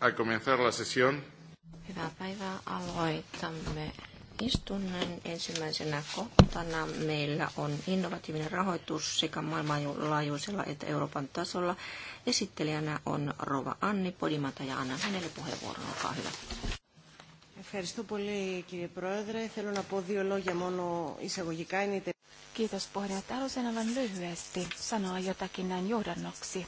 a comenzar la sesión. Hyvää päivää. Aloitamme istunnon ensimmäisenä kohtana. Meillä on innovatiivinen rahoitus sekä maailmanlaajuisella että Euroopan tasolla. Esittelijänä on Rova Anni Podimata ja annan hänelle puheenvuoron. Olkaa hyvä. Kiitos puheenjohtaja. Haluaisin aivan lyhyesti sanoa jotakin näin johdannoksi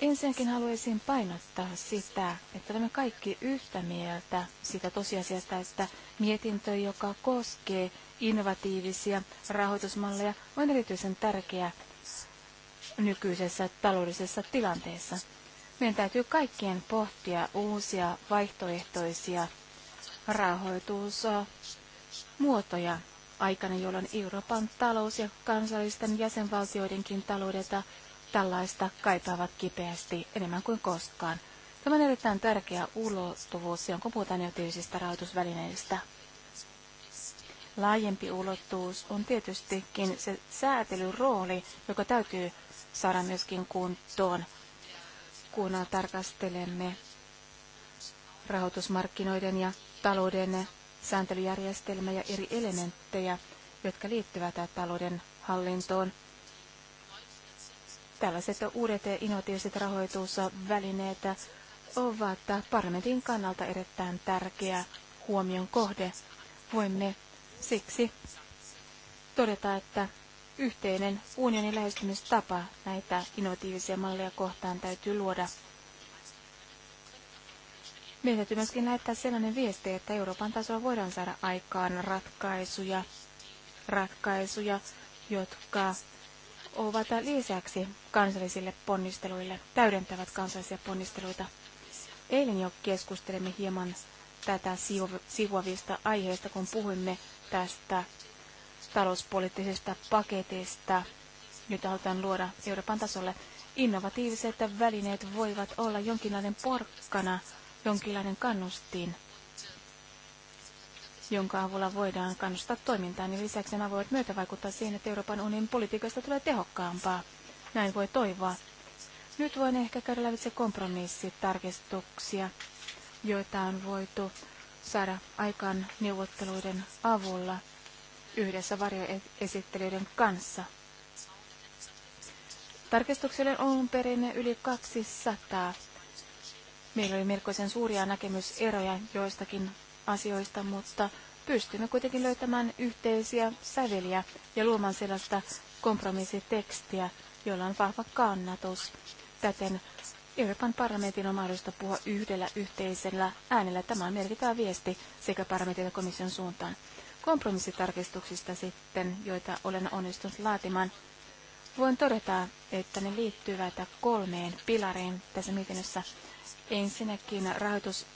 Ensinnäkin haluaisin painottaa sitä, että olemme kaikki yhtä mieltä sitä tosiasiasta, että mietintö, joka koskee innovatiivisia rahoitusmalleja, on erityisen tärkeä nykyisessä taloudellisessa tilanteessa. Meidän täytyy kaikkien pohtia uusia vaihtoehtoisia rahoitusmuotoja aikana, jolloin Euroopan talous ja kansallisten jäsenvaltioidenkin taloudet tällaista kaipaavat kipeästi enemmän kuin koskaan. Tämä on erittäin tärkeä ulottuvuus, jonka puhutaan erityisistä rahoitusvälineistä. Laajempi ulottuvuus on tietystikin se säätelyrooli, joka täytyy saada myöskin kuntoon, kun tarkastelemme rahoitusmarkkinoiden ja talouden sääntelyjärjestelmä ja eri elementtejä, jotka liittyvät talouden hallintoon Tällaiset uudet innovatiiviset rahoitusvälineet ovat parlamentin kannalta erittäin tärkeä huomion kohde. Voimme siksi todeta, että yhteinen unionin lähestymistapa näitä innovatiivisia malleja kohtaan täytyy luoda. Meidän täytyy myöskin lähettää sellainen viesti, että Euroopan tasolla voidaan saada aikaan ratkaisuja, ratkaisuja jotka ovat lisäksi kansallisille ponnisteluille, täydentävät kansallisia ponnisteluita. Eilen jo keskustelimme hieman tätä sivuavista aiheesta, kun puhuimme tästä talouspoliittisesta paketista. Nyt halutaan luoda Euroopan tasolle innovatiiviset välineet voivat olla jonkinlainen porkkana, jonkinlainen kannustin jonka avulla voidaan kannustaa toimintaan. Niin lisäksi nämä voivat myötävaikuttaa siihen, että Euroopan unionin politiikasta tulee tehokkaampaa. Näin voi toivoa. Nyt voin ehkä käydä lävitse kompromissitarkistuksia, joita on voitu saada aikaan neuvotteluiden avulla yhdessä varjoesittelijöiden kanssa. Tarkistukselle on perinne yli 200. Meillä oli melkoisen suuria näkemyseroja joistakin asioista, mutta pystymme kuitenkin löytämään yhteisiä säveliä ja luomaan sellaista kompromissitekstiä, jolla on vahva kannatus. Täten Euroopan parlamentin on mahdollista puhua yhdellä yhteisellä äänellä. Tämä on merkittävä viesti sekä parlamentin että komission suuntaan. Kompromissitarkistuksista sitten, joita olen onnistunut laatimaan, voin todeta, että ne liittyvät kolmeen pilariin tässä mietinnössä. Ensinnäkin rahoitus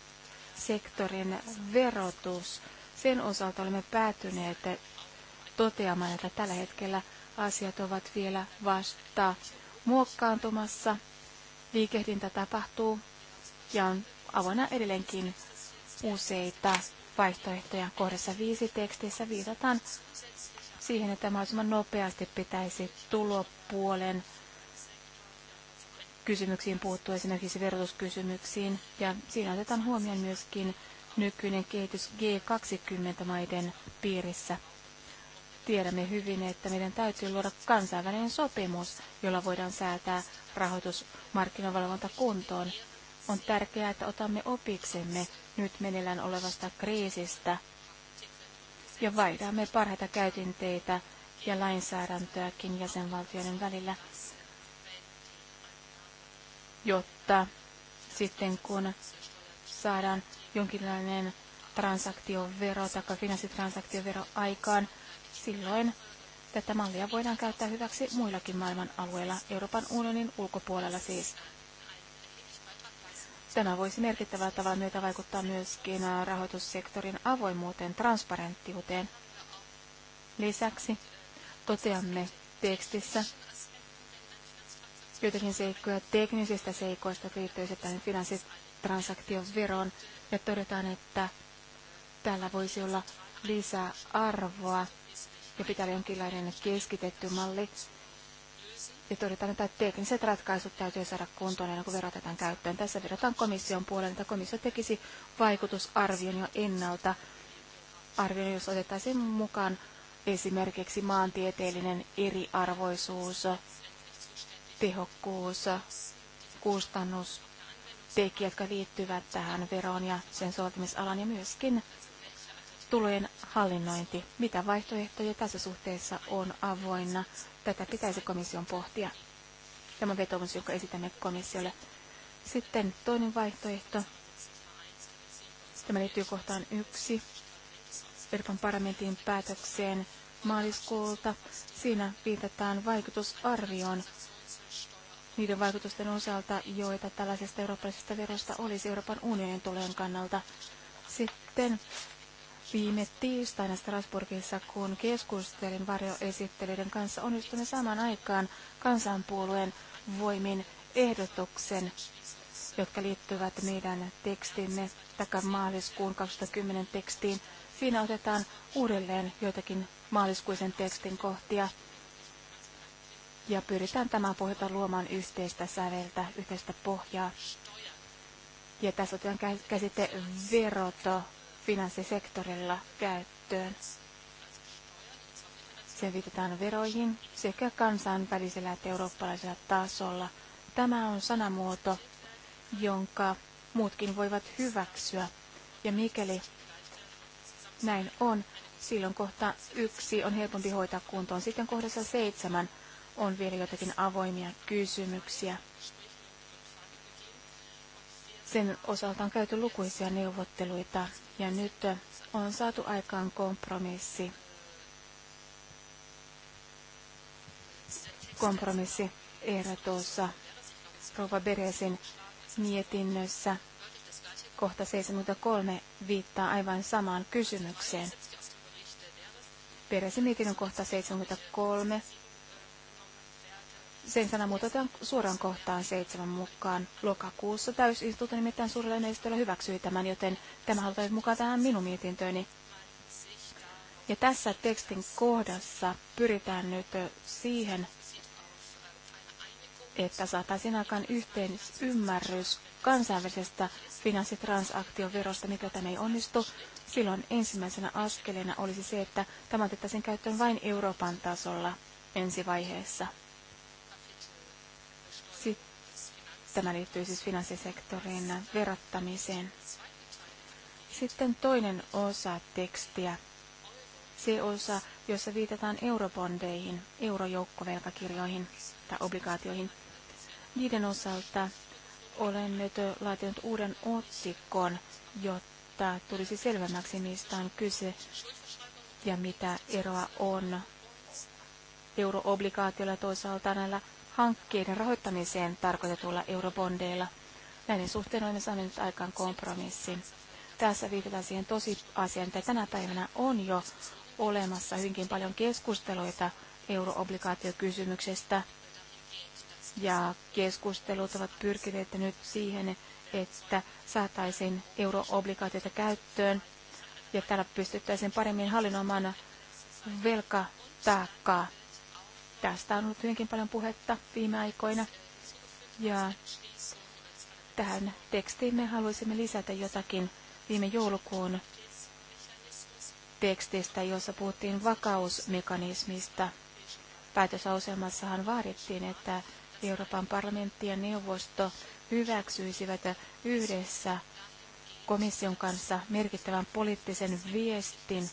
sektorin verotus. Sen osalta olemme päätyneet toteamaan, että tällä hetkellä asiat ovat vielä vasta muokkaantumassa. Liikehdintä tapahtuu ja on avona edelleenkin useita vaihtoehtoja. Kohdassa viisi tekstissä viitataan siihen, että mahdollisimman nopeasti pitäisi tulopuolen puolen kysymyksiin puuttua, esimerkiksi verotuskysymyksiin, ja siinä otetaan huomioon myöskin nykyinen kehitys G20-maiden piirissä. Tiedämme hyvin, että meidän täytyy luoda kansainvälinen sopimus, jolla voidaan säätää rahoitusmarkkinavalvonta kuntoon. On tärkeää, että otamme opiksemme nyt meneillään olevasta kriisistä ja vaihdamme parhaita käytinteitä ja lainsäädäntöäkin jäsenvaltioiden välillä – jotta sitten kun saadaan jonkinlainen transaktiovero tai finanssitransaktiovero aikaan, silloin tätä mallia voidaan käyttää hyväksi muillakin maailman alueilla, Euroopan unionin ulkopuolella siis. Tämä voisi merkittävällä tavalla myötä vaikuttaa myöskin rahoitussektorin avoimuuteen, transparenttiuteen. Lisäksi toteamme tekstissä, joitakin seikkoja teknisistä seikoista, jotka liittyvät tähän finanssitransaktiosveroon ja todetaan, että tällä voisi olla lisää arvoa ja pitää olla jonkinlainen keskitetty malli. Ja todetaan, että tekniset ratkaisut täytyy saada kuntoon ennen kuin verotetaan käyttöön. Tässä verotaan komission puolelle, että komissio tekisi vaikutusarvion jo ennalta. Arvion, jos otettaisiin mukaan esimerkiksi maantieteellinen eriarvoisuus tehokkuus, kustannustekijät, jotka liittyvät tähän veroon ja sen soveltamisalan ja myöskin tulojen hallinnointi. Mitä vaihtoehtoja tässä suhteessa on avoinna? Tätä pitäisi komission pohtia. Tämä vetomus, jonka esitämme komissiolle. Sitten toinen vaihtoehto. Tämä liittyy kohtaan yksi. Euroopan parlamentin päätökseen maaliskuulta. Siinä viitataan vaikutusarvioon niiden vaikutusten osalta, joita tällaisesta eurooppalaisesta verosta olisi Euroopan unionin tulojen kannalta. Sitten viime tiistaina Strasbourgissa, kun keskustelin varjoesittelyiden kanssa, onnistuimme samaan aikaan kansanpuolueen voimin ehdotuksen, jotka liittyvät meidän tekstimme takaa maaliskuun 2010 tekstiin. Siinä otetaan uudelleen joitakin maaliskuisen tekstin kohtia ja pyritään tämän pohjalta luomaan yhteistä säveltä, yhteistä pohjaa. Ja tässä otetaan käsite veroto finanssisektorilla käyttöön. Sen viitataan veroihin sekä kansainvälisellä että eurooppalaisella tasolla. Tämä on sanamuoto, jonka muutkin voivat hyväksyä. Ja mikäli näin on, silloin kohta yksi on helpompi hoitaa kuntoon. Sitten kohdassa seitsemän on vielä jotakin avoimia kysymyksiä. Sen osalta on käyty lukuisia neuvotteluita ja nyt on saatu aikaan kompromissi. Kompromissi ehdotuossa Rova Beresin mietinnössä kohta 73 viittaa aivan samaan kysymykseen. Peresin mietinnön kohta 73 sen sana muutetaan suoraan kohtaan seitsemän mukaan. Lokakuussa täysistunto nimittäin suurella enemmistöllä hyväksyi tämän, joten tämä halutaan mukaan tähän minun mietintööni. Ja tässä tekstin kohdassa pyritään nyt siihen, että saataisiin aikaan yhteen ymmärrys kansainvälisestä finanssitransaktioverosta, mikä tämä ei onnistu. Silloin ensimmäisenä askeleena olisi se, että tämä otettaisiin käyttöön vain Euroopan tasolla ensivaiheessa. Tämä liittyy siis finanssisektorin verottamiseen. Sitten toinen osa tekstiä. Se osa, jossa viitataan eurobondeihin, eurojoukkovelkakirjoihin tai obligaatioihin. Niiden osalta olen nyt laatinut uuden otsikon, jotta tulisi selvemmäksi, mistä on kyse ja mitä eroa on euroobligaatioilla toisaalta näillä hankkeiden rahoittamiseen tarkoitetuilla eurobondeilla. Näiden suhteen olemme saaneet aikaan kompromissin. Tässä viitataan siihen tosiasiaan, että tänä päivänä on jo olemassa hyvinkin paljon keskusteluita euroobligaatiokysymyksestä. Ja keskustelut ovat pyrkineet nyt siihen, että saataisiin euroobligaatioita käyttöön ja tällä pystyttäisiin paremmin hallinnoimaan velkataakkaa Tästä on ollut hyvinkin paljon puhetta viime aikoina. Ja tähän tekstiin me haluaisimme lisätä jotakin viime joulukuun tekstistä, jossa puhuttiin vakausmekanismista. Päätösauselmassahan vaadittiin, että Euroopan parlamentti ja neuvosto hyväksyisivät yhdessä komission kanssa merkittävän poliittisen viestin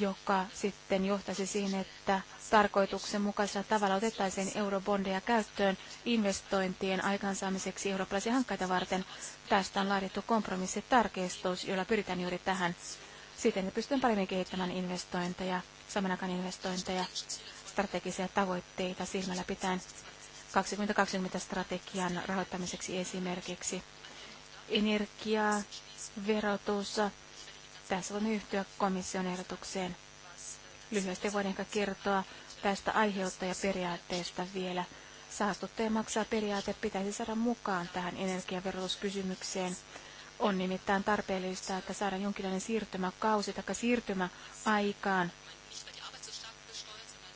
joka sitten johtaisi siihen, että tarkoituksenmukaisella tavalla otettaisiin eurobondeja käyttöön investointien aikaansaamiseksi eurooppalaisia hankkeita varten. Tästä on laadittu kompromissitarkistus, jolla pyritään juuri tähän. Siten että pystytään paremmin kehittämään investointeja, samanakaan investointeja, strategisia tavoitteita silmällä pitäen 2020-strategian rahoittamiseksi esimerkiksi energia, verotus, tässä on yhtyä komission ehdotukseen. Lyhyesti voin ehkä kertoa tästä aiheutta ja periaatteesta vielä. Saastuttaja maksaa periaate pitäisi saada mukaan tähän energiaverotuskysymykseen. On nimittäin tarpeellista, että saadaan jonkinlainen siirtymäkausi tai siirtymä aikaan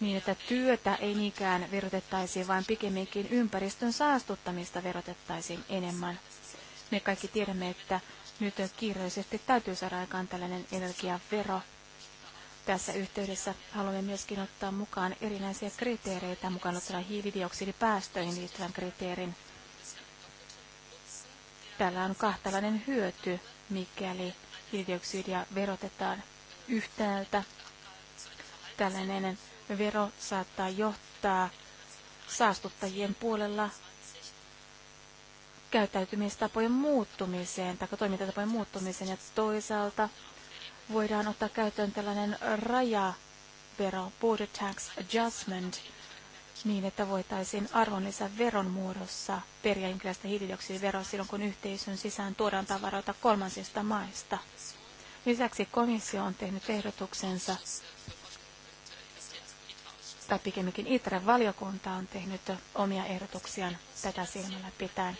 niin, että työtä ei niinkään verotettaisi, vaan pikemminkin ympäristön saastuttamista verotettaisiin enemmän. Me kaikki tiedämme, että nyt kiireisesti täytyy saada aikaan tällainen energiavero. Tässä yhteydessä haluamme myöskin ottaa mukaan erinäisiä kriteereitä, mukaan ottaa hiilidioksidipäästöihin liittyvän kriteerin. Tällä on kahtalainen hyöty, mikäli hiilidioksidia verotetaan yhtäältä. Tällainen vero saattaa johtaa saastuttajien puolella käyttäytymistapojen muuttumiseen tai toimintatapojen muuttumiseen ja toisaalta voidaan ottaa käyttöön tällainen rajavero, border tax adjustment, niin että voitaisiin veron muodossa periä jonkinlaista hiilidioksidiveroa silloin, kun yhteisön sisään tuodaan tavaroita kolmansista maista. Lisäksi komissio on tehnyt ehdotuksensa, tai pikemminkin ITRE-valiokunta on tehnyt omia ehdotuksiaan tätä silmällä pitäen.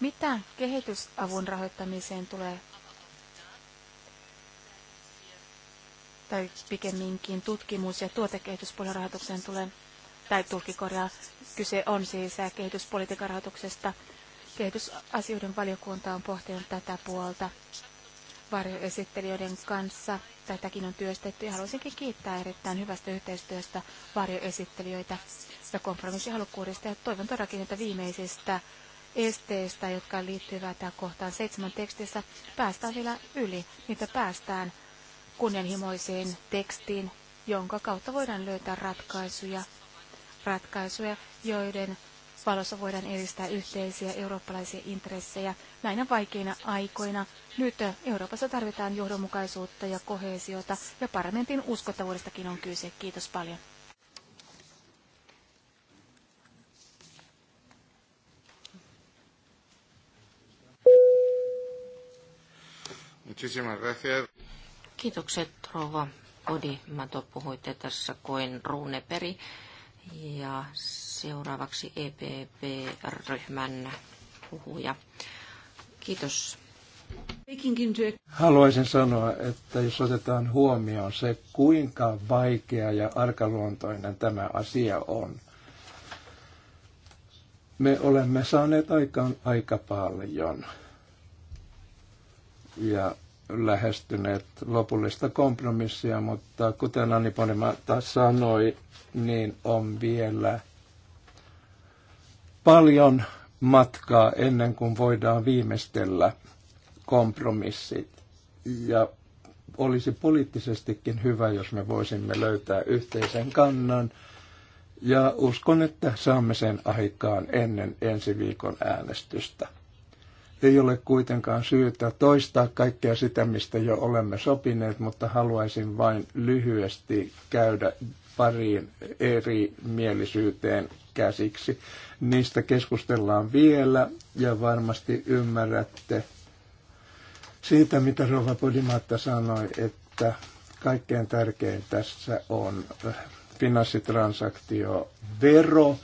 Mitä kehitysavun rahoittamiseen tulee, tai pikemminkin tutkimus- ja tuotekehityspuolen rahoitukseen tulee, tai tulkikorjaa, kyse on siis äh, kehityspolitiikan rahoituksesta. Kehitysasioiden valiokunta on pohtinut tätä puolta varjoesittelijöiden kanssa. Tätäkin on työstetty ja haluaisinkin kiittää erittäin hyvästä yhteistyöstä varjoesittelijöitä ja kompromissihalukkuudesta. Ja toivon todellakin, että viimeisistä esteistä, jotka liittyvät tähän kohtaan seitsemän tekstissä, päästään vielä yli. Niitä päästään kunnianhimoiseen tekstiin, jonka kautta voidaan löytää ratkaisuja, ratkaisuja joiden valossa voidaan edistää yhteisiä eurooppalaisia intressejä. Näinä vaikeina aikoina nyt Euroopassa tarvitaan johdonmukaisuutta ja kohesiota ja parlamentin uskottavuudestakin on kyse. Kiitos paljon. Muchísimas gracias. Kiitokset, rouva Odimato. Puhuitte tässä kuin Ruuneperi. Ja seuraavaksi EPP-ryhmän puhuja. Kiitos. Haluaisin sanoa, että jos otetaan huomioon se, kuinka vaikea ja arkaluontoinen tämä asia on, me olemme saaneet aikaan aika paljon. Ja lähestyneet lopullista kompromissia, mutta kuten Anni taas sanoi, niin on vielä paljon matkaa ennen kuin voidaan viimeistellä kompromissit. Ja olisi poliittisestikin hyvä, jos me voisimme löytää yhteisen kannan. Ja uskon, että saamme sen aikaan ennen ensi viikon äänestystä. Ei ole kuitenkaan syytä toistaa kaikkea sitä, mistä jo olemme sopineet, mutta haluaisin vain lyhyesti käydä pariin eri mielisyyteen käsiksi. Niistä keskustellaan vielä ja varmasti ymmärrätte siitä, mitä Rova Podimatta sanoi, että kaikkein tärkein tässä on finanssitransaktiovero,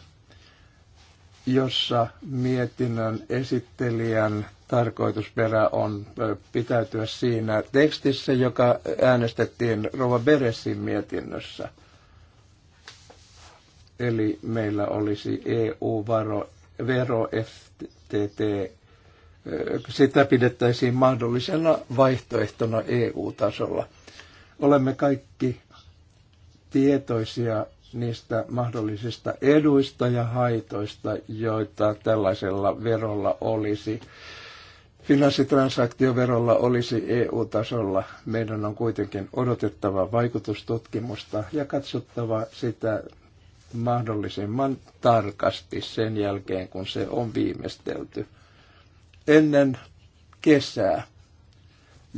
jossa mietinnön esittelijän tarkoitusperä on pitäytyä siinä tekstissä, joka äänestettiin Rova Beresin mietinnössä. Eli meillä olisi EU-vero vero FTT. Sitä pidettäisiin mahdollisena vaihtoehtona EU-tasolla. Olemme kaikki tietoisia niistä mahdollisista eduista ja haitoista, joita tällaisella verolla olisi. Finanssitransaktioverolla olisi EU-tasolla. Meidän on kuitenkin odotettava vaikutustutkimusta ja katsottava sitä mahdollisimman tarkasti sen jälkeen, kun se on viimeistelty. Ennen kesää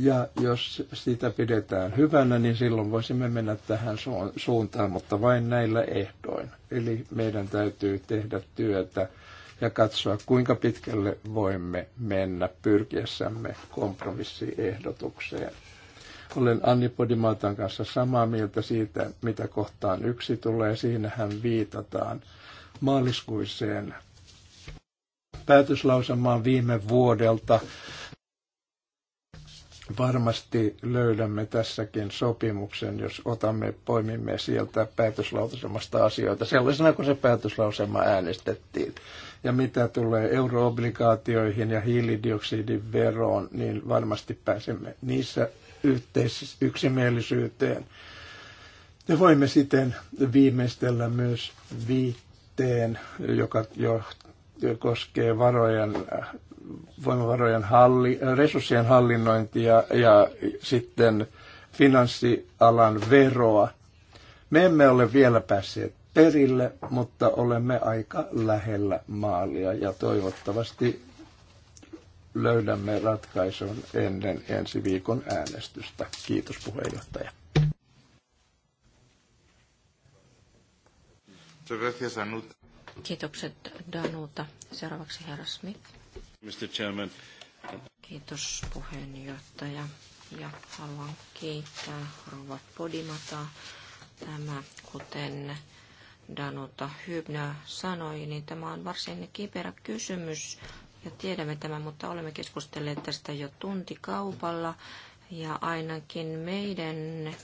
ja jos sitä pidetään hyvänä, niin silloin voisimme mennä tähän suuntaan, mutta vain näillä ehdoin. Eli meidän täytyy tehdä työtä ja katsoa, kuinka pitkälle voimme mennä pyrkiessämme kompromissiehdotukseen. Olen Anni Podimatan kanssa samaa mieltä siitä, mitä kohtaan yksi tulee. Siinähän viitataan maaliskuiseen päätöslausamaan viime vuodelta varmasti löydämme tässäkin sopimuksen, jos otamme, poimimme sieltä päätöslauselmasta asioita sellaisena kuin se päätöslauselma äänestettiin. Ja mitä tulee euroobligaatioihin ja hiilidioksidin veroon, niin varmasti pääsemme niissä yhteis- yksimielisyyteen. Ja voimme siten viimeistellä myös viitteen, joka jo koskee varojen voimavarojen halli, resurssien hallinnointia ja sitten finanssialan veroa. Me emme ole vielä päässeet perille, mutta olemme aika lähellä maalia ja toivottavasti löydämme ratkaisun ennen ensi viikon äänestystä. Kiitos puheenjohtaja. Kiitokset Danuta. Seuraavaksi herra Smith. Mr. Chairman. Kiitos puheenjohtaja ja haluan kiittää Rova Podimata. Tämä, kuten Danuta Hybner sanoi, niin tämä on varsin kiperä kysymys ja tiedämme tämän, mutta olemme keskustelleet tästä jo tuntikaupalla. Ja ainakin meidän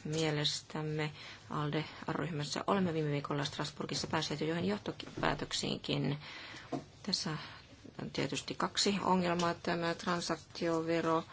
mielestämme ALDE-ryhmässä olemme viime viikolla Strasburgissa päässeet jo joihin johtopäätöksiinkin. Tässä on tietysti kaksi ongelmaa. Tämä transaktiovero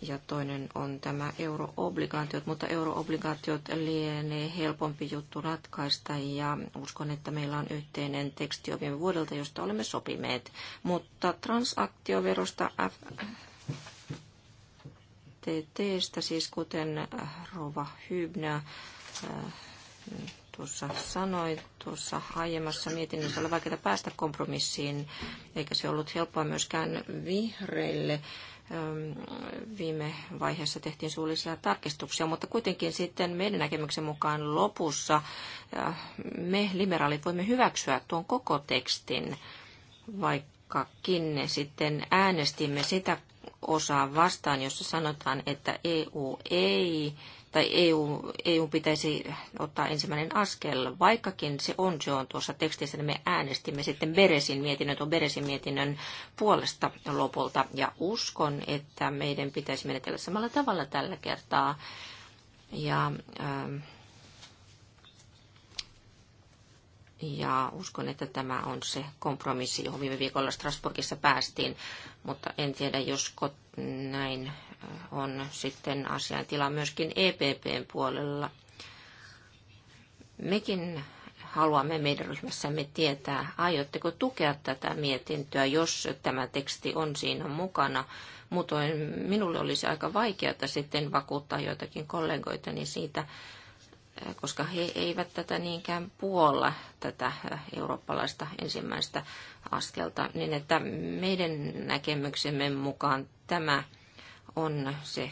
ja toinen on tämä euroobligaatiot, mutta euroobligaatiot lienee helpompi juttu ratkaista ja uskon, että meillä on yhteinen teksti viime vuodelta, josta olemme sopimeet. Mutta transaktioverosta FTTstä, siis kuten Rova Hybnä tuossa sanoi tuossa aiemmassa mietinnössä, oli vaikeaa päästä kompromissiin, eikä se ollut helppoa myöskään vihreille. Viime vaiheessa tehtiin suullisia tarkistuksia, mutta kuitenkin sitten meidän näkemyksen mukaan lopussa me liberaalit voimme hyväksyä tuon koko tekstin, vaikkakin sitten äänestimme sitä osaa vastaan, jossa sanotaan, että EU ei että EU, EU pitäisi ottaa ensimmäinen askel, vaikkakin se on, se on tuossa tekstissä, niin me äänestimme sitten Beresin mietinnön, tuon Beresin mietinnön puolesta lopulta, ja uskon, että meidän pitäisi menetellä samalla tavalla tällä kertaa, ja... Ähm, ja uskon, että tämä on se kompromissi, johon viime viikolla Strasbourgissa päästiin, mutta en tiedä, josko näin on sitten asiantila myöskin EPPn puolella. Mekin haluamme meidän ryhmässämme tietää, aiotteko tukea tätä mietintöä, jos tämä teksti on siinä mukana. Muutoin minulle olisi aika vaikeaa sitten vakuuttaa joitakin kollegoitani niin siitä, koska he eivät tätä niinkään puolla, tätä eurooppalaista ensimmäistä askelta, niin että meidän näkemyksemme mukaan tämä on se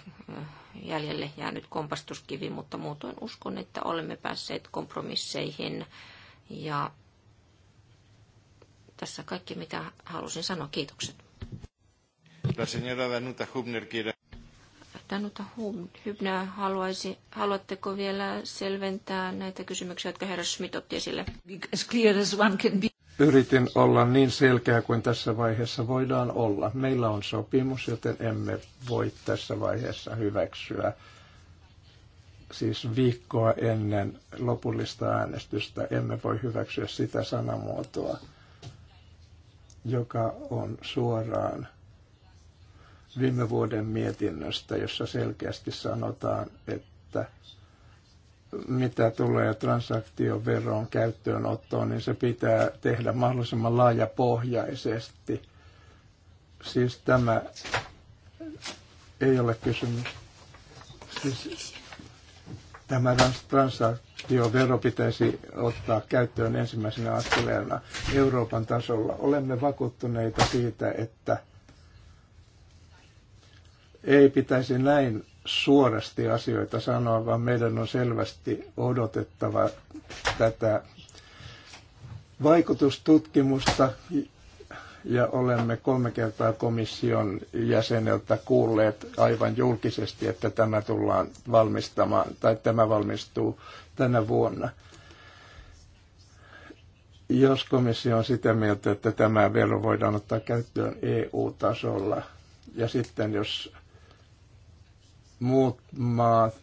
jäljelle jäänyt kompastuskivi, mutta muutoin uskon, että olemme päässeet kompromisseihin ja tässä kaikki, mitä halusin sanoa. Kiitokset. La señora Danuta Hubner quiere... Danuta Hubner, haluaisi, haluatteko vielä selventää näitä kysymyksiä, jotka herra Schmidt otti esille? As clear as one can be yritin olla niin selkeä kuin tässä vaiheessa voidaan olla. Meillä on sopimus, joten emme voi tässä vaiheessa hyväksyä siis viikkoa ennen lopullista äänestystä emme voi hyväksyä sitä sanamuotoa, joka on suoraan viime vuoden mietinnöstä, jossa selkeästi sanotaan, että mitä tulee transaktioveron käyttöönottoon, niin se pitää tehdä mahdollisimman laajapohjaisesti. Siis tämä ei ole kysymys. Siis tämä transaktiovero pitäisi ottaa käyttöön ensimmäisenä askeleena Euroopan tasolla. Olemme vakuuttuneita siitä, että ei pitäisi näin suorasti asioita sanoa, vaan meidän on selvästi odotettava tätä vaikutustutkimusta ja olemme kolme kertaa komission jäseneltä kuulleet aivan julkisesti, että tämä tullaan valmistamaan tai tämä valmistuu tänä vuonna. Jos komissio on sitä mieltä, että tämä vero voidaan ottaa käyttöön EU-tasolla ja sitten jos muut maat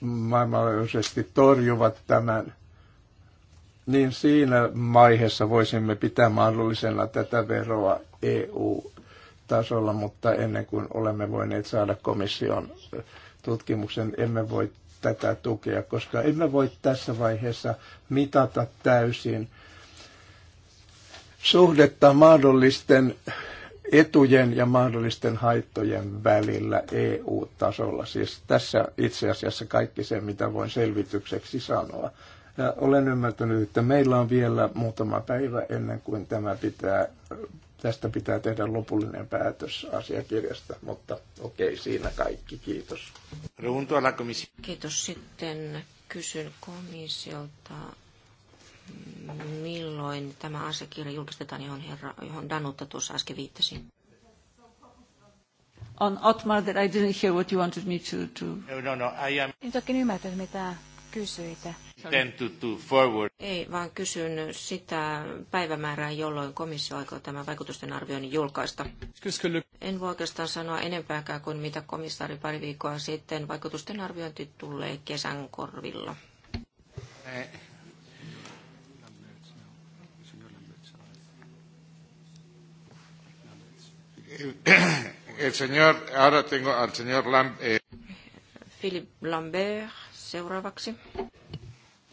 maailmanlaajuisesti torjuvat tämän, niin siinä vaiheessa voisimme pitää mahdollisena tätä veroa EU-tasolla, mutta ennen kuin olemme voineet saada komission tutkimuksen, emme voi tätä tukea, koska emme voi tässä vaiheessa mitata täysin suhdetta mahdollisten etujen ja mahdollisten haittojen välillä EU-tasolla. Siis tässä itse asiassa kaikki se, mitä voin selvitykseksi sanoa. Ja olen ymmärtänyt, että meillä on vielä muutama päivä ennen kuin tämä pitää, tästä pitää tehdä lopullinen päätös asiakirjasta, mutta okei, siinä kaikki. Kiitos. Kiitos. Sitten kysyn komissiolta, milloin tämä asiakirja julkistetaan, johon, herra, johon Danutta tuossa äsken viittasi? On Otmar that I didn't hear what you wanted me to... to... No, no, no, I am... En toki ymmärtänyt, mitä kysyitä. To, to forward. Ei, vaan kysyn sitä päivämäärää, jolloin komissio aikoo tämän vaikutusten arvioinnin julkaista. En voi oikeastaan sanoa enempääkään kuin mitä komissaari pari viikkoa sitten vaikutusten arviointi tulee kesän korvilla. Eh. El señor, ahora tengo al señor Lam, eh. Philip Lambert seuraavaksi.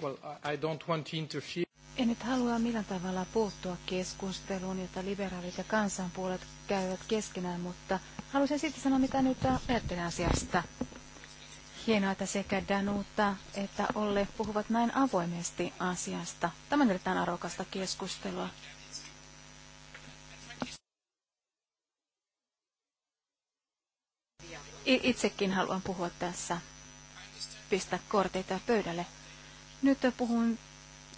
Well, I don't want to interfere. En nyt halua millään tavalla puuttua keskusteluun, jota liberaalit ja kansanpuolet käyvät keskenään, mutta haluaisin sitten sanoa, mitä nyt ajattelen asiasta. Hienoa, että sekä Danuta että Olle puhuvat näin avoimesti asiasta. Tämä on erittäin arvokasta keskustelua. itsekin haluan puhua tässä, pistää korteita pöydälle. Nyt puhun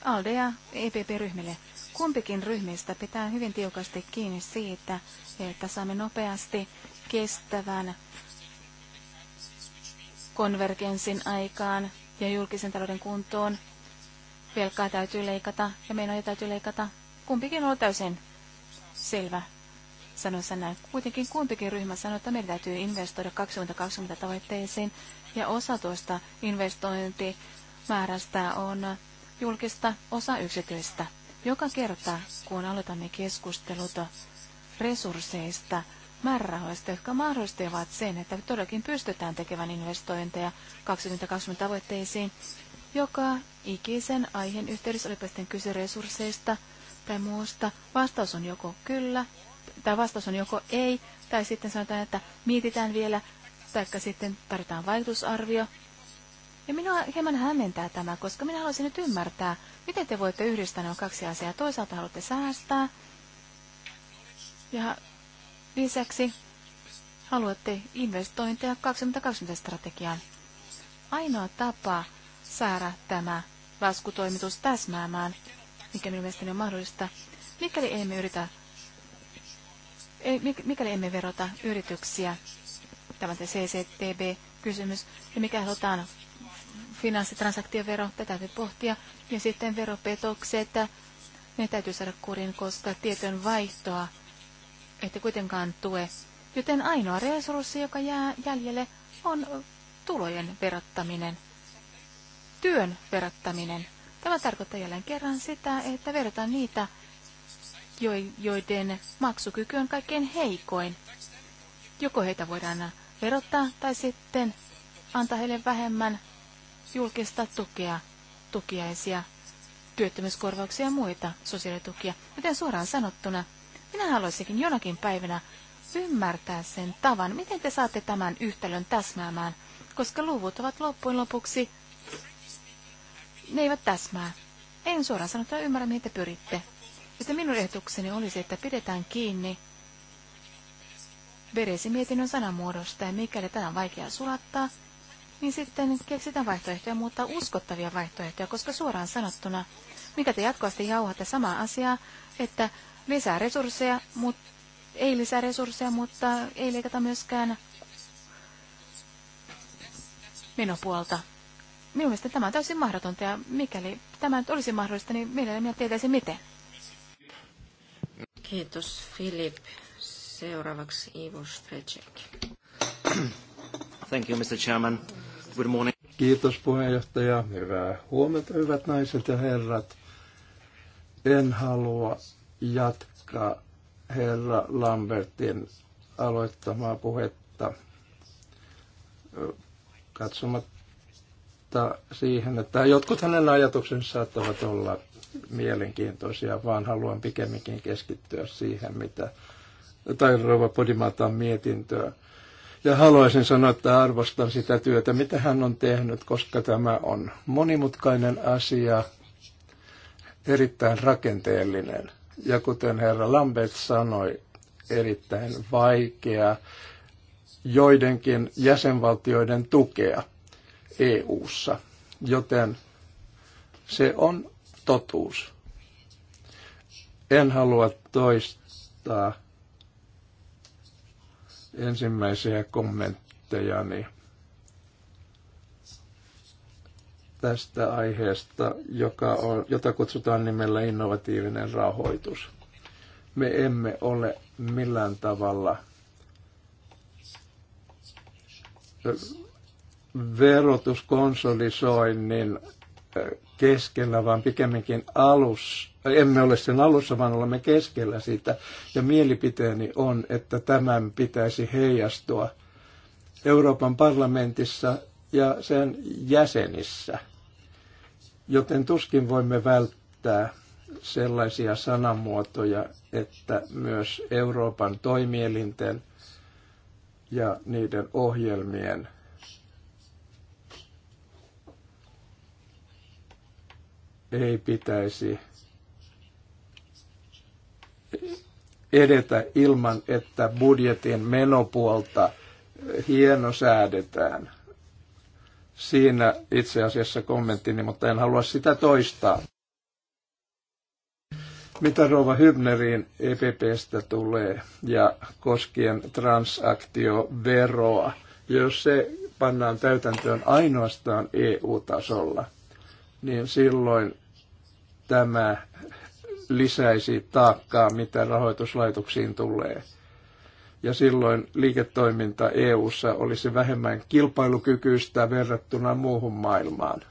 ALDE ja EPP-ryhmille. Kumpikin ryhmistä pitää hyvin tiukasti kiinni siitä, että saamme nopeasti kestävän konvergenssin aikaan ja julkisen talouden kuntoon. Velkaa täytyy leikata ja menoja täytyy leikata. Kumpikin on täysin selvä sanoissa näin. Kuitenkin kumpikin ryhmä sanoi, että meidän täytyy investoida 2020 tavoitteisiin, ja osa tuosta investointimäärästä on julkista, osa yksityistä. Joka kerta, kun aloitamme keskustelut resursseista, määrärahoista, jotka mahdollistavat sen, että todellakin pystytään tekemään investointeja 2020 tavoitteisiin, joka ikisen aiheen yhteydessä olipa sitten kyse resursseista tai muusta, vastaus on joko kyllä Tämä vastaus on joko ei, tai sitten sanotaan, että mietitään vielä, tai sitten tarvitaan vaikutusarvio. Ja minua hieman hämmentää tämä, koska minä haluaisin nyt ymmärtää, miten te voitte yhdistää nämä kaksi asiaa. Toisaalta haluatte säästää, ja lisäksi haluatte investointeja 2020-strategiaan. Ainoa tapa saada tämä laskutoimitus täsmäämään, mikä minun mielestäni on mahdollista, mikäli emme yritä mikäli emme verota yrityksiä, tämä se CCTB-kysymys, ja mikä halutaan finanssitransaktiovero, tätä täytyy pohtia, ja sitten veropetokset, ne täytyy saada kuriin, koska tietojen vaihtoa ette kuitenkaan tue. Joten ainoa resurssi, joka jää jäljelle, on tulojen verottaminen, työn verottaminen. Tämä tarkoittaa jälleen kerran sitä, että verrataan niitä joiden maksukyky on kaikkein heikoin. Joko heitä voidaan verottaa tai sitten antaa heille vähemmän julkista tukea, tukiaisia, työttömyyskorvauksia ja muita sosiaalitukia. Miten suoraan sanottuna, minä haluaisinkin jonakin päivänä ymmärtää sen tavan, miten te saatte tämän yhtälön täsmäämään, koska luvut ovat loppujen lopuksi, ne eivät täsmää. En suoraan sanottuna ymmärrä, mihin te pyritte. Sitten minun ehdotukseni olisi, että pidetään kiinni veresimietinnön sanamuodosta, ja mikäli tämä on vaikea sulattaa, niin sitten keksitään vaihtoehtoja muuttaa uskottavia vaihtoehtoja, koska suoraan sanottuna, mikä te jatkuvasti jauhatte samaa asiaa, että lisää resursseja, mutta ei lisää resursseja, mutta ei leikata myöskään menopuolta. Minun mielestä tämä on täysin mahdotonta ja mikäli tämä nyt olisi mahdollista, niin mielelläni tietäisi miten. Kiitos Filip. Seuraavaksi Ivo Strecek. Thank you, Mr. Chairman. Good morning. Kiitos puheenjohtaja. Hyvää huomenta, hyvät naiset ja herrat. En halua jatkaa herra Lambertin aloittamaa puhetta Katsomatta luottaa siihen, että jotkut hänen ajatuksensa saattavat olla mielenkiintoisia, vaan haluan pikemminkin keskittyä siihen, mitä, tai Rova Podimatan mietintöä. Ja haluaisin sanoa, että arvostan sitä työtä, mitä hän on tehnyt, koska tämä on monimutkainen asia, erittäin rakenteellinen. Ja kuten herra Lambert sanoi, erittäin vaikea joidenkin jäsenvaltioiden tukea. EU:ssa, joten se on totuus. En halua toistaa ensimmäisiä kommenttejani tästä aiheesta, joka on, jota kutsutaan nimellä innovatiivinen rahoitus. Me emme ole millään tavalla verotuskonsolisoinnin keskellä, vaan pikemminkin alus, emme ole sen alussa, vaan olemme keskellä sitä. Ja mielipiteeni on, että tämän pitäisi heijastua Euroopan parlamentissa ja sen jäsenissä. Joten tuskin voimme välttää sellaisia sanamuotoja, että myös Euroopan toimielinten ja niiden ohjelmien – ei pitäisi edetä ilman, että budjetin menopuolta hieno säädetään. Siinä itse asiassa kommenttini, mutta en halua sitä toistaa. Mitä Rova Hybneriin EPPstä tulee ja koskien transaktioveroa, jos se pannaan täytäntöön ainoastaan EU-tasolla, niin silloin tämä lisäisi taakkaa, mitä rahoituslaitoksiin tulee. Ja silloin liiketoiminta EU:ssa olisi vähemmän kilpailukykyistä verrattuna muuhun maailmaan.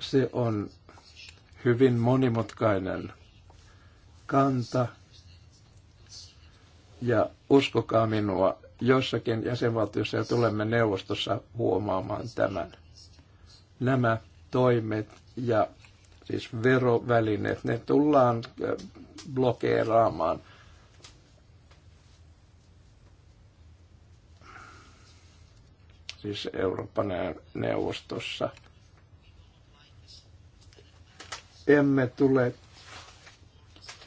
Se on hyvin monimutkainen kanta, ja uskokaa minua, jossakin jäsenvaltiossa ja tulemme neuvostossa huomaamaan tämän. Nämä toimet ja siis verovälineet, ne tullaan blokeeraamaan. Siis Euroopan neuvostossa. Emme tule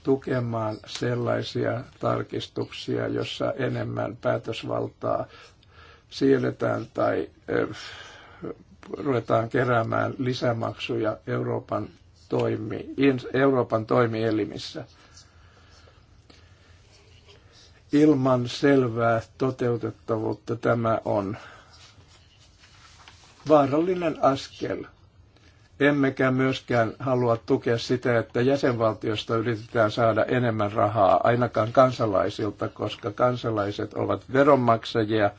tukemaan sellaisia tarkistuksia, jossa enemmän päätösvaltaa siirretään tai ruvetaan keräämään lisämaksuja Euroopan, toimi, Euroopan toimielimissä ilman selvää toteutettavuutta tämä on vaarallinen askel Emmekä myöskään halua tukea sitä, että jäsenvaltiosta yritetään saada enemmän rahaa, ainakaan kansalaisilta, koska kansalaiset ovat veronmaksajia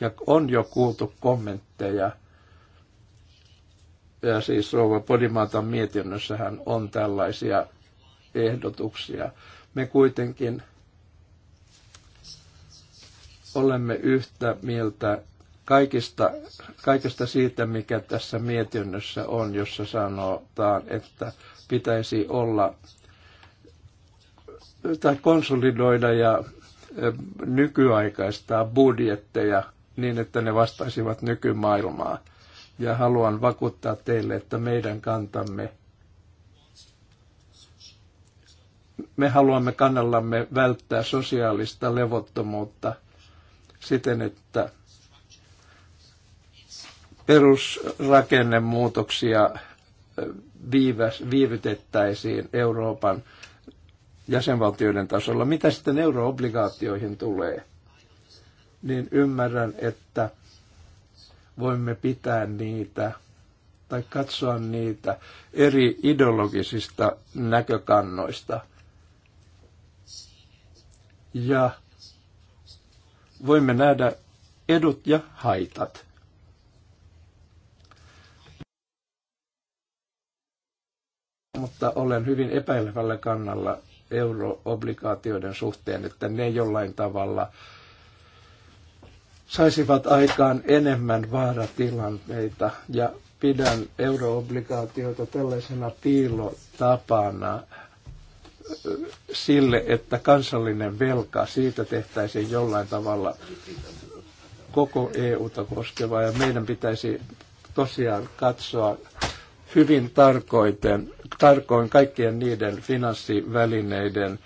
ja on jo kuultu kommentteja ja siis Rouva Podimaatan mietinnössähän on tällaisia ehdotuksia. Me kuitenkin olemme yhtä mieltä kaikista, kaikesta siitä, mikä tässä mietinnössä on, jossa sanotaan, että pitäisi olla tai konsolidoida ja nykyaikaistaa budjetteja niin, että ne vastaisivat nykymaailmaa. Ja haluan vakuuttaa teille, että meidän kantamme, me haluamme kannallamme välttää sosiaalista levottomuutta siten, että perusrakennemuutoksia viivytettäisiin Euroopan jäsenvaltioiden tasolla. Mitä sitten euroobligaatioihin tulee? Niin ymmärrän, että voimme pitää niitä tai katsoa niitä eri ideologisista näkökannoista. Ja voimme nähdä edut ja haitat. mutta olen hyvin epäilevällä kannalla euroobligaatioiden suhteen, että ne jollain tavalla saisivat aikaan enemmän vaaratilanteita ja pidän euroobligaatioita tällaisena piilotapana sille, että kansallinen velka, siitä tehtäisiin jollain tavalla koko EUta koskevaa ja meidän pitäisi tosiaan katsoa hyvin tarkoiten, tarkoin kaikkien niiden finanssivälineiden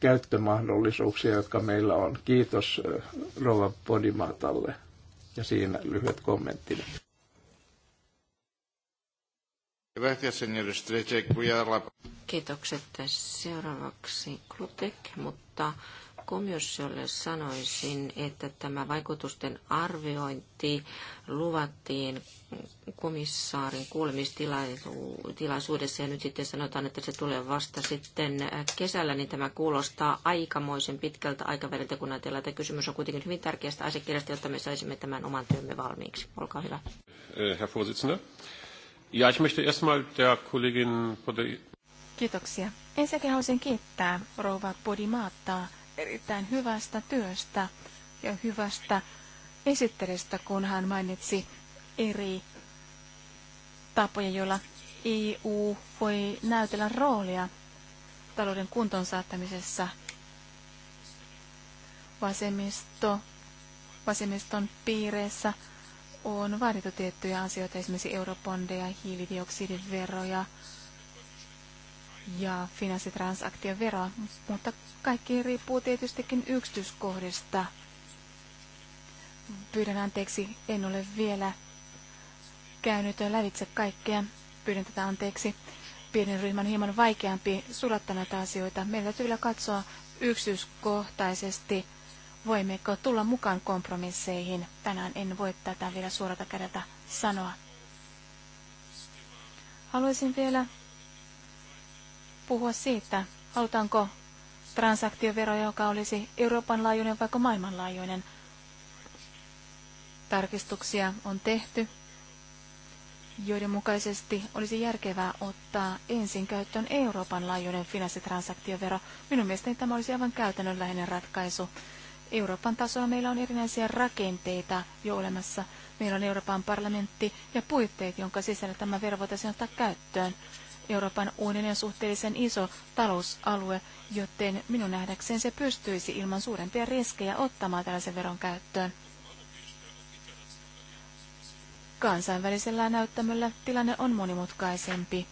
käyttömahdollisuuksia, jotka meillä on. Kiitos Rova Podimatalle ja siinä lyhyet kommenttini. Kiitokset. Seuraavaksi Klutek, mutta komissiolle sanoisin, että tämä vaikutusten arviointi luvattiin komissaarin kuulemistilaisuudessa ja nyt sitten sanotaan, että se tulee vasta sitten kesällä, niin tämä kuulostaa aikamoisen pitkältä aikaväliltä, kun ajatellaan, että kysymys on kuitenkin hyvin tärkeästä asiakirjasta, jotta me saisimme tämän oman työmme valmiiksi. Olkaa hyvä. Eh, Herr Ja, ich möchte erstmal der Kollegin Kiitoksia. Ensinnäkin haluaisin kiittää rouva Podimaattaa erittäin hyvästä työstä ja hyvästä esittelystä, kun hän mainitsi eri tapoja, joilla EU voi näytellä roolia talouden kuntoon saattamisessa. Vasemmisto, vasemmiston piireessä on vaadittu tiettyjä asioita, esimerkiksi eurobondeja, hiilidioksidiveroja, veroja ja finanssitransaktioveroa, mutta kaikki riippuu tietystikin yksityiskohdista. Pyydän anteeksi, en ole vielä käynyt lävitse kaikkea. Pyydän tätä anteeksi. Pienen ryhmän hieman vaikeampi sulattaa näitä asioita. Meillä täytyy vielä katsoa yksityiskohtaisesti, voimmeko tulla mukaan kompromisseihin. Tänään en voi tätä vielä suorata kädeltä sanoa. Haluaisin vielä puhua siitä, halutaanko transaktiovero, joka olisi Euroopan laajuinen vaikka maailmanlaajuinen. Tarkistuksia on tehty, joiden mukaisesti olisi järkevää ottaa ensin käyttöön Euroopan laajuinen finanssitransaktiovero. Minun mielestäni tämä olisi aivan käytännönläheinen ratkaisu. Euroopan tasolla meillä on erinäisiä rakenteita jo olemassa. Meillä on Euroopan parlamentti ja puitteet, jonka sisällä tämä vero voitaisiin ottaa käyttöön. Euroopan unionin suhteellisen iso talousalue, joten minun nähdäkseen se pystyisi ilman suurempia riskejä ottamaan tällaisen veron käyttöön. Kansainvälisellä näyttämöllä tilanne on monimutkaisempi,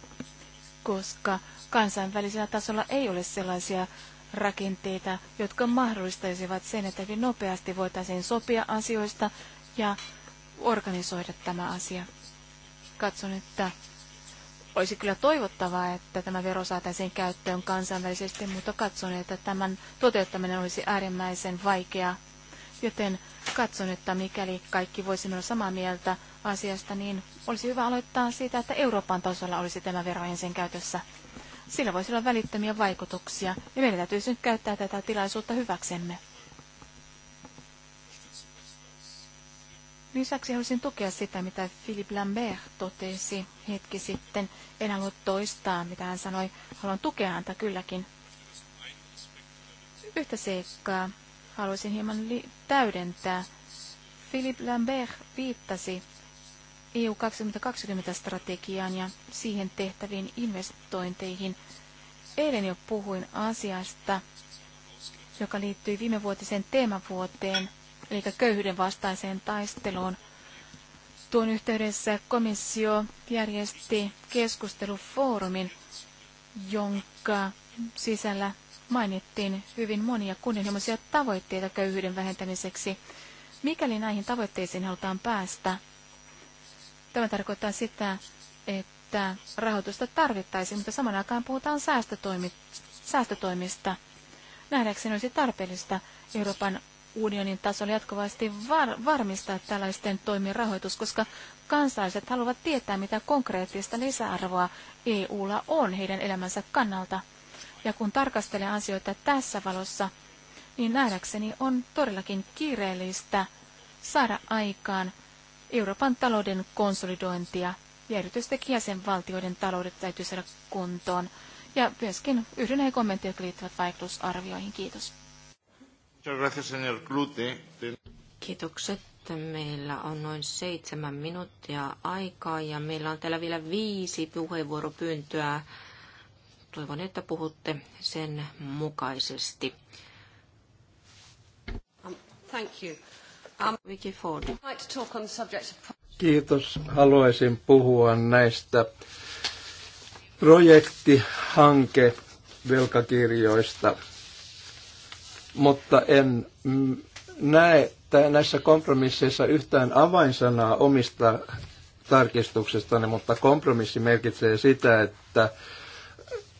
koska kansainvälisellä tasolla ei ole sellaisia rakenteita, jotka mahdollistaisivat sen, että hyvin nopeasti voitaisiin sopia asioista ja organisoida tämä asia. Katson, että olisi kyllä toivottavaa, että tämä vero saataisiin käyttöön kansainvälisesti, mutta katson, että tämän toteuttaminen olisi äärimmäisen vaikeaa. Joten katson, että mikäli kaikki voisimme olla samaa mieltä asiasta, niin olisi hyvä aloittaa siitä, että Euroopan tasolla olisi tämä vero ensin käytössä. Sillä voisi olla välittömiä vaikutuksia, ja meidän täytyisi nyt käyttää tätä tilaisuutta hyväksemme. Lisäksi haluaisin tukea sitä, mitä Philippe Lambert totesi hetki sitten. En halua toistaa, mitä hän sanoi. Haluan tukea häntä kylläkin. Yhtä seikkaa haluaisin hieman li- täydentää. Philippe Lambert viittasi EU 2020-strategiaan ja siihen tehtäviin investointeihin. Eilen jo puhuin asiasta, joka liittyy viimevuotiseen teemavuoteen – eli köyhyyden vastaiseen taisteluun. Tuon yhteydessä komissio järjesti keskustelufoorumin, jonka sisällä mainittiin hyvin monia kunnianhimoisia tavoitteita köyhyyden vähentämiseksi. Mikäli näihin tavoitteisiin halutaan päästä, tämä tarkoittaa sitä, että rahoitusta tarvittaisiin, mutta saman aikaan puhutaan säästötoimista. Nähdäkseni olisi tarpeellista Euroopan unionin tasolla jatkuvasti var- varmistaa tällaisten toimien rahoitus, koska kansalaiset haluavat tietää, mitä konkreettista lisäarvoa EUlla on heidän elämänsä kannalta. Ja kun tarkastelee asioita tässä valossa, niin nähdäkseni on todellakin kiireellistä saada aikaan Euroopan talouden konsolidointia ja erityisesti jäsenvaltioiden taloudet täytyy saada kuntoon. Ja myöskin yhdyn näihin kommentteihin, jotka liittyvät vaikutusarvioihin. Kiitos. Kiitokset. Meillä on noin seitsemän minuuttia aikaa ja meillä on täällä vielä viisi puheenvuoropyyntöä. Toivon, että puhutte sen mukaisesti. Um, thank you. Um, um, Ford. Kiitos. Haluaisin puhua näistä projektihanke velkakirjoista mutta en näe näissä kompromisseissa yhtään avainsanaa omista tarkistuksestani, mutta kompromissi merkitsee sitä, että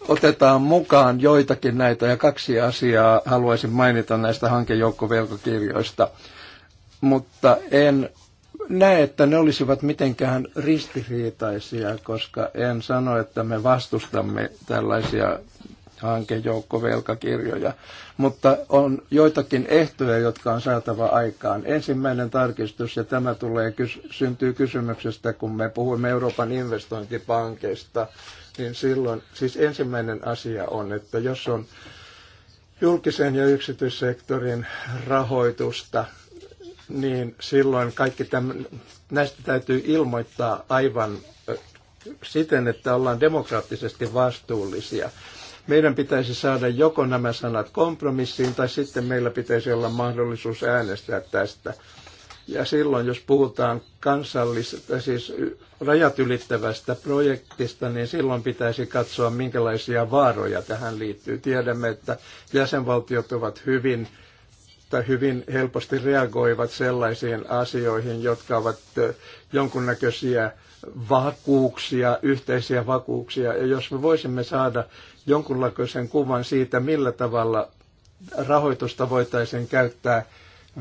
otetaan mukaan joitakin näitä ja kaksi asiaa haluaisin mainita näistä hankejoukkovelkokirjoista, mutta en näe, että ne olisivat mitenkään ristiriitaisia, koska en sano, että me vastustamme tällaisia velkakirjoja, mutta on joitakin ehtoja, jotka on saatava aikaan. Ensimmäinen tarkistus, ja tämä tulee, syntyy kysymyksestä, kun me puhumme Euroopan investointipankeista, niin silloin, siis ensimmäinen asia on, että jos on julkisen ja yksityissektorin rahoitusta, niin silloin kaikki tämän, näistä täytyy ilmoittaa aivan siten, että ollaan demokraattisesti vastuullisia. Meidän pitäisi saada joko nämä sanat kompromissiin tai sitten meillä pitäisi olla mahdollisuus äänestää tästä. Ja silloin, jos puhutaan kansallisesta, siis rajat ylittävästä projektista, niin silloin pitäisi katsoa, minkälaisia vaaroja tähän liittyy. Tiedämme, että jäsenvaltiot ovat hyvin tai hyvin helposti reagoivat sellaisiin asioihin, jotka ovat jonkunnäköisiä vakuuksia, yhteisiä vakuuksia. Ja jos me voisimme saada jonkunlaisen kuvan siitä, millä tavalla rahoitusta voitaisiin käyttää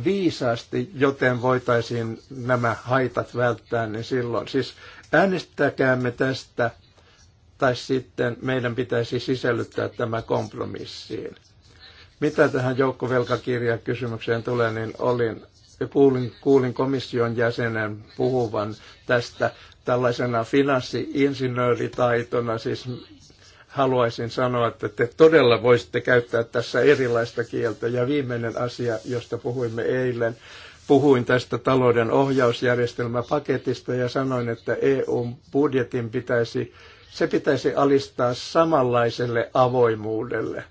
viisaasti, joten voitaisiin nämä haitat välttää, niin silloin siis äänestäkäämme tästä, tai sitten meidän pitäisi sisällyttää tämä kompromissiin. Mitä tähän joukkovelkakirjakysymykseen tulee, niin olin kuulin, kuulin komission jäsenen puhuvan tästä tällaisena finanssiinsinööritaitona, siis haluaisin sanoa, että te todella voisitte käyttää tässä erilaista kieltä. Ja viimeinen asia, josta puhuimme eilen, puhuin tästä talouden ohjausjärjestelmäpaketista ja sanoin, että EU-budjetin pitäisi, se pitäisi alistaa samanlaiselle avoimuudelle –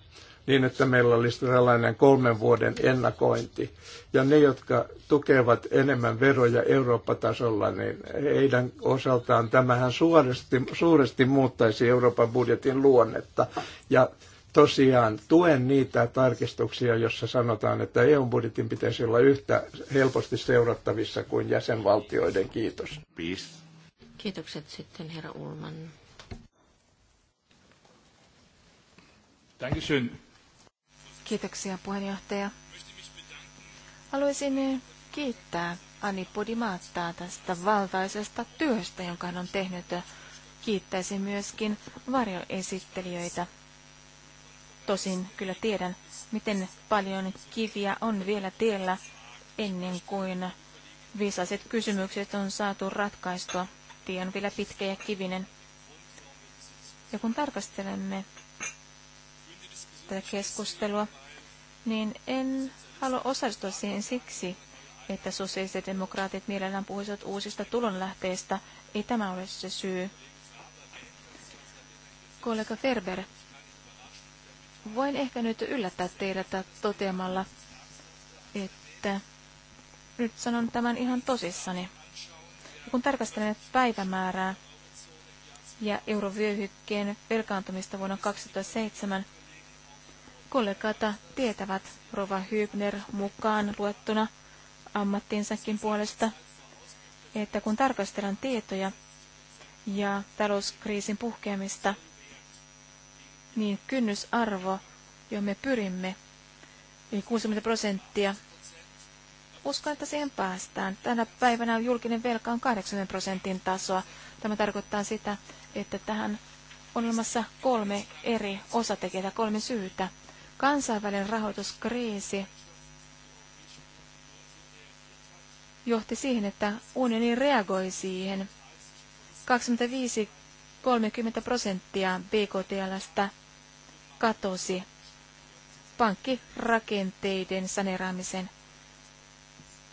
niin, että meillä olisi tällainen kolmen vuoden ennakointi. Ja ne, jotka tukevat enemmän veroja Eurooppa-tasolla, niin heidän osaltaan tämähän suuresti, suuresti muuttaisi Euroopan budjetin luonnetta. Ja tosiaan tuen niitä tarkistuksia, jossa sanotaan, että EU-budjetin pitäisi olla yhtä helposti seurattavissa kuin jäsenvaltioiden. Kiitos. Peace. Kiitokset sitten herra Ulman. Dankeschön. Kiitoksia puheenjohtaja. Haluaisin kiittää Ani Podimaattaa tästä valtaisesta työstä, jonka hän on tehnyt. Kiittäisin myöskin varjoesittelijöitä. Tosin kyllä tiedän, miten paljon kiviä on vielä tiellä ennen kuin viisaiset kysymykset on saatu ratkaistua. Tie on vielä pitkä ja kivinen. Ja kun tarkastelemme tätä keskustelua, niin en halua osallistua siihen siksi, että sosiaaliset demokraatit mielellään puhuisivat uusista tulonlähteistä. Ei tämä ole se syy. Kollega Ferber, voin ehkä nyt yllättää teidät toteamalla, että nyt sanon tämän ihan tosissani. Kun tarkastelen päivämäärää ja eurovyöhykkeen velkaantumista vuonna 2007, kollegata tietävät Rova Hybner mukaan luettuna ammattinsakin puolesta, että kun tarkastellaan tietoja ja talouskriisin puhkeamista, niin kynnysarvo, johon me pyrimme, eli 60 prosenttia, uskon, että siihen päästään. Tänä päivänä julkinen velka on 80 prosentin tasoa. Tämä tarkoittaa sitä, että tähän on olemassa kolme eri osatekijää, kolme syytä. Kansainvälinen rahoituskriisi johti siihen, että unioni reagoi siihen. 25-30 prosenttia BKTLstä katosi pankkirakenteiden saneraamisen.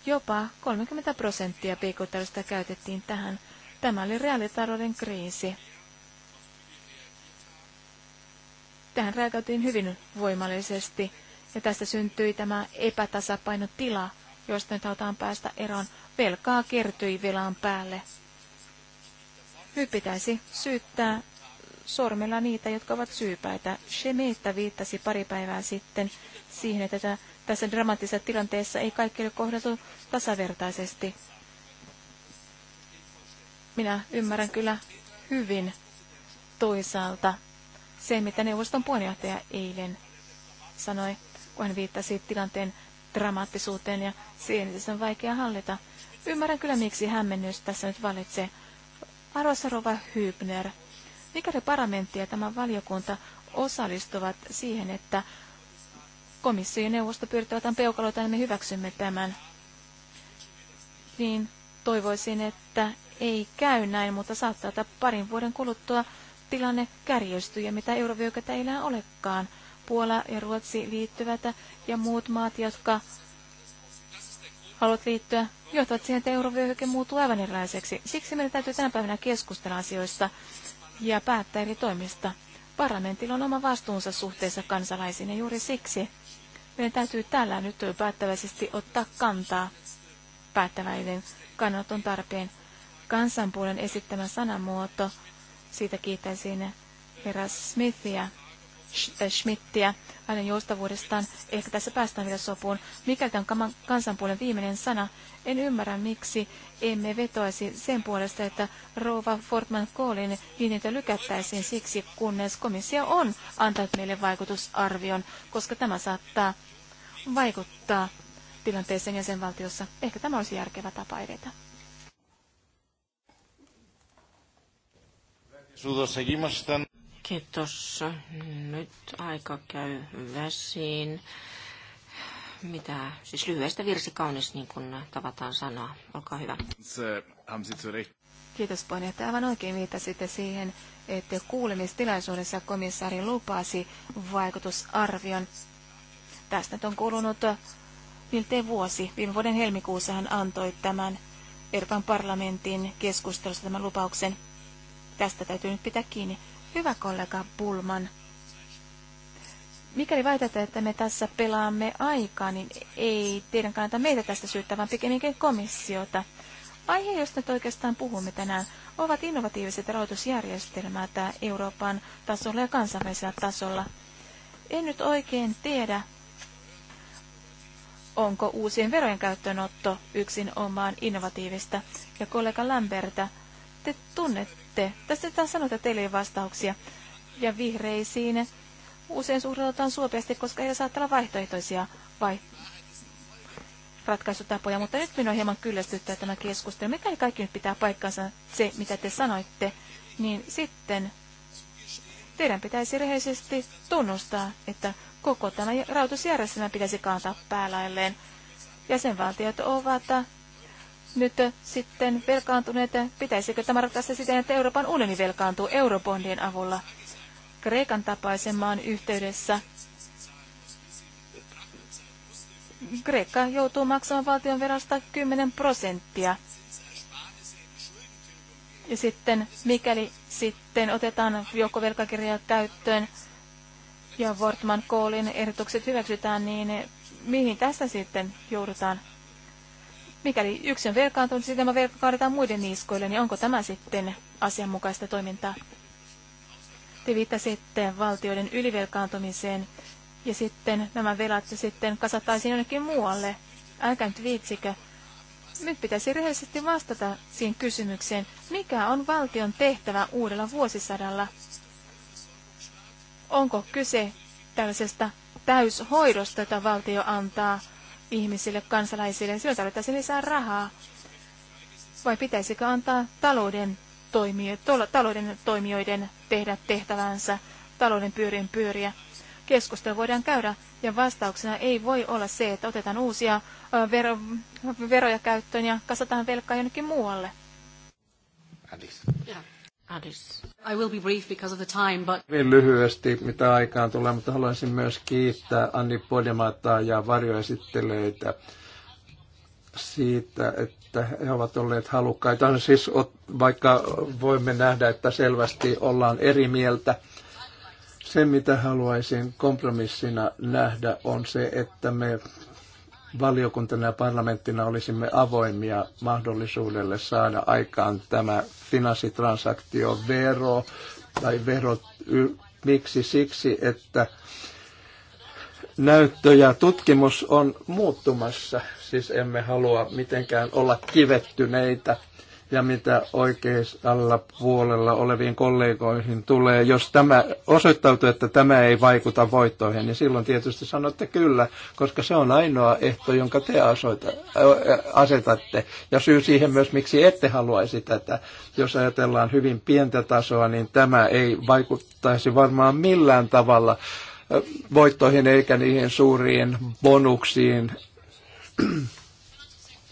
Jopa 30 prosenttia BKTLstä käytettiin tähän. Tämä oli reaalitalouden kriisi. Tähän reagoitiin hyvin voimallisesti ja tästä syntyi tämä epätasapainotila, josta nyt halutaan päästä eroon. Velkaa kertyi velan päälle. Nyt pitäisi syyttää sormella niitä, jotka ovat syypäitä. Shemetta viittasi pari päivää sitten siihen, että tässä dramaattisessa tilanteessa ei kaikki ole kohdeltu tasavertaisesti. Minä ymmärrän kyllä hyvin toisaalta se, mitä neuvoston puheenjohtaja eilen sanoi, kun hän viittasi tilanteen dramaattisuuteen ja siihen, että se on vaikea hallita. Ymmärrän kyllä, miksi hämmennys tässä nyt valitsee. Arvoisa Rova Hybner, mikäli parlamentti ja tämä valiokunta osallistuvat siihen, että komissio ja neuvosto pyörittävät peukaloita, niin me hyväksymme tämän, niin toivoisin, että ei käy näin, mutta saattaa, että parin vuoden kuluttua tilanne kärjistyy ja mitä eurovyökötä ei enää olekaan. Puola ja Ruotsi liittyvät ja muut maat, jotka haluat liittyä, johtavat siihen, että eurovyöhyke muuttuu aivan erilaiseksi. Siksi meidän täytyy tänä päivänä keskustella asioista ja päättää eri toimista. Parlamentilla on oma vastuunsa suhteessa kansalaisiin ja juuri siksi meidän täytyy täällä nyt päättäväisesti ottaa kantaa. Päättäväinen kannaton tarpeen. Kansanpuolen esittämä sanamuoto siitä kiittäisin herra Smithia, äh, Schmidtiä hänen joustavuudestaan. Ehkä tässä päästään vielä sopuun. Mikä tämä on kansanpuolen viimeinen sana? En ymmärrä, miksi emme vetoaisi sen puolesta, että Rova Fortman Koolin viinintä lykättäisiin siksi, kunnes komissio on antanut meille vaikutusarvion, koska tämä saattaa vaikuttaa tilanteeseen jäsenvaltiossa. Ehkä tämä olisi järkevä tapa edetä. Kiitos. Nyt aika käy väsiin. Mitä, siis lyhyestä virsi kaunis, niin kuin tavataan sanoa. Olkaa hyvä. Kiitos puheenjohtaja. Aivan oikein viittasitte siihen, että kuulemistilaisuudessa komissaari lupasi vaikutusarvion. Tästä on kulunut miltei vuosi. Viime vuoden helmikuussa hän antoi tämän Euroopan parlamentin keskustelussa tämän lupauksen. Tästä täytyy nyt pitää kiinni. Hyvä kollega Pulman. Mikäli väitätte, että me tässä pelaamme aikaa, niin ei teidän kannata meitä tästä syyttää, vaan pikemminkin komissiota. Aihe, josta nyt oikeastaan puhumme tänään, ovat innovatiiviset rahoitusjärjestelmät Euroopan tasolla ja kansainvälisellä tasolla. En nyt oikein tiedä, onko uusien verojen käyttöönotto yksin omaan innovatiivista. Ja kollega Lamberta, te tunnette sitten? Tässä taas sanotaan teille vastauksia. Ja vihreisiin usein suhtaudutaan suopeasti, koska heillä saattaa olla vaihtoehtoisia vai ratkaisutapoja, mutta nyt minua hieman kyllästyttää tämä keskustelu. Mikäli kaikki nyt pitää paikkansa se, mitä te sanoitte, niin sitten teidän pitäisi rehellisesti tunnustaa, että koko tämä rahoitusjärjestelmä pitäisi kantaa päälailleen. Jäsenvaltiot ovat nyt äh, sitten velkaantuneet, äh, pitäisikö tämä ratkaista siten, että Euroopan unioni velkaantuu eurobondien avulla Kreikan tapaisen maan yhteydessä? Kreikka joutuu maksamaan valtion verosta 10 prosenttia. Ja sitten, mikäli sitten otetaan joukkovelkakirjaa käyttöön ja Wortman Koolin ehdotukset hyväksytään, niin mihin tässä sitten joudutaan Mikäli on velkaantunut, sitten tämä velka kaadetaan muiden niskoille, niin onko tämä sitten asianmukaista toimintaa? Te viittasitte valtioiden ylivelkaantumiseen ja sitten nämä velat sitten kasattaisiin jonnekin muualle. Älkää nyt viitsikö. Nyt pitäisi rehellisesti vastata siihen kysymykseen, mikä on valtion tehtävä uudella vuosisadalla? Onko kyse tällaisesta täyshoidosta, jota valtio antaa ihmisille, kansalaisille. Silloin tarvittaisiin lisää rahaa. Vai pitäisikö antaa talouden, toimijo- talouden toimijoiden tehdä tehtävänsä, talouden pyörien pyöriä? Keskustelu voidaan käydä ja vastauksena ei voi olla se, että otetaan uusia vero, veroja käyttöön ja kasataan velkaa jonnekin muualle. Alice. Yeah. Alice. I will be brief because of the time, but... Hyvin lyhyesti, mitä aikaan tulee, mutta haluaisin myös kiittää Anni Podemata ja varjoesitteleitä siitä, että he ovat olleet halukkaita. On siis, vaikka voimme nähdä, että selvästi ollaan eri mieltä, se mitä haluaisin kompromissina nähdä on se, että me valiokuntana ja parlamenttina olisimme avoimia mahdollisuudelle saada aikaan tämä finanssitransaktiovero tai verot. Miksi? Siksi, että näyttö ja tutkimus on muuttumassa. Siis emme halua mitenkään olla kivettyneitä ja mitä oikeisalla puolella oleviin kollegoihin tulee. Jos tämä osoittautuu, että tämä ei vaikuta voittoihin, niin silloin tietysti sanotte kyllä, koska se on ainoa ehto, jonka te asoita, asetatte. Ja syy siihen myös, miksi ette haluaisi tätä. Jos ajatellaan hyvin pientä tasoa, niin tämä ei vaikuttaisi varmaan millään tavalla voittoihin eikä niihin suuriin bonuksiin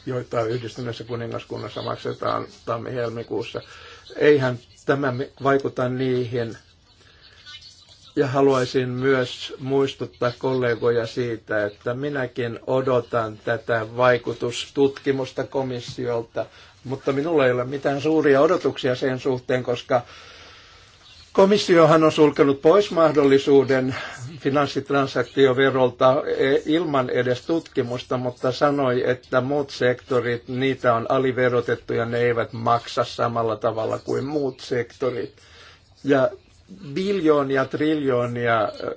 joita yhdistyneessä kuningaskunnassa maksetaan tammi-helmikuussa. Eihän tämä vaikuta niihin. Ja haluaisin myös muistuttaa kollegoja siitä, että minäkin odotan tätä vaikutustutkimusta komissiolta, mutta minulla ei ole mitään suuria odotuksia sen suhteen, koska Komissiohan on sulkenut pois mahdollisuuden finanssitransaktioverolta e, ilman edes tutkimusta, mutta sanoi, että muut sektorit, niitä on aliverotettu ja ne eivät maksa samalla tavalla kuin muut sektorit. Ja biljoonia, triljoonia e,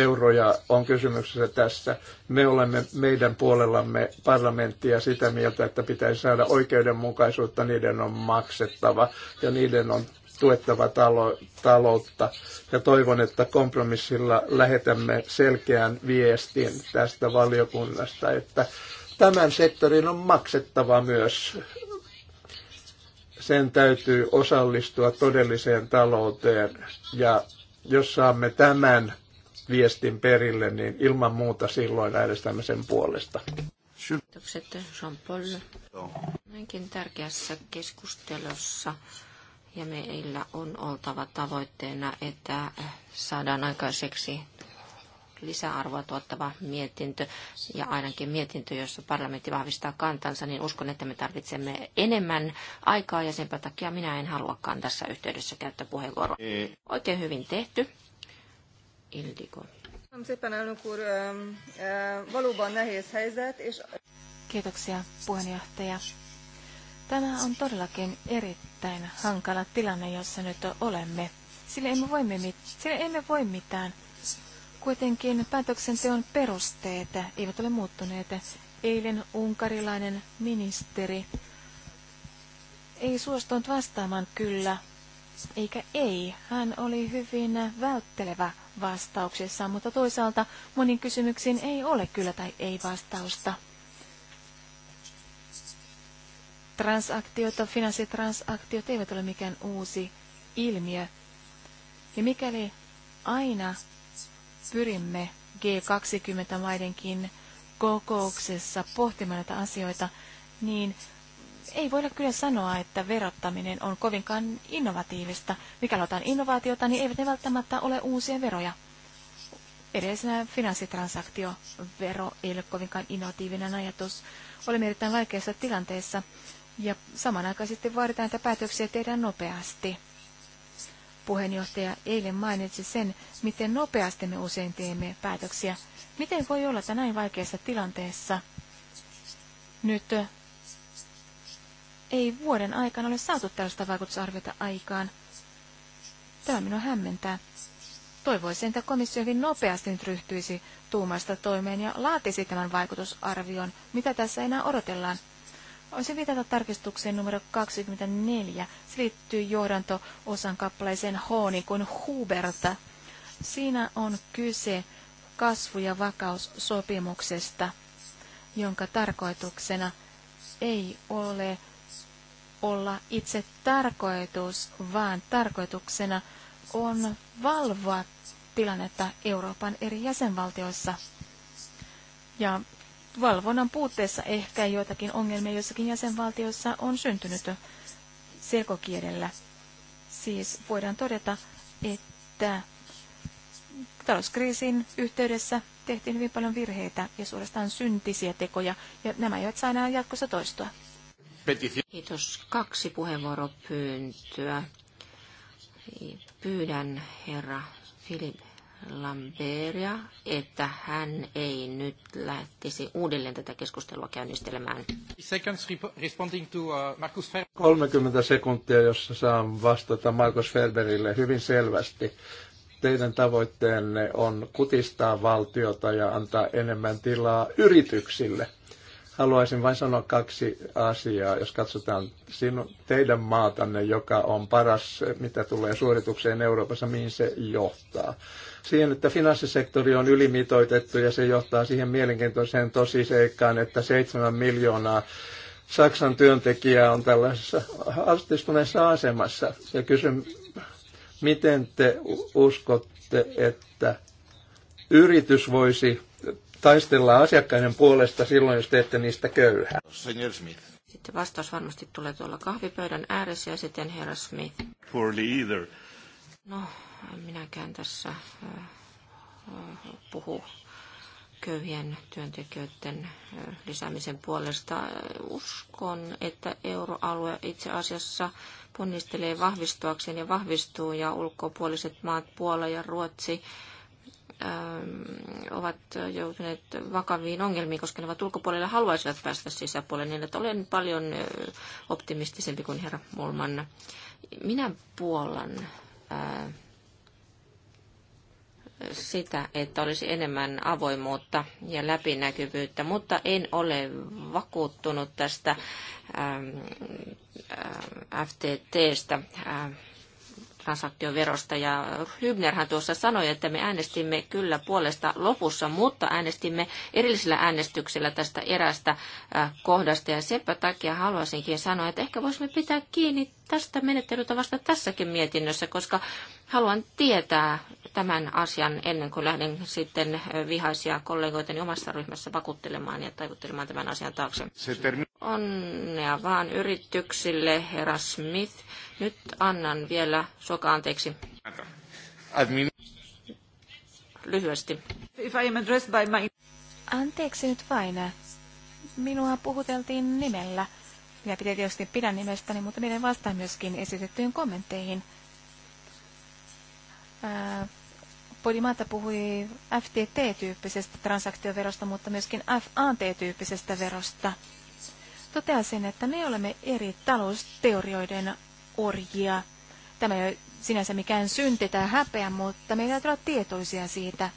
euroja on kysymyksessä tässä. Me olemme meidän puolellamme parlamenttia sitä mieltä, että pitäisi saada oikeudenmukaisuutta, niiden on maksettava ja niiden on tuettava talo, taloutta. Ja toivon, että kompromissilla lähetämme selkeän viestin tästä valiokunnasta, että tämän sektorin on maksettava myös. Sen täytyy osallistua todelliseen talouteen. Ja jos saamme tämän viestin perille, niin ilman muuta silloin äänestämme sen puolesta. Kiitokset Jean-Paul. Näinkin tärkeässä keskustelussa ja meillä on oltava tavoitteena, että saadaan aikaiseksi lisäarvoa tuottava mietintö ja ainakin mietintö, jossa parlamentti vahvistaa kantansa, niin uskon, että me tarvitsemme enemmän aikaa ja sen takia minä en haluakaan tässä yhteydessä käyttää puheenvuoroa. Oikein hyvin tehty. Ildiko. Kiitoksia puheenjohtaja. Tämä on todellakin erittäin erittäin hankala tilanne, jossa nyt olemme. Sille emme voi, mit- sille emme voi mitään. Kuitenkin päätöksenteon perusteet eivät ole muuttuneet. Eilen unkarilainen ministeri ei suostunut vastaamaan kyllä, eikä ei. Hän oli hyvin välttelevä vastauksessa, mutta toisaalta monin kysymyksiin ei ole kyllä tai ei vastausta. Transaktiot ja finanssitransaktiot eivät ole mikään uusi ilmiö. Ja mikäli aina pyrimme G20-maidenkin kokouksessa pohtimaan näitä asioita, niin ei voida kyllä sanoa, että verottaminen on kovinkaan innovatiivista. Mikäli otan innovaatiota, niin eivät ne välttämättä ole uusia veroja. Edellisenä finanssitransaktiovero ei ole kovinkaan innovatiivinen ajatus. Olemme erittäin vaikeassa tilanteessa. Ja samanaikaisesti vaaditaan, että päätöksiä tehdään nopeasti. Puheenjohtaja eilen mainitsi sen, miten nopeasti me usein teemme päätöksiä. Miten voi olla, että näin vaikeassa tilanteessa nyt ei vuoden aikana ole saatu tällaista vaikutusarviota aikaan? Tämä minua hämmentää. Toivoisin, että komissio hyvin nopeasti nyt ryhtyisi tuumasta toimeen ja laatisi tämän vaikutusarvion, mitä tässä enää odotellaan. Voisin viitata tarkistukseen numero 24. Se liittyy johdanto-osan kappaleeseen H, niin kuin Huberta. Siinä on kyse kasvu- ja vakaussopimuksesta, jonka tarkoituksena ei ole olla itse tarkoitus, vaan tarkoituksena on valvoa tilannetta Euroopan eri jäsenvaltioissa. Ja valvonnan puutteessa ehkä joitakin ongelmia jossakin jäsenvaltioissa on syntynyt selkokielellä. Siis voidaan todeta, että talouskriisin yhteydessä tehtiin hyvin paljon virheitä ja suorastaan syntisiä tekoja, ja nämä eivät saa enää jatkossa toistua. Kiitos. Kaksi puheenvuoropyyntöä. Pyydän herra Filip Lamberia, että hän ei nyt lähtisi uudelleen tätä keskustelua käynnistelemään. 30 uh, sekuntia, jossa saan vastata Markus Ferberille hyvin selvästi. Teidän tavoitteenne on kutistaa valtiota ja antaa enemmän tilaa yrityksille. Haluaisin vain sanoa kaksi asiaa, jos katsotaan sinu, teidän maatanne, joka on paras, mitä tulee suoritukseen Euroopassa, mihin se johtaa siihen, että finanssisektori on ylimitoitettu ja se johtaa siihen mielenkiintoiseen tosiseikkaan, että seitsemän miljoonaa Saksan työntekijää on tällaisessa altistuneessa asemassa. Ja kysyn, miten te uskotte, että yritys voisi taistella asiakkaiden puolesta silloin, jos teette niistä köyhää? Senior Smith. Sitten vastaus varmasti tulee tuolla kahvipöydän ääressä ja sitten herra Smith. Poorly either. No, minäkään tässä puhu köyhien työntekijöiden lisäämisen puolesta. Uskon, että euroalue itse asiassa ponnistelee vahvistuakseen ja vahvistuu ja ulkopuoliset maat Puola ja Ruotsi ovat joutuneet vakaviin ongelmiin, koska ne ovat ulkopuolella haluaisivat päästä sisäpuolelle, niin että olen paljon optimistisempi kuin herra Mulman. Minä puolan sitä, että olisi enemmän avoimuutta ja läpinäkyvyyttä, mutta en ole vakuuttunut tästä ähm, äh, FTTstä äh, transaktioverosta. Ja Hybnerhän tuossa sanoi, että me äänestimme kyllä puolesta lopussa, mutta äänestimme erillisellä äänestyksellä tästä erästä äh, kohdasta. Ja senpä takia haluaisinkin sanoa, että ehkä voisimme pitää kiinni tästä menettelytavasta tässäkin mietinnössä, koska haluan tietää tämän asian ennen kuin lähden sitten vihaisia kollegoitani omassa ryhmässä vakuuttelemaan ja taivuttelemaan tämän asian taakse. Onnea vaan yrityksille, herra Smith. Nyt annan vielä soka anteeksi. Lyhyesti. If I am addressed by my... Anteeksi nyt vain. Minua puhuteltiin nimellä. Minä pidän tietysti pidän nimestäni, mutta minä vastaan myöskin esitettyyn kommentteihin. Ää, Podimata puhui FTT-tyyppisestä transaktioverosta, mutta myöskin FAT-tyyppisestä verosta. Toteasin, että me olemme eri talousteorioiden orjia. Tämä ei ole sinänsä mikään synti tai häpeä, mutta meidän täytyy olla tietoisia siitä.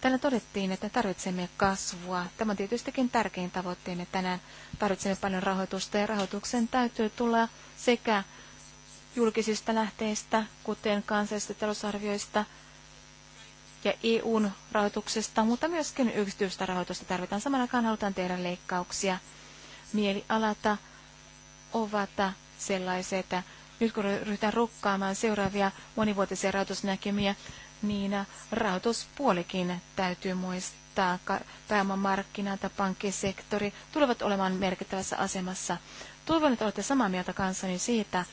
Tänä todettiin, että tarvitsemme kasvua. Tämä on tietystikin tärkein tavoitteemme tänään. Tarvitsemme paljon rahoitusta ja rahoituksen täytyy tulla sekä julkisista lähteistä, kuten kansallisista talousarvioista, ja EUn rahoituksesta, mutta myöskin yksityistä rahoitusta tarvitaan. Saman aikaan halutaan tehdä leikkauksia. Mielialata ovat että nyt kun ryhdytään rukkaamaan seuraavia monivuotisia rahoitusnäkymiä, niin rahoituspuolikin täytyy muistaa. Pääomamarkkina tai pankkisektori tulevat olemaan merkittävässä asemassa. Toivon, että olette samaa mieltä kanssani siitä,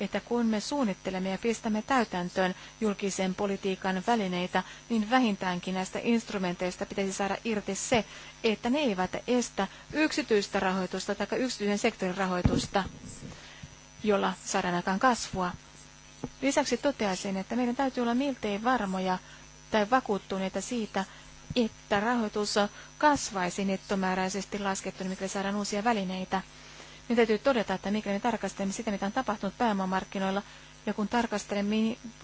että kun me suunnittelemme ja pistämme täytäntöön julkisen politiikan välineitä, niin vähintäänkin näistä instrumenteista pitäisi saada irti se, että ne eivät estä yksityistä rahoitusta tai yksityisen sektorin rahoitusta, jolla saadaan aikaan kasvua. Lisäksi toteaisin, että meidän täytyy olla miltei varmoja tai vakuuttuneita siitä, että rahoitus kasvaisi nettomääräisesti laskettuna, mikä saadaan uusia välineitä niin täytyy todeta, että mikäli me tarkastelemme sitä, mitä on tapahtunut pääomamarkkinoilla, ja kun tarkastelen,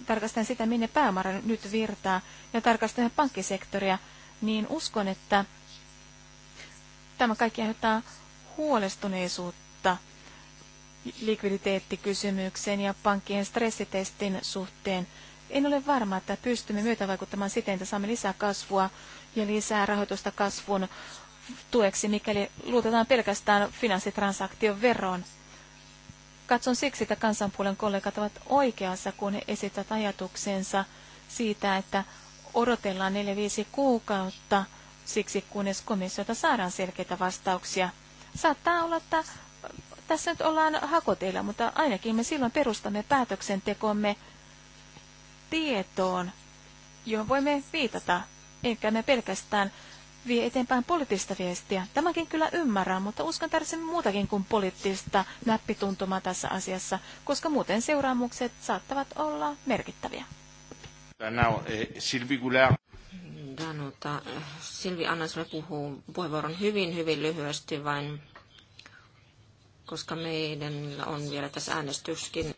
tarkastelen sitä, minne pääomara nyt virtaa, ja tarkastelen pankkisektoria, niin uskon, että tämä kaikki aiheuttaa huolestuneisuutta likviditeettikysymyksen ja pankkien stressitestin suhteen. En ole varma, että pystymme myötävaikuttamaan siten, että saamme lisää kasvua ja lisää rahoitusta kasvun tueksi, mikäli luotetaan pelkästään finanssitransaktion veroon. Katson siksi, että kansanpuolen kollegat ovat oikeassa, kun he esittävät ajatuksensa siitä, että odotellaan 4-5 kuukautta siksi, kunnes komissiota saadaan selkeitä vastauksia. Saattaa olla, että tässä nyt ollaan hakoteilla, mutta ainakin me silloin perustamme päätöksentekomme tietoon, johon voimme viitata, enkä me pelkästään vie eteenpäin poliittista viestiä. Tämäkin kyllä ymmärrän, mutta uskon tarvitsemme muutakin kuin poliittista näppituntumaa tässä asiassa, koska muuten seuraamukset saattavat olla merkittäviä. Now, Silvi Silvi Anna sinulle puhuu puheenvuoron hyvin, hyvin lyhyesti, vain koska meidän on vielä tässä äänestyskin.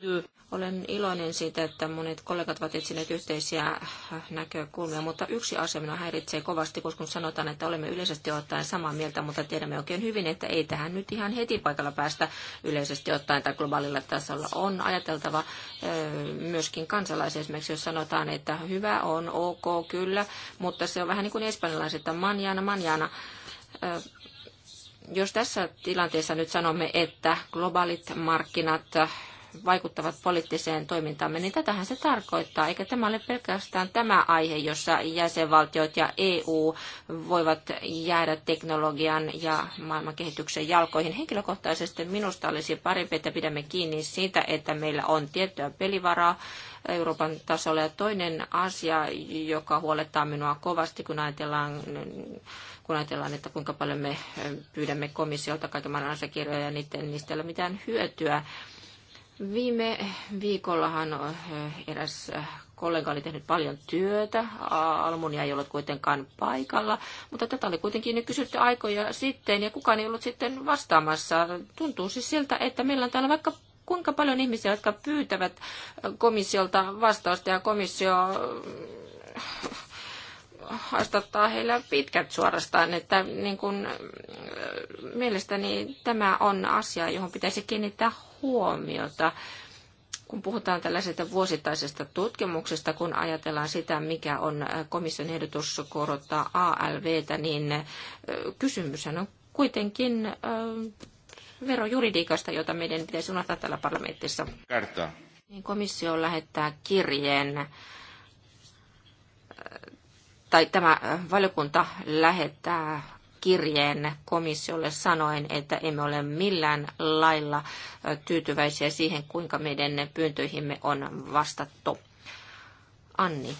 Olen iloinen siitä, että monet kollegat ovat etsineet yhteisiä näkökulmia, mutta yksi asia minua häiritsee kovasti, koska sanotaan, että olemme yleisesti ottaen samaa mieltä, mutta tiedämme oikein hyvin, että ei tähän nyt ihan heti paikalla päästä yleisesti ottaen tai globaalilla tasolla. On ajateltava myöskin kansalaisia esimerkiksi, jos sanotaan, että hyvä on, ok, kyllä, mutta se on vähän niin kuin espanjalaiset, että manjana, manjana jos tässä tilanteessa nyt sanomme, että globaalit markkinat vaikuttavat poliittiseen toimintaamme, niin tätähän se tarkoittaa. Eikä tämä ole pelkästään tämä aihe, jossa jäsenvaltiot ja EU voivat jäädä teknologian ja maailmankehityksen jalkoihin. Henkilökohtaisesti minusta olisi parempi, että pidämme kiinni siitä, että meillä on tiettyä pelivaraa Euroopan tasolla. Ja toinen asia, joka huolettaa minua kovasti, kun ajatellaan kun ajatellaan, että kuinka paljon me pyydämme komissiolta kaiken maailman asiakirjoja ja niiden, niistä ei ole mitään hyötyä. Viime viikollahan eräs kollega oli tehnyt paljon työtä, Almunia ei ollut kuitenkaan paikalla, mutta tätä oli kuitenkin kysytty aikoja sitten ja kukaan ei ollut sitten vastaamassa. Tuntuu siis siltä, että meillä on täällä vaikka kuinka paljon ihmisiä, jotka pyytävät komissiolta vastausta ja komissio haastattaa heillä pitkät suorastaan, että niin kun, äh, mielestäni tämä on asia, johon pitäisi kiinnittää huomiota kun puhutaan tällaisesta vuosittaisesta tutkimuksesta, kun ajatellaan sitä, mikä on äh, komission ehdotus korottaa ALVtä, niin äh, kysymys on kuitenkin verojuridiikasta, jota meidän pitäisi unohtaa täällä parlamentissa. Kertaa. Niin komissio lähettää kirjeen tai tämä äh, valiokunta lähettää kirjeen komissiolle sanoen, että emme ole millään lailla äh, tyytyväisiä siihen, kuinka meidän pyyntöihimme on vastattu. Anni.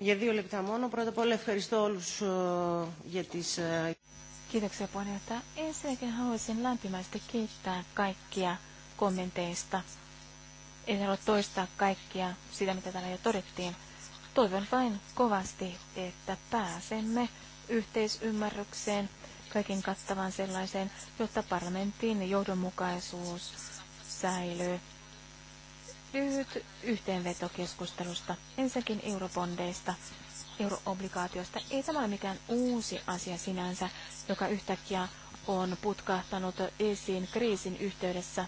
Για δύο λεπτά μόνο. Πρώτα απ' όλα ευχαριστώ όλους για τις... Kiitoksia puheenjohtaja. Ensinnäkin haluaisin lämpimästi kiittää kaikkia kommenteista en halua toistaa kaikkia sitä, mitä täällä jo todettiin. Toivon vain kovasti, että pääsemme yhteisymmärrykseen, kaiken kattavan sellaiseen, jotta parlamentin johdonmukaisuus säilyy. Lyhyt yhteenveto keskustelusta, ensinnäkin eurobondeista, euroobligaatioista. Ei tämä ole mikään uusi asia sinänsä, joka yhtäkkiä on putkahtanut esiin kriisin yhteydessä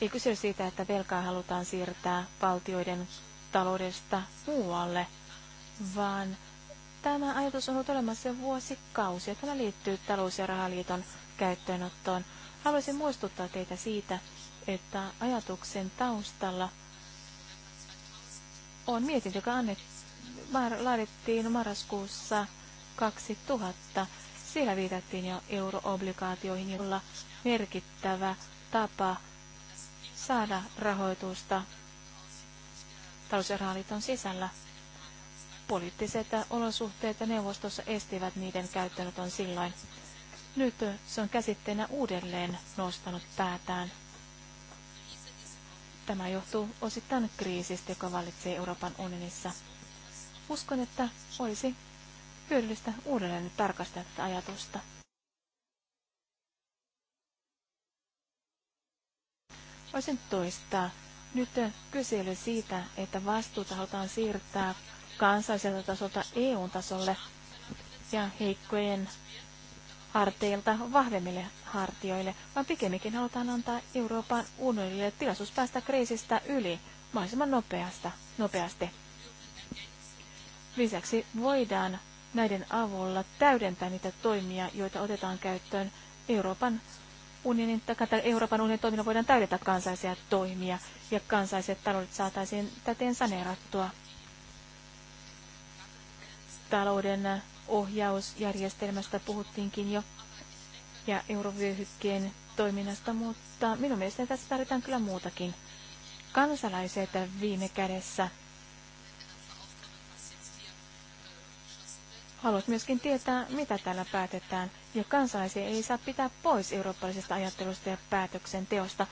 Ei kyse siitä, että velkaa halutaan siirtää valtioiden taloudesta muualle, vaan tämä ajatus on ollut olemassa jo vuosikausia. Tämä liittyy talous- ja rahaliiton käyttöönottoon. Haluaisin muistuttaa teitä siitä, että ajatuksen taustalla on mietintö, joka annet, mar, laadittiin marraskuussa 2000. Siellä viitattiin jo euroobligaatioihin, jolla merkittävä tapa saada rahoitusta talous- sisällä. Poliittiset olosuhteet ja neuvostossa estivät niiden käyttöönoton silloin. Nyt se on käsitteenä uudelleen nostanut päätään. Tämä johtuu osittain kriisistä, joka vallitsee Euroopan unionissa. Uskon, että olisi hyödyllistä uudelleen tarkastaa tätä ajatusta. haluaisin toistaa. Nyt kysely siitä, että vastuuta halutaan siirtää kansalliselta tasolta EU-tasolle ja heikkojen harteilta vahvemmille hartioille, vaan pikemminkin halutaan antaa Euroopan unionille tilaisuus päästä kriisistä yli mahdollisimman nopeasta, nopeasti. Lisäksi voidaan näiden avulla täydentää niitä toimia, joita otetaan käyttöön Euroopan unionin tai Euroopan unionin toimilla voidaan täydetä kansaisia toimia ja kansaiset taloudet saataisiin täten saneerattua. Talouden ohjausjärjestelmästä puhuttiinkin jo ja eurovyöhykkeen toiminnasta, mutta minun mielestäni tässä tarvitaan kyllä muutakin. Kansalaiset viime kädessä Haluat myöskin tietää, mitä täällä päätetään, ja kansalaisia ei saa pitää pois eurooppalaisesta ajattelusta ja päätöksenteosta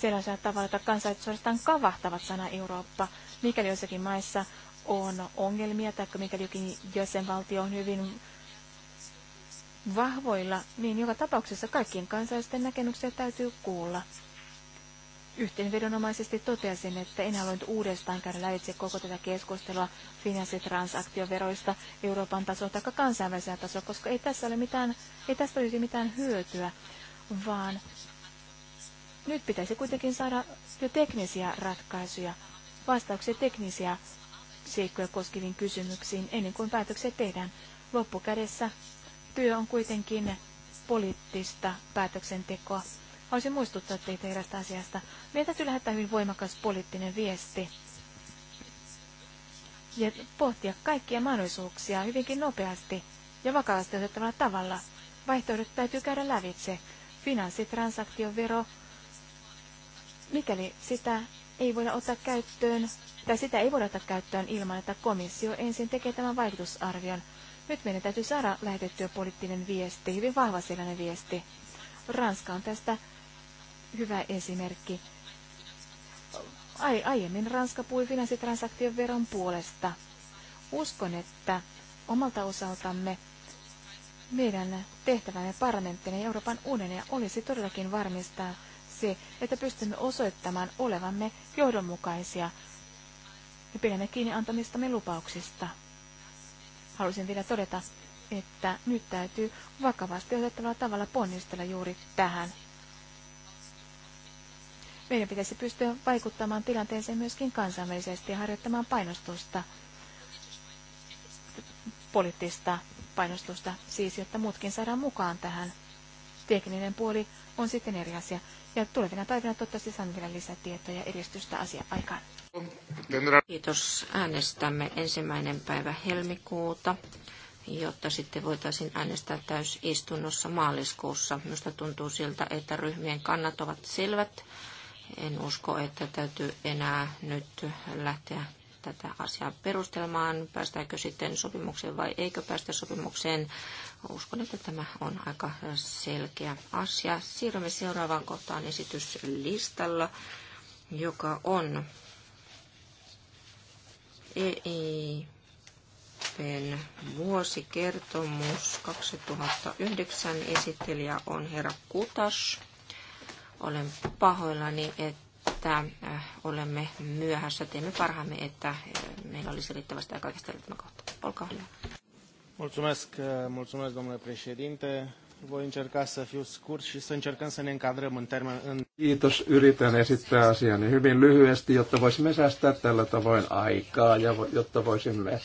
sellaisella tavalla, että kansalaiset suorastaan kavahtavat sana Eurooppa, mikäli jossakin maissa on ongelmia tai mikäli jokin jäsenvaltio on hyvin vahvoilla, niin joka tapauksessa kaikkien kansalaisten näkemyksiä täytyy kuulla. Yhteenvedonomaisesti toteaisin, että en halunnut uudestaan käydä lävitse koko tätä keskustelua finanssitransaktioveroista Euroopan tasolla tai kansainvälisellä tasolla, koska ei, tässä ole mitään, ei tästä olisi mitään hyötyä, vaan nyt pitäisi kuitenkin saada jo teknisiä ratkaisuja, vastauksia teknisiä seikkoja koskeviin kysymyksiin ennen kuin päätöksiä tehdään. Loppukädessä työ on kuitenkin poliittista päätöksentekoa Haluaisin muistuttaa teitä erästä asiasta. Meidän täytyy lähettää hyvin voimakas poliittinen viesti ja pohtia kaikkia mahdollisuuksia hyvinkin nopeasti ja vakavasti otettavalla tavalla. Vaihtoehdot täytyy käydä lävitse. Finanssitransaktiovero, mikäli sitä ei voida ottaa käyttöön, tai sitä ei voida ottaa käyttöön ilman, että komissio ensin tekee tämän vaikutusarvion. Nyt meidän täytyy saada lähetettyä poliittinen viesti, hyvin vahva sellainen viesti. Ranska on tästä hyvä esimerkki. Ai, aiemmin Ranska puhui finanssitransaktion veron puolesta. Uskon, että omalta osaltamme meidän tehtävämme parlamenttina ja Euroopan unionia olisi todellakin varmistaa se, että pystymme osoittamaan olevamme johdonmukaisia ja pidämme kiinni antamistamme lupauksista. Haluaisin vielä todeta, että nyt täytyy vakavasti otettavalla tavalla ponnistella juuri tähän meidän pitäisi pystyä vaikuttamaan tilanteeseen myöskin kansainvälisesti ja harjoittamaan painostusta, poliittista painostusta, siis jotta muutkin saadaan mukaan tähän. Tekninen puoli on sitten eri asia. Ja tulevina päivinä toivottavasti saan vielä lisätietoja edistystä asia aikaan. Kiitos. Äänestämme ensimmäinen päivä helmikuuta, jotta sitten voitaisiin äänestää täysistunnossa maaliskuussa. Minusta tuntuu siltä, että ryhmien kannat ovat selvät. En usko, että täytyy enää nyt lähteä tätä asiaa perustelemaan, päästäänkö sitten sopimukseen vai eikö päästä sopimukseen. Uskon, että tämä on aika selkeä asia. Siirrymme seuraavaan kohtaan esityslistalla, joka on EIPn vuosikertomus 2009. Esittelijä on herra Kutas. Olen pahoillani, että äh, olemme myöhässä. Teemme parhaamme, että äh, meillä olisi riittävästi aikaa käsitellä tämä kohta. Olkaa hyvä. Mulțumesc, äh, mulțumesc, domnule președinte. Voi încerca să fiu scurt și să încercăm să ne încadrăm în termen... În... Kiitos. Yritän esittää asiani hyvin lyhyesti, jotta voisimme säästää tällä tavoin aikaa ja jotta voisimme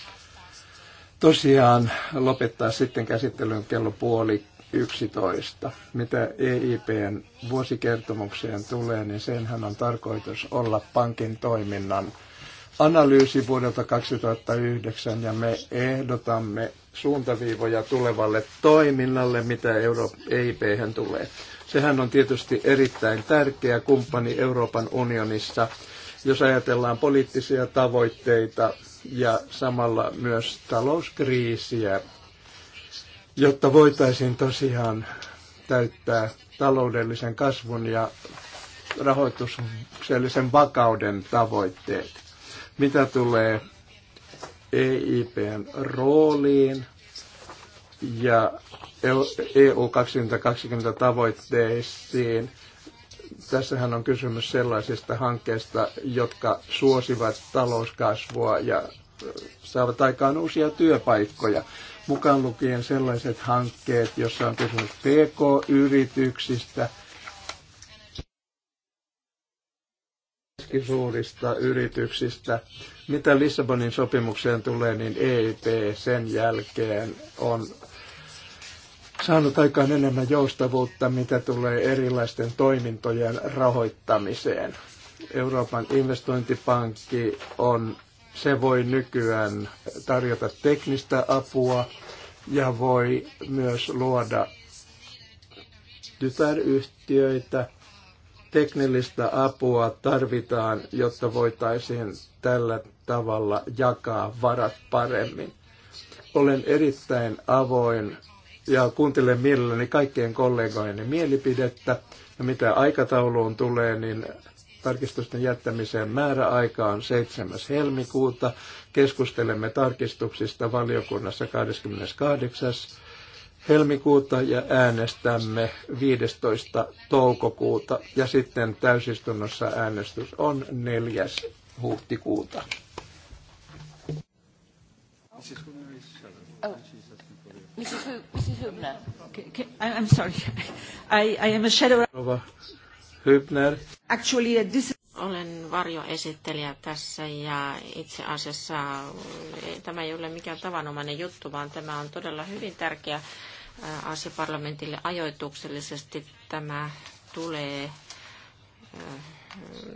tosiaan lopettaa sitten käsittelyn kello puoli 11. Mitä EIPn vuosikertomukseen tulee, niin senhän on tarkoitus olla pankin toiminnan analyysi vuodelta 2009 ja me ehdotamme suuntaviivoja tulevalle toiminnalle, mitä EIPhän e tulee. Sehän on tietysti erittäin tärkeä kumppani Euroopan unionissa, jos ajatellaan poliittisia tavoitteita ja samalla myös talouskriisiä jotta voitaisiin tosiaan täyttää taloudellisen kasvun ja rahoituksellisen vakauden tavoitteet. Mitä tulee EIPn rooliin ja EU 2020 tavoitteisiin, tässähän on kysymys sellaisista hankkeista, jotka suosivat talouskasvua ja saavat aikaan uusia työpaikkoja mukaan lukien sellaiset hankkeet, joissa on kysymys PK-yrityksistä, keskisuurista yrityksistä. Mitä Lissabonin sopimukseen tulee, niin EIP sen jälkeen on saanut aikaan enemmän joustavuutta, mitä tulee erilaisten toimintojen rahoittamiseen. Euroopan investointipankki on se voi nykyään tarjota teknistä apua ja voi myös luoda tytäryhtiöitä. Teknillistä apua tarvitaan, jotta voitaisiin tällä tavalla jakaa varat paremmin. Olen erittäin avoin ja kuuntelen mielelläni kaikkien kollegoiden mielipidettä. Ja mitä aikatauluun tulee, niin tarkistusten jättämiseen määräaika on 7. helmikuuta. Keskustelemme tarkistuksista valiokunnassa 28. helmikuuta ja äänestämme 15. toukokuuta. Ja sitten täysistunnossa äänestys on 4. huhtikuuta. Oh. Mrs. Hübner, I'm sorry. I, I am a shadow. Hübner. Actually, uh, this... Olen varjoesittelijä tässä ja itse asiassa eh, tämä ei ole mikään tavanomainen juttu, vaan tämä on todella hyvin tärkeä eh, asia parlamentille ajoituksellisesti. Tämä tulee eh,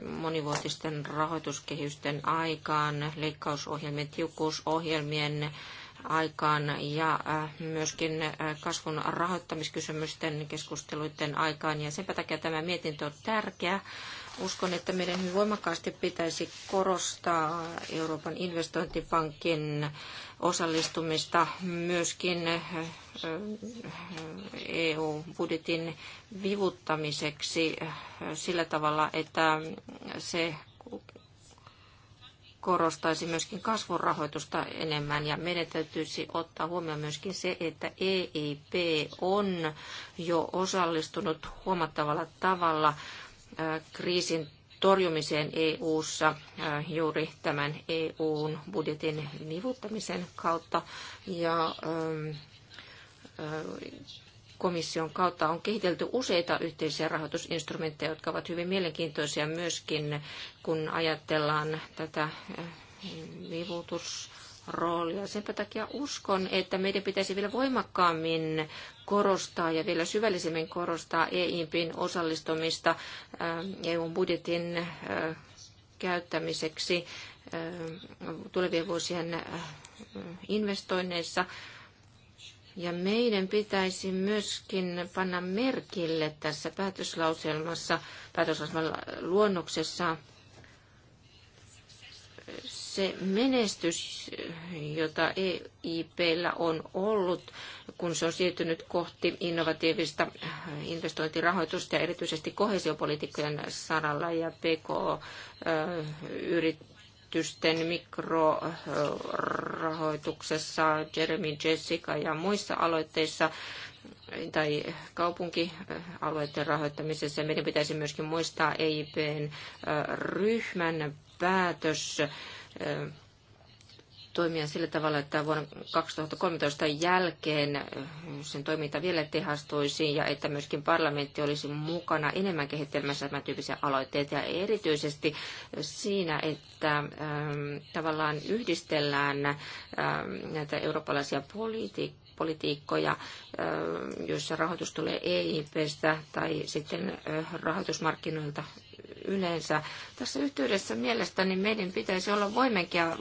monivuotisten rahoituskehysten aikaan, leikkausohjelmien, tiukkuusohjelmien aikaan ja äh, myöskin äh, kasvun rahoittamiskysymysten keskusteluiden aikaan. Ja senpä takia tämä mietintö on tärkeä. Uskon, että meidän hyvin voimakkaasti pitäisi korostaa Euroopan investointipankin osallistumista myöskin äh, EU-budjetin vivuttamiseksi sillä tavalla, että se korostaisi myöskin kasvun rahoitusta enemmän ja meidän täytyisi ottaa huomioon myöskin se, että EIP on jo osallistunut huomattavalla tavalla kriisin torjumiseen EU:ssa juuri tämän EUn budjetin nivuttamisen kautta ja komission kautta on kehitelty useita yhteisiä rahoitusinstrumentteja, jotka ovat hyvin mielenkiintoisia myöskin, kun ajatellaan tätä eh, vivutus roolia. Senpä takia uskon, että meidän pitäisi vielä voimakkaammin korostaa ja vielä syvällisemmin korostaa EIPin osallistumista eu eh, e budjetin eh, käyttämiseksi tulevien vuosien investoinneissa ja meidän pitäisi myöskin panna merkille tässä päätöslauselmassa, päätöslauselman luonnoksessa se menestys, jota EIPllä on ollut, kun se on siirtynyt kohti innovatiivista investointirahoitusta ja erityisesti kohesiopolitiikkojen saralla ja PK-yritysten yritysten mikrorahoituksessa, Jeremy, Jessica ja muissa aloitteissa tai kaupunkialueiden rahoittamisessa. Meidän pitäisi myöskin muistaa EIPn ryhmän päätös toimia sillä tavalla, että vuonna 2013 jälkeen eh, sen toiminta vielä tehastoisiin ja että myöskin parlamentti olisi mukana enemmän kehittelemässä tämän tyyppisiä aloitteita ja erityisesti siinä, että ehm, tavallaan yhdistellään ehm, näitä eurooppalaisia politiikkoja politiikkoja, ehm, joissa rahoitus tulee EIPstä tai sitten eh, rahoitusmarkkinoilta yleensä. Tässä yhteydessä mielestäni meidän pitäisi olla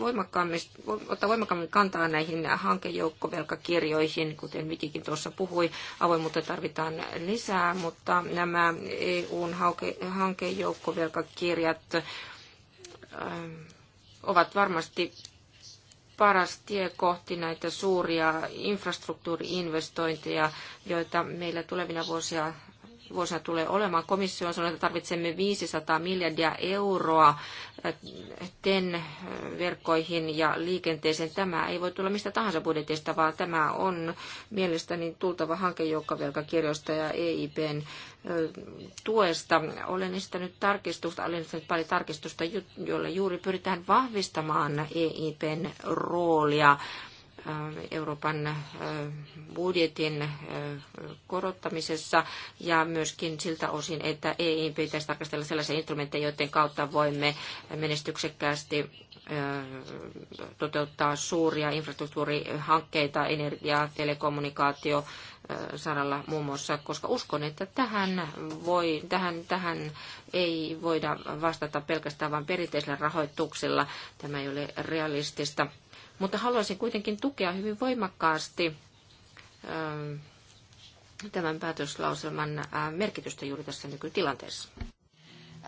voimakkaammin, ottaa voimakkaammin kantaa näihin hankejoukkovelkakirjoihin, kuten Mikikin tuossa puhui. Avoimuutta tarvitaan lisää, mutta nämä EUn hankejoukkovelkakirjat ähm, ovat varmasti paras tie kohti näitä suuria infrastruktuuriinvestointeja, joita meillä tulevina vuosia lähivuosina tulee olemaan. Komissio on sanonut, että tarvitsemme 500 miljardia euroa äh, TEN äh, verkkoihin ja liikenteeseen. Tämä ei voi tulla mistä tahansa budjetista, vaan tämä on mielestäni tultava hanke joukkovelkakirjoista ja EIPn äh, tuesta. Olen esittänyt tarkistusta, olen esittänyt paljon tarkistusta, jolla juuri pyritään vahvistamaan EIPn roolia Euroopan budjetin korottamisessa ja myöskin siltä osin, että ei pitäisi tarkastella sellaisia instrumentteja, joiden kautta voimme menestyksekkäästi toteuttaa suuria infrastruktuurihankkeita, energia, telekommunikaatio, saralla muun muassa, koska uskon, että tähän, voi, tähän, tähän ei voida vastata pelkästään vain perinteisellä rahoituksella. Tämä ei ole realistista mutta haluaisin kuitenkin tukea hyvin voimakkaasti ähm, tämän päätöslauselman äh, merkitystä juuri tässä nykytilanteessa.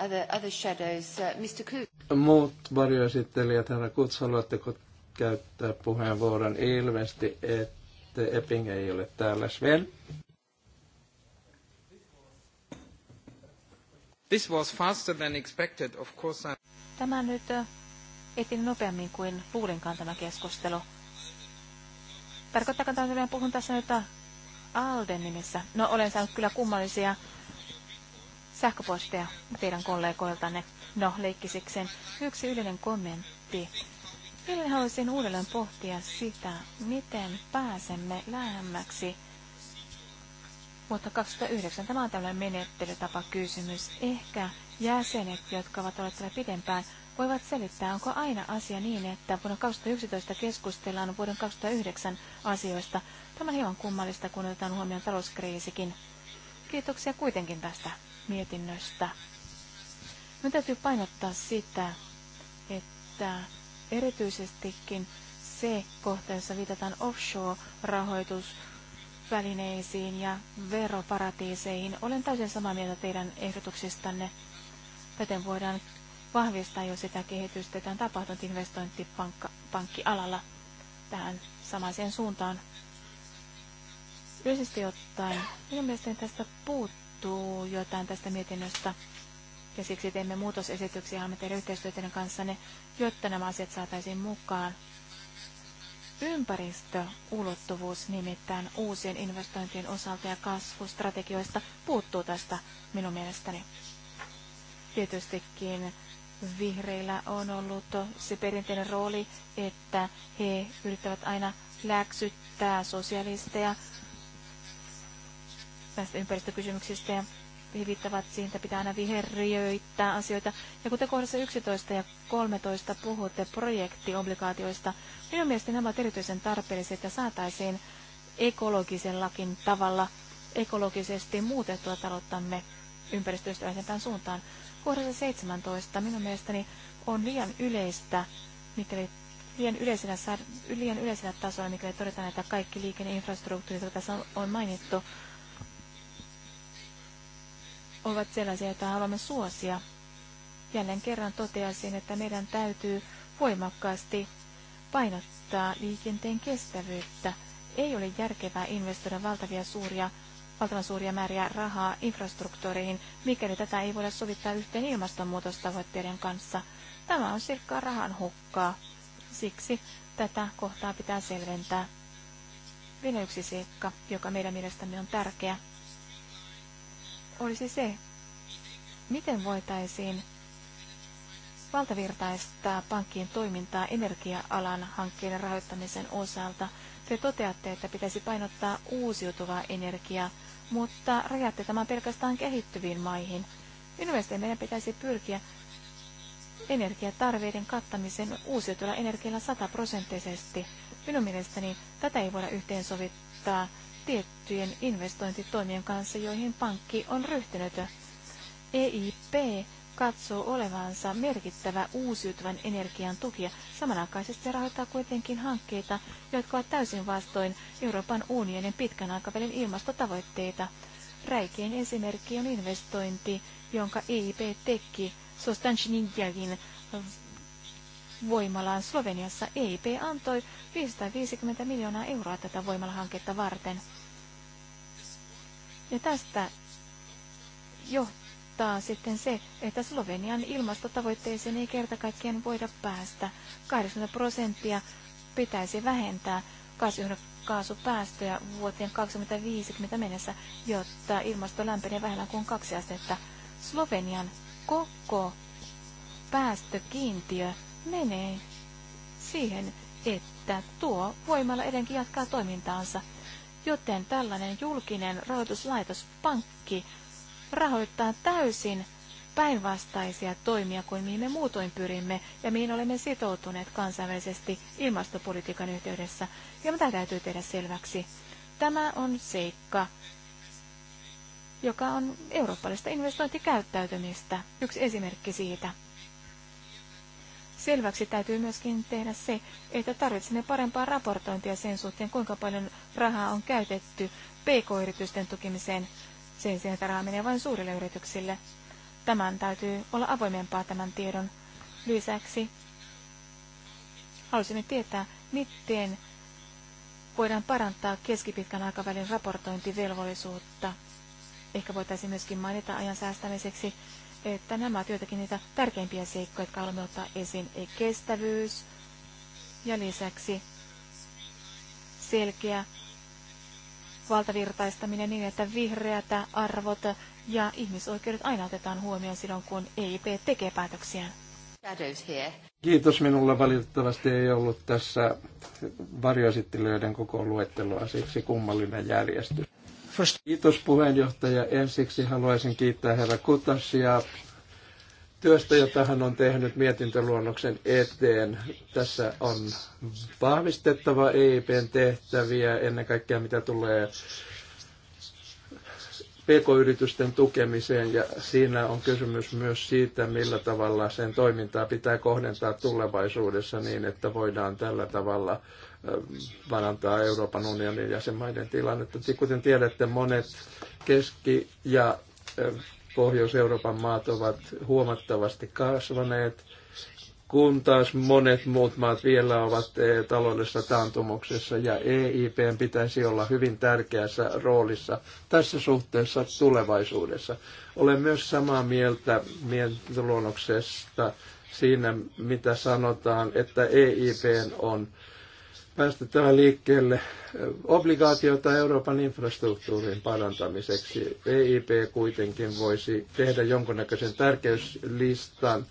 Other, other shadows, uh, Mr. Muut varjoesittelijät, herra Kutz, haluatteko käyttää puheenvuoron ilmeisesti, että Epping ei ole täällä. Sven? This was faster than expected, of course. I... Tämä nyt äh, etin nopeammin kuin luulinkaan tämä keskustelu. Tarkoittaako tämä, että puhun tässä nyt Alden nimissä? No, olen saanut kyllä kummallisia sähköposteja teidän kollegoiltanne. No, leikkisikseen. Yksi yleinen kommentti. Minä haluaisin uudelleen pohtia sitä, miten pääsemme lähemmäksi vuotta 2009. Tämä on tällainen menettelytapa kysymys. Ehkä jäsenet, jotka ovat olleet siellä pidempään, voivat selittää, onko aina asia niin, että vuonna 2011 keskustellaan vuoden 2009 asioista. Tämä on hieman kummallista, kun otetaan huomioon talouskriisikin. Kiitoksia kuitenkin tästä mietinnöstä. Nyt täytyy painottaa sitä, että erityisestikin se kohta, jossa viitataan offshore välineisiin ja veroparatiiseihin, olen täysin samaa mieltä teidän ehdotuksistanne. Täten voidaan vahvistaa jo sitä kehitystä, että on tapahtunut investointipankkialalla tähän samaiseen suuntaan. Yleisesti ottaen, minun mielestäni tästä puuttuu jotain tästä mietinnöstä, ja siksi teemme muutosesityksiä ja haluamme tehdä yhteistyötä kanssa, jotta nämä asiat saataisiin mukaan. Ympäristöulottuvuus nimittäin uusien investointien osalta ja kasvustrategioista puuttuu tästä minun mielestäni. Tietystikin Vihreillä on ollut se perinteinen rooli, että he yrittävät aina läksyttää sosialisteja näistä ympäristökysymyksistä ja he viittavat siihen, että pitää aina viheriöittää asioita. Ja kuten kohdassa 11 ja 13 puhutte projektiobligaatioista, minun mielestäni nämä ovat erityisen tarpeellisia, että saataisiin ekologisellakin tavalla ekologisesti muutettua talouttamme ympäristöystävällisempään suuntaan. Kohdassa 17 minun mielestäni on liian yleistä, mikäli liian yleisellä, liian yleisellä tasolla, mikäli todetaan, että kaikki liikenneinfrastruktuurit, jotka tässä on mainittu, ovat sellaisia, joita haluamme suosia. Jälleen kerran toteaisin, että meidän täytyy voimakkaasti painottaa liikenteen kestävyyttä. Ei ole järkevää investoida valtavia suuria valtavan suuria määriä rahaa infrastruktuuriin, mikäli tätä ei voida sovittaa yhteen ilmastonmuutostavoitteiden kanssa. Tämä on silkkaa rahan hukkaa. Siksi tätä kohtaa pitää selventää. Vielä yksi seikka, joka meidän mielestämme on tärkeä, olisi se, miten voitaisiin valtavirtaistaa pankkien toimintaa energia-alan hankkeiden rahoittamisen osalta te toteatte, että pitäisi painottaa uusiutuvaa energiaa, mutta rajatte tämän pelkästään kehittyviin maihin. Minun mielestä meidän pitäisi pyrkiä energiatarveiden kattamisen uusiutuvalla energialla sataprosenttisesti. Minun mielestäni tätä ei voida yhteensovittaa tiettyjen investointitoimien kanssa, joihin pankki on ryhtynyt. EIP katsoo olevansa merkittävä uusiutuvan energian tukija. Samanaikaisesti se rahoittaa kuitenkin hankkeita, jotka ovat täysin vastoin Euroopan unionin pitkän aikavälin ilmastotavoitteita. Räikein esimerkki on investointi, jonka EIP teki Sostanjinjagin voimalaan Sloveniassa. EIP antoi 550 miljoonaa euroa tätä voimalahanketta varten. Ja tästä johtuu johtaa sitten se, että Slovenian ilmastotavoitteeseen ei kerta kaikkiaan voida päästä. 80 prosenttia pitäisi vähentää kasvihuonekaasupäästöjä vuoteen 2050 mennessä, jotta ilmasto lämpenee vähemmän kuin kaksi astetta. Slovenian koko päästökiintiö menee siihen, että tuo voimalla edenkin jatkaa toimintaansa, joten tällainen julkinen rahoituslaitos, pankki, rahoittaa täysin päinvastaisia toimia kuin mihin me muutoin pyrimme ja mihin olemme sitoutuneet kansainvälisesti ilmastopolitiikan yhteydessä. Ja mitä täytyy tehdä selväksi? Tämä on seikka, joka on eurooppalaista investointikäyttäytymistä. Yksi esimerkki siitä. Selväksi täytyy myöskin tehdä se, että tarvitsemme parempaa raportointia sen suhteen, kuinka paljon rahaa on käytetty pk-yritysten tukemiseen sen sijaan, raha menee vain suurille yrityksille. Tämän täytyy olla avoimempaa tämän tiedon lisäksi. Halusimme tietää, miten voidaan parantaa keskipitkän aikavälin raportointivelvollisuutta. Ehkä voitaisiin myöskin mainita ajan säästämiseksi, että nämä ovat joitakin niitä tärkeimpiä seikkoja, jotka haluamme ottaa esiin. Ei kestävyys ja lisäksi selkeä valtavirtaistaminen niin, että vihreät arvot ja ihmisoikeudet aina otetaan huomioon silloin, kun EIP tekee päätöksiään. Kiitos. Minulla valitettavasti ei ollut tässä varjoesittelijöiden koko luetteloa, siksi kummallinen järjestys. Kiitos puheenjohtaja. Ensiksi haluaisin kiittää herra Kutasia työstä, jota hän on tehnyt mietintöluonnoksen eteen. Tässä on vahvistettava EIPn tehtäviä, ennen kaikkea mitä tulee pk-yritysten tukemiseen ja siinä on kysymys myös siitä, millä tavalla sen toimintaa pitää kohdentaa tulevaisuudessa niin, että voidaan tällä tavalla parantaa Euroopan unionin jäsenmaiden tilannetta. Kuten tiedätte, monet keski- ja Pohjois-Euroopan maat ovat huomattavasti kasvaneet, kun taas monet muut maat vielä ovat eh, taloudessa taantumuksessa ja EIP pitäisi olla hyvin tärkeässä roolissa tässä suhteessa tulevaisuudessa. Olen myös samaa mieltä mietintöluonnoksesta siinä, mitä sanotaan, että EIP on päästettävä liikkeelle obligaatiota Euroopan infrastruktuurin parantamiseksi. EIP kuitenkin voisi tehdä jonkunnäköisen tärkeyslistan,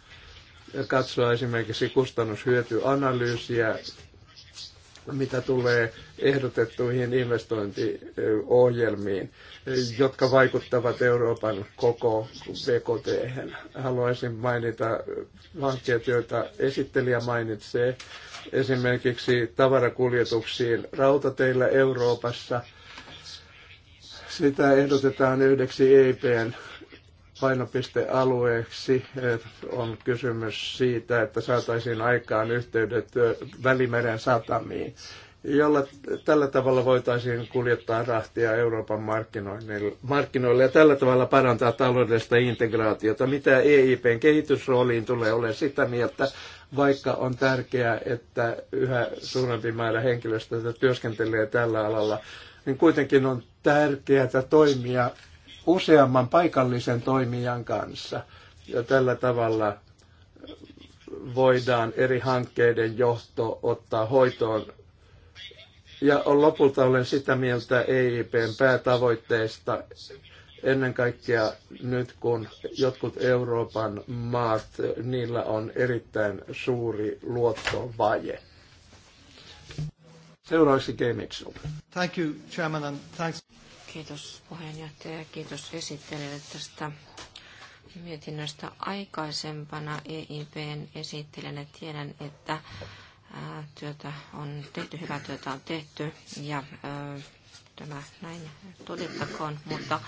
katsoa esimerkiksi kustannushyötyanalyysiä mitä tulee ehdotettuihin investointiohjelmiin, jotka vaikuttavat Euroopan koko BKT. Haluaisin mainita hankkeet, joita esittelijä mainitsee, esimerkiksi tavarakuljetuksiin rautateillä Euroopassa. Sitä ehdotetaan yhdeksi EIPn painopistealueeksi on kysymys siitä, että saataisiin aikaan yhteydet Välimeren satamiin, jolla tällä tavalla voitaisiin kuljettaa rahtia Euroopan markkinoille ja tällä tavalla parantaa taloudellista integraatiota. Mitä EIPn kehitysrooliin tulee ole sitä mieltä, vaikka on tärkeää, että yhä suurempi määrä henkilöstöä työskentelee tällä alalla, niin kuitenkin on tärkeää toimia useamman paikallisen toimijan kanssa. Ja tällä tavalla voidaan eri hankkeiden johto ottaa hoitoon. Ja on lopulta olen sitä mieltä EIPn päätavoitteesta ennen kaikkea nyt kun jotkut Euroopan maat, niillä on erittäin suuri luottovaje. Seuraavaksi Game Thank you, Chairman, and thanks. Kiitos puheenjohtaja ja kiitos esittelijälle tästä mietinnöstä aikaisempana EIPn esittelijänä. Tiedän, että työtä on tehty, hyvää työtä on tehty ja tämä näin todettakoon, mutta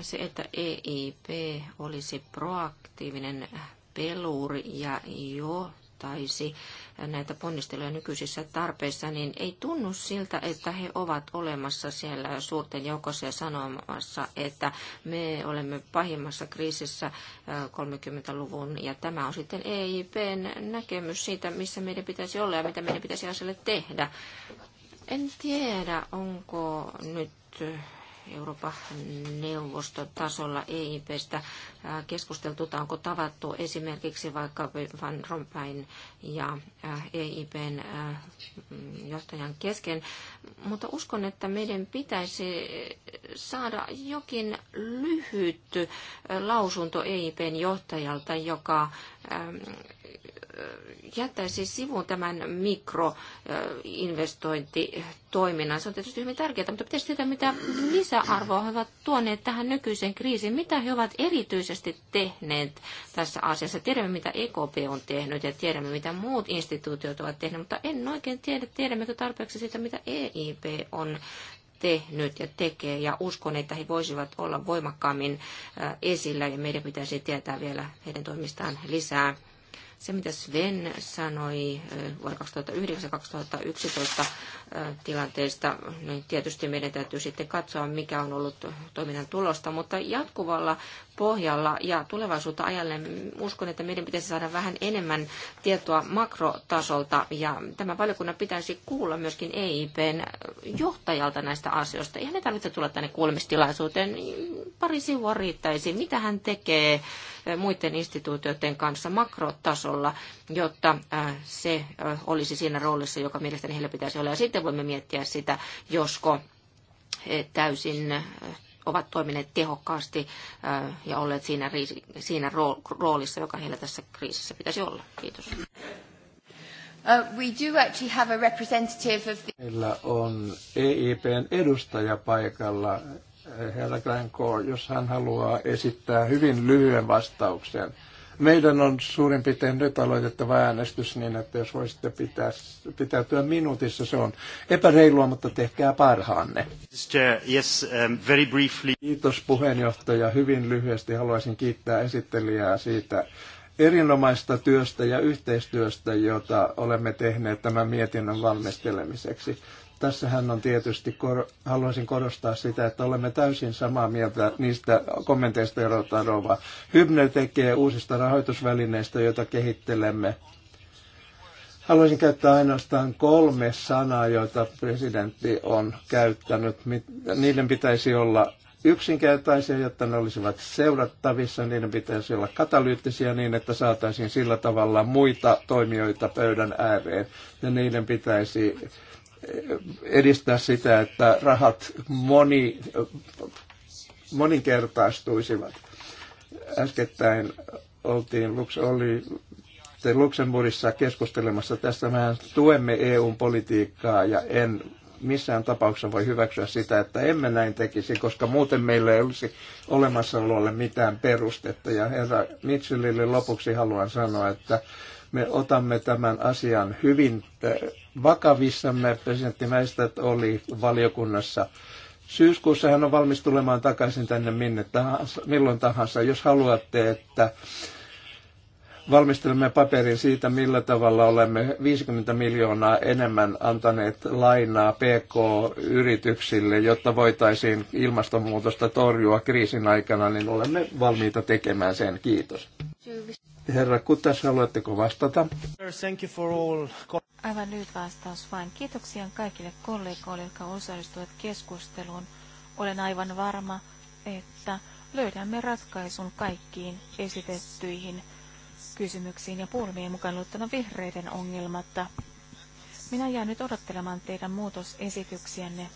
se, että EIP olisi proaktiivinen peluri ja jo auttaisi näitä ponnisteluja nykyisissä tarpeissa, niin ei tunnu siltä, että he ovat olemassa siellä suurten joukossa ja sanomassa, että me olemme pahimmassa kriisissä 30-luvun äh, ja tämä on sitten EIPn näkemys siitä, missä meidän pitäisi olla ja mitä meidän pitäisi asialle tehdä. En tiedä, onko nyt Euroopan neuvoston tasolla EIPstä keskusteltu, tai onko tavattu esimerkiksi vaikka Van Rompuyn ja EIPn mm, johtajan kesken. Mutta uskon, että meidän pitäisi saada jokin lyhyt lausunto EIPn johtajalta, joka jättäisi sivuun tämän mikroinvestointitoiminnan. Se on tietysti hyvin tärkeää, mutta pitäisi tietää, mitä lisäarvoa he ovat tuoneet tähän nykyiseen kriisiin. Mitä he ovat erityisesti tehneet tässä asiassa? Tiedämme, mitä EKP on tehnyt ja tiedämme, mitä muut instituutiot ovat tehneet, mutta en oikein tiedä, tiedämmekö tarpeeksi sitä, mitä EIP on tehnyt ja tekee ja uskon, että he voisivat olla voimakkaammin esillä ja meidän pitäisi tietää vielä heidän toimistaan lisää. Se, mitä Sven sanoi vuonna 2009-2011 tilanteesta, niin tietysti meidän täytyy sitten katsoa, mikä on ollut toiminnan tulosta, mutta jatkuvalla pohjalla ja tulevaisuutta ajalle uskon, että meidän pitäisi saada vähän enemmän tietoa makrotasolta ja tämä valiokunnan pitäisi kuulla myöskin EIPn johtajalta näistä asioista. Eihän ne tarvitse tulla tänne kuulemistilaisuuteen, pari sivua riittäisi. Mitä hän tekee? muiden instituutioiden kanssa makrotasolla, jotta se olisi siinä roolissa, joka mielestäni heillä pitäisi olla. Ja sitten voimme miettiä sitä, josko he täysin ovat toimineet tehokkaasti ja olleet siinä, siinä roolissa, joka heillä tässä kriisissä pitäisi olla. Kiitos. Uh, Meillä on EIPn edustaja paikalla, herra Glencore, jos hän haluaa esittää hyvin lyhyen vastauksen. Meidän on suurin piirtein nyt aloitettava äänestys niin, että jos voisitte pitää, pitäytyä minuutissa, se on epäreilua, mutta tehkää parhaanne. Yes, um, very briefly. Kiitos puheenjohtaja. Hyvin lyhyesti haluaisin kiittää esittelijää siitä erinomaista työstä ja yhteistyöstä, jota olemme tehneet tämän mietinnön valmistelemiseksi. Tässähän on tietysti, kor- haluaisin korostaa sitä, että olemme täysin samaa mieltä niistä kommenteista, joita Rova Hybne tekee uusista rahoitusvälineistä, joita kehittelemme. Haluaisin käyttää ainoastaan kolme sanaa, joita presidentti on käyttänyt. Niiden pitäisi olla yksinkertaisia, jotta ne olisivat seurattavissa. Niiden pitäisi olla katalyyttisiä niin, että saataisiin sillä tavalla muita toimijoita pöydän ääreen. Ja niiden pitäisi edistää sitä, että rahat moni, moninkertaistuisivat. Äskettäin oltiin, oli Luxemburgissa keskustelemassa tästä. Mehän tuemme EU-politiikkaa ja en missään tapauksessa voi hyväksyä sitä, että emme näin tekisi, koska muuten meillä ei olisi olemassaololle mitään perustetta. Ja herra Mitchellille lopuksi haluan sanoa, että me otamme tämän asian hyvin äh, vakavissamme. Presidentti Mäistät oli valiokunnassa syyskuussa. Hän on valmis tulemaan takaisin tänne minne tahansa, milloin tahansa, jos haluatte, että valmistelemme paperin siitä, millä tavalla olemme 50 miljoonaa enemmän antaneet lainaa PK-yrityksille, jotta voitaisiin ilmastonmuutosta torjua kriisin aikana, niin olemme valmiita tekemään sen. Kiitos. Herra Kutas, haluatteko vastata? Aivan lyhyt vastaus vain. Kiitoksia kaikille kollegoille, jotka osallistuvat keskusteluun. Olen aivan varma, että löydämme ratkaisun kaikkiin esitettyihin kysymyksiin ja pulmiin mukaan luettuna vihreiden ongelmatta. Minä jään nyt odottelemaan teidän muutosesityksiänne,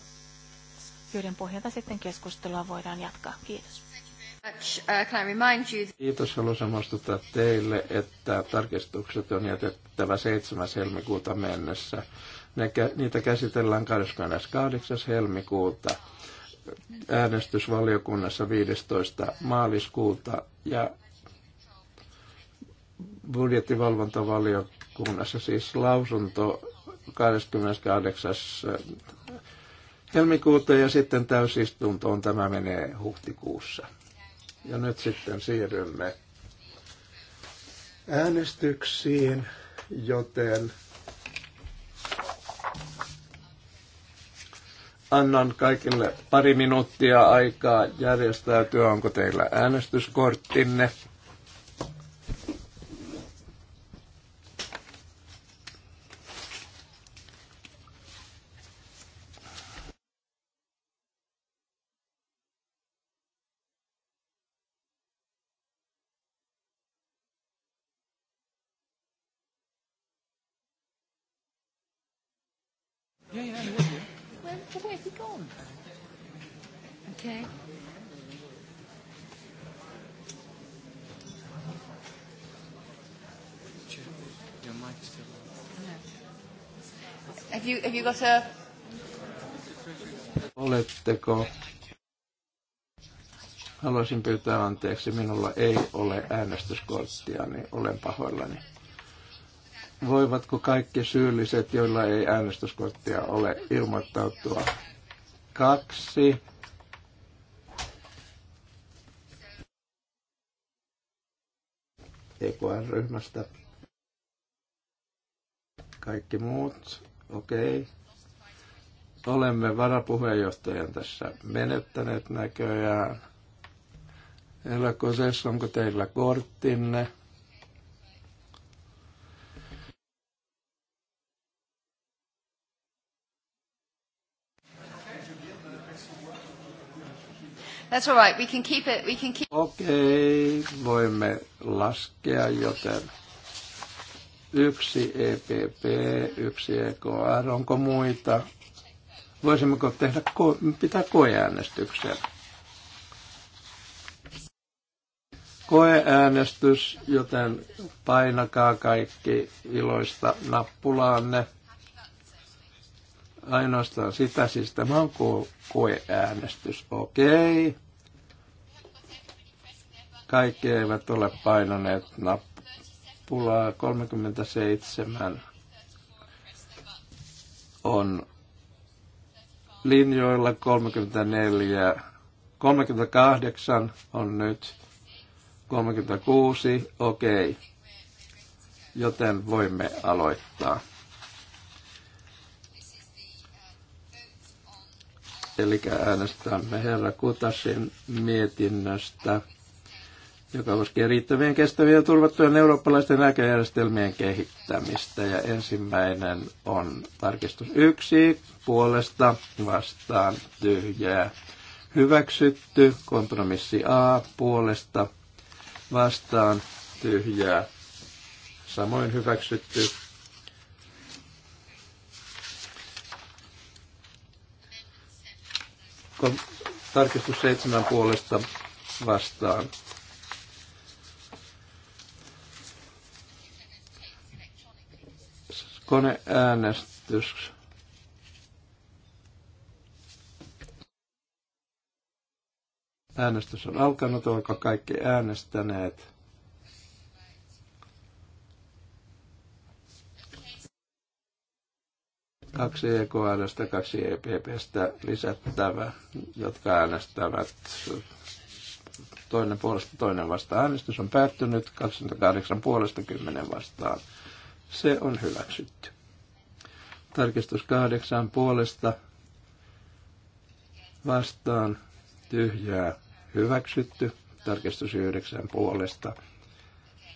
joiden pohjalta sitten keskustelua voidaan jatkaa. Kiitos. Uh, Kiitos. Haluaisin muistuttaa teille, että tarkistukset on jätettävä 7. helmikuuta mennessä. Ne, niitä käsitellään 28. helmikuuta äänestysvaliokunnassa 15. maaliskuuta ja budjettivalvontavaliokunnassa siis lausunto 28. helmikuuta ja sitten täysistunto on tämä menee huhtikuussa. Ja nyt sitten siirrymme äänestyksiin, joten annan kaikille pari minuuttia aikaa järjestäytyä, onko teillä äänestyskorttinne. Voisitteko Haluaisin pyytää anteeksi, minulla ei ole äänestyskorttia, niin olen pahoillani. Voivatko kaikki syylliset, joilla ei äänestyskorttia ole, ilmoittautua? Kaksi. EKR-ryhmästä. Kaikki muut, okei. Okay olemme varapuheenjohtajan tässä menettäneet näköjään. Herra Koses, onko teillä korttinne? That's all right. We can keep it. We can keep. Okei, okay, voimme laskea, joten yksi EPP, yksi EKR. Onko muita? Voisimmeko tehdä, pitää koeäänestyksen? koeäänestys, joten painakaa kaikki iloista nappulaanne. Ainoastaan sitä, siis tämä on koeäänestys. Okei. Okay. Kaikki eivät ole painaneet nappulaa. 37 on linjoilla 34, 38 on nyt, 36, okei. Okay. Joten voimme aloittaa. Eli äänestämme herra Kutasin mietinnöstä joka koskee riittävien, kestävien ja turvattujen eurooppalaisten lääkejärjestelmien kehittämistä. Ja ensimmäinen on tarkistus yksi puolesta vastaan tyhjää hyväksytty. Kompromissi A puolesta vastaan tyhjää samoin hyväksytty. tarkistus seitsemän puolesta vastaan Koneäänestys. Äänestys on alkanut, olko kaikki äänestäneet? Kaksi EK-äänestä, kaksi EPPstä lisättävä, jotka äänestävät toinen puolesta, toinen vastaan. Äänestys on päättynyt 28 puolesta 10 vastaan. Se on hyväksytty. Tarkistus kahdeksan puolesta vastaan tyhjää hyväksytty. Tarkistus yhdeksän puolesta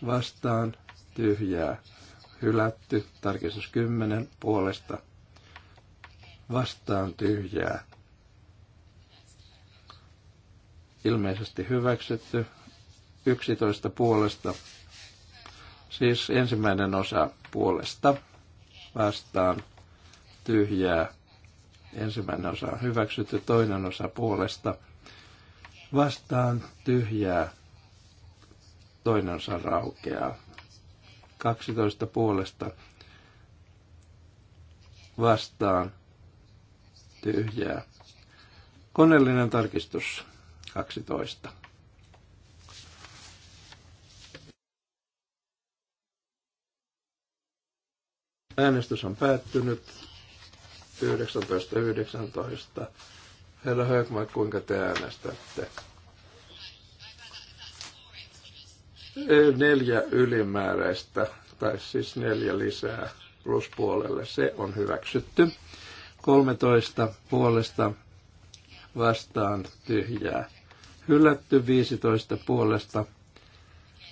vastaan tyhjää hylätty. Tarkistus kymmenen puolesta vastaan tyhjää ilmeisesti hyväksytty. 11 puolesta Siis ensimmäinen osa puolesta vastaan tyhjää. Ensimmäinen osa on hyväksytty, toinen osa puolesta vastaan tyhjää. Toinen osa raukeaa. 12 puolesta vastaan tyhjää. Koneellinen tarkistus 12. Äänestys on päättynyt 19.19. Herra Högmark, kuinka te äänestätte? Neljä ylimääräistä, tai siis neljä lisää pluspuolelle, se on hyväksytty. 13 puolesta vastaan tyhjää. Hylätty 15 puolesta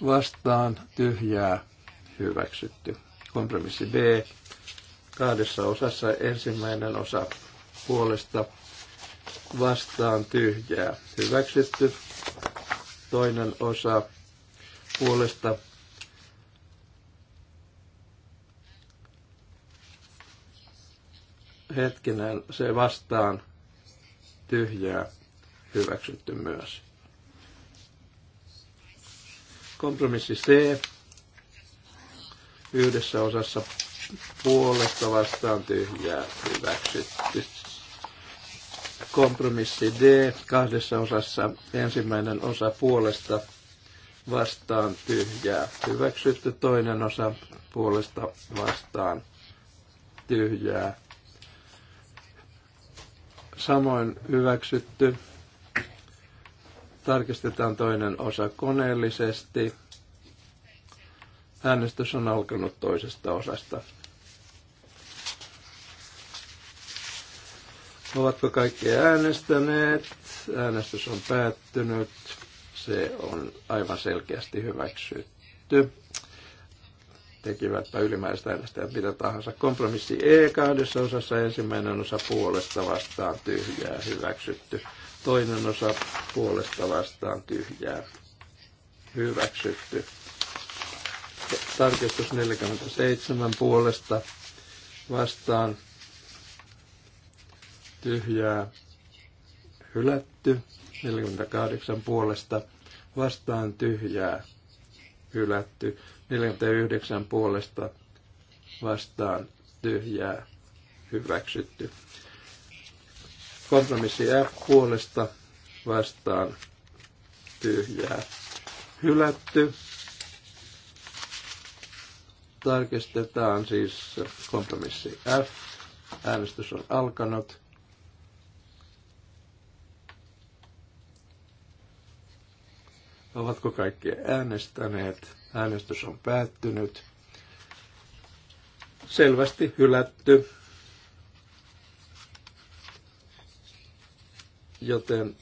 vastaan tyhjää hyväksytty. Kompromissi B kahdessa osassa ensimmäinen osa puolesta vastaan tyhjää hyväksytty. Toinen osa puolesta hetkinen se vastaan tyhjää hyväksytty myös. Kompromissi C yhdessä osassa puolesta vastaan tyhjää hyväksytty. Kompromissi D kahdessa osassa ensimmäinen osa puolesta vastaan tyhjää hyväksytty, toinen osa puolesta vastaan tyhjää. Samoin hyväksytty. Tarkistetaan toinen osa koneellisesti. Äänestys on alkanut toisesta osasta. Ovatko kaikki äänestäneet? Äänestys on päättynyt. Se on aivan selkeästi hyväksytty. Tekivätpä ylimääräistä äänestäjät mitä tahansa. Kompromissi E kahdessa osassa ensimmäinen osa puolesta vastaan tyhjää hyväksytty. Toinen osa puolesta vastaan tyhjää hyväksytty tarkistus 47 puolesta vastaan tyhjää hylätty, 48 puolesta vastaan tyhjää hylätty, 49 puolesta vastaan tyhjää hyväksytty. Kompromissi F puolesta vastaan tyhjää hylätty. Tarkistetaan siis kompromissi F. Äänestys on alkanut. Ovatko kaikki äänestäneet? Äänestys on päättynyt. Selvästi hylätty. Joten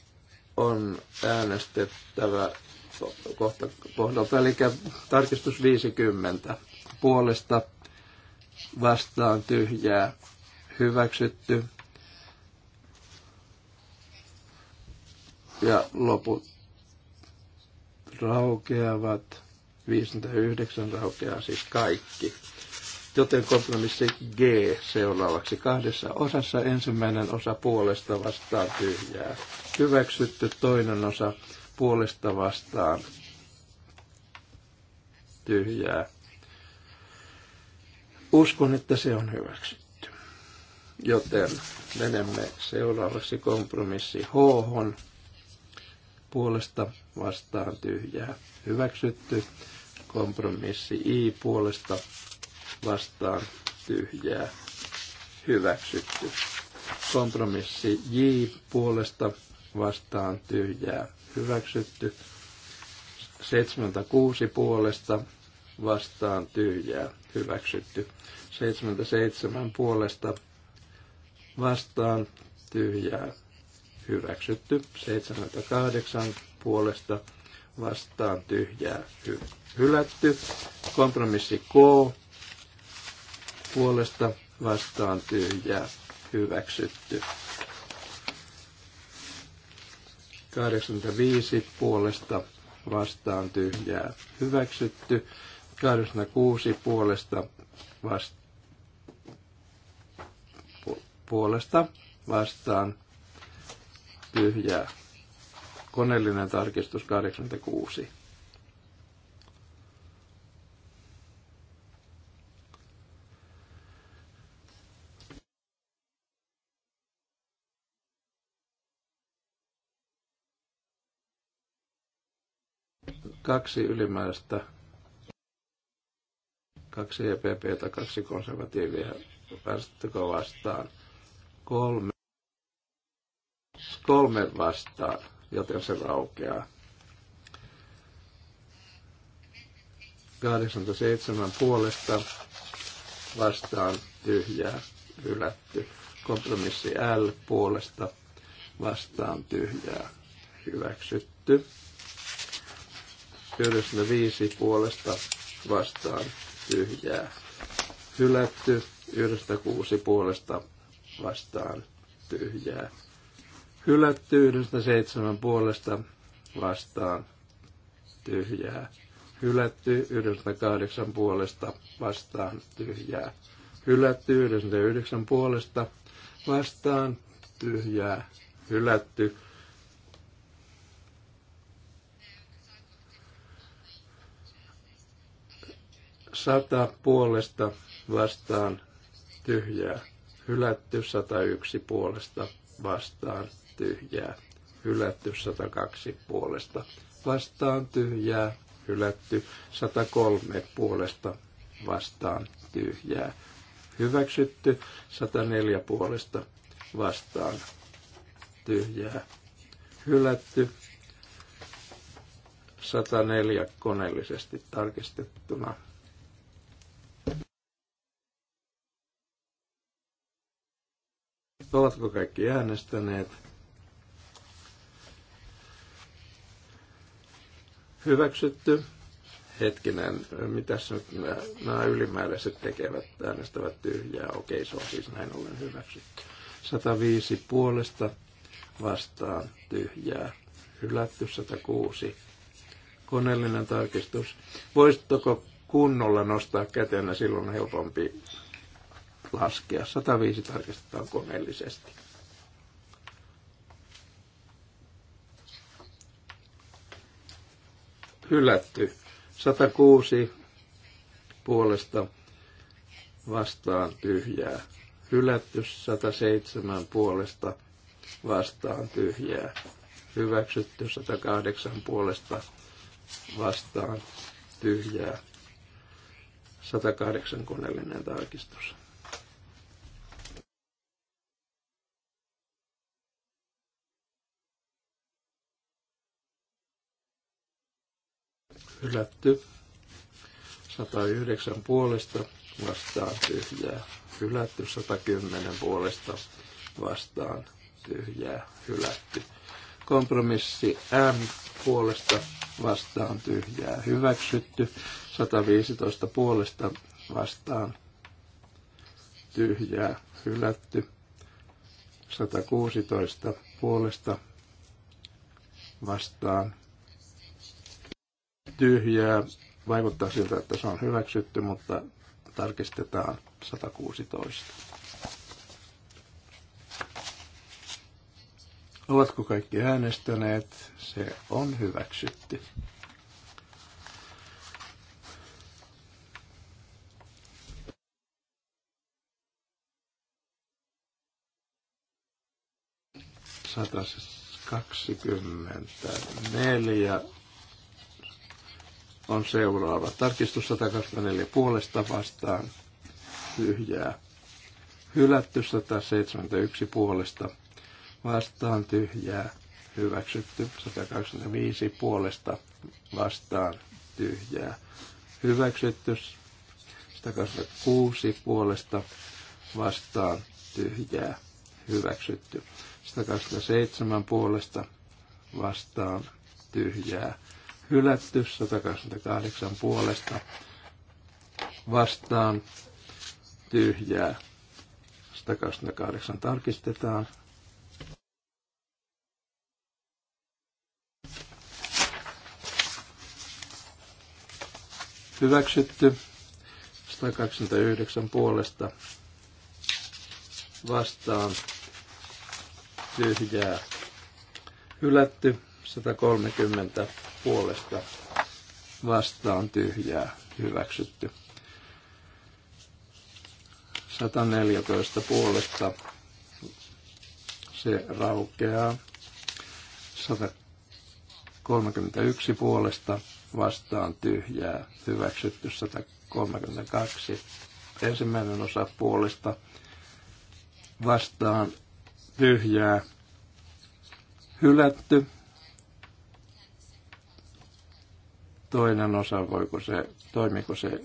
on äänestettävä kohta kohdalta, eli tarkistus 50 puolesta vastaan tyhjää hyväksytty. Ja loput raukeavat. 59 raukeaa siis kaikki. Joten kompromissi G seuraavaksi kahdessa osassa. Ensimmäinen osa puolesta vastaan tyhjää. Hyväksytty toinen osa puolesta vastaan tyhjää Uskon, että se on hyväksytty. Joten menemme seuraavaksi kompromissi H puolesta vastaan tyhjää hyväksytty. Kompromissi I puolesta vastaan tyhjää hyväksytty. Kompromissi J puolesta vastaan tyhjää hyväksytty. 76 puolesta vastaan tyhjää hyväksytty. 77 puolesta vastaan tyhjää hyväksytty. 78 puolesta vastaan tyhjää hy- hylätty. Kompromissi K puolesta vastaan tyhjää hyväksytty. 85 puolesta vastaan tyhjää hyväksytty. 86 puolesta vasta, pu, puolesta vastaan tyhjää. Koneellinen tarkistus 86. kaksi ylimääräistä kaksi e tai kaksi konservatiivia, päästettekö vastaan? Kolme, kolme vastaan, joten se raukeaa. 87 puolesta vastaan tyhjää hylätty. Kompromissi L puolesta vastaan tyhjää hyväksytty. 95 puolesta vastaan tyhjää. Hylätty yhdestä kuusi puolesta vastaan tyhjää. Hylätty yhdestä seitsemän puolesta vastaan tyhjää. Hylätty yhdestä kahdeksan puolesta vastaan tyhjää. Hylätty yhdestä yhdeksän puolesta vastaan tyhjää. Hylätty sata puolesta vastaan tyhjää. Hylätty 101 puolesta vastaan tyhjää. Hylätty 102 puolesta vastaan tyhjää. Hylätty 103 puolesta vastaan tyhjää. Hyväksytty 104 puolesta vastaan tyhjää. Hylätty 104 koneellisesti tarkistettuna Ovatko kaikki äänestäneet? Hyväksytty. Hetkinen, mitä nyt nämä, nämä ylimääräiset tekevät, äänestävät tyhjää. Okei, se on siis näin ollen hyväksytty. 105 puolesta vastaan tyhjää. Hylätty 106. Koneellinen tarkistus. Voisitko kunnolla nostaa kätenä, silloin helpompi laskea. 105 tarkistetaan koneellisesti. Hylätty. 106 puolesta vastaan tyhjää. Hylätty 107 puolesta vastaan tyhjää. Hyväksytty 108 puolesta vastaan tyhjää. 108 koneellinen tarkistus. hylätty. 109 puolesta vastaan tyhjää hylätty. 110 puolesta vastaan tyhjää hylätty. Kompromissi M puolesta vastaan tyhjää hyväksytty. 115 puolesta vastaan tyhjää hylätty. 116 puolesta vastaan tyhjää. Vaikuttaa siltä, että se on hyväksytty, mutta tarkistetaan 116. Ovatko kaikki äänestäneet? Se on hyväksytty. Satas 24 on seuraava. Tarkistus 124 puolesta vastaan tyhjää. Hylätty 171 puolesta vastaan tyhjää. Hyväksytty 125 puolesta vastaan tyhjää. Hyväksytty 126 puolesta vastaan tyhjää. Hyväksytty 127 puolesta vastaan tyhjää hylätty 128 puolesta vastaan tyhjää. 128 tarkistetaan. Hyväksytty 129 puolesta vastaan tyhjää. Hylätty 130 puolesta vastaan tyhjää hyväksytty. 114 puolesta se raukeaa. 131 puolesta vastaan tyhjää hyväksytty 132. Ensimmäinen osa puolesta vastaan tyhjää hylätty toinen osa, voiko se, toimiko se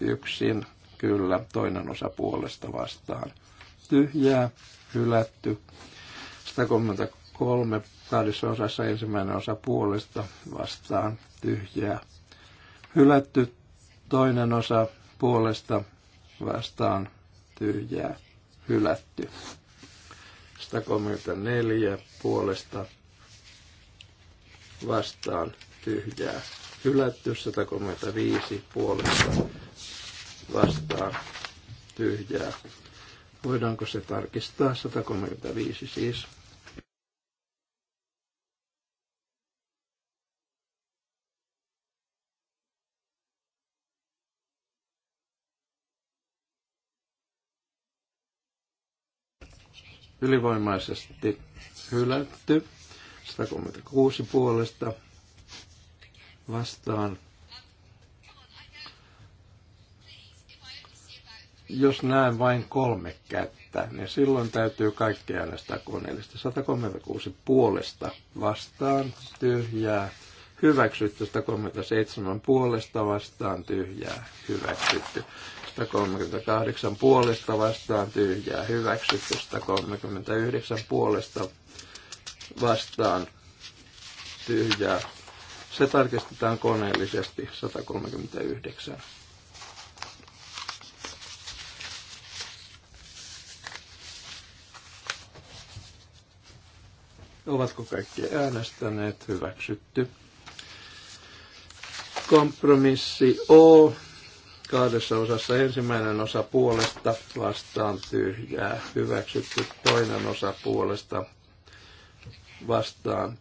yksin, kyllä, toinen osa puolesta vastaan. Tyhjää, hylätty. 133 kahdessa osassa ensimmäinen osa puolesta vastaan tyhjää. Hylätty toinen osa puolesta vastaan tyhjää. Hylätty. 134 puolesta vastaan tyhjää hylätty 135 puolesta vastaan tyhjää. Voidaanko se tarkistaa? 135 siis. Ylivoimaisesti hylätty. 136 puolesta vastaan. Jos näen vain kolme kättä, niin silloin täytyy kaikki äänestää koneellista. 136 puolesta vastaan tyhjää hyväksytty, 137 puolesta vastaan tyhjää hyväksytty. 138 puolesta vastaan tyhjää hyväksytty, 139 puolesta vastaan tyhjää se tarkistetaan koneellisesti 139. Ovatko kaikki äänestäneet? Hyväksytty. Kompromissi O. Kahdessa osassa ensimmäinen osa puolesta vastaan tyhjää. Hyväksytty toinen osa puolesta vastaan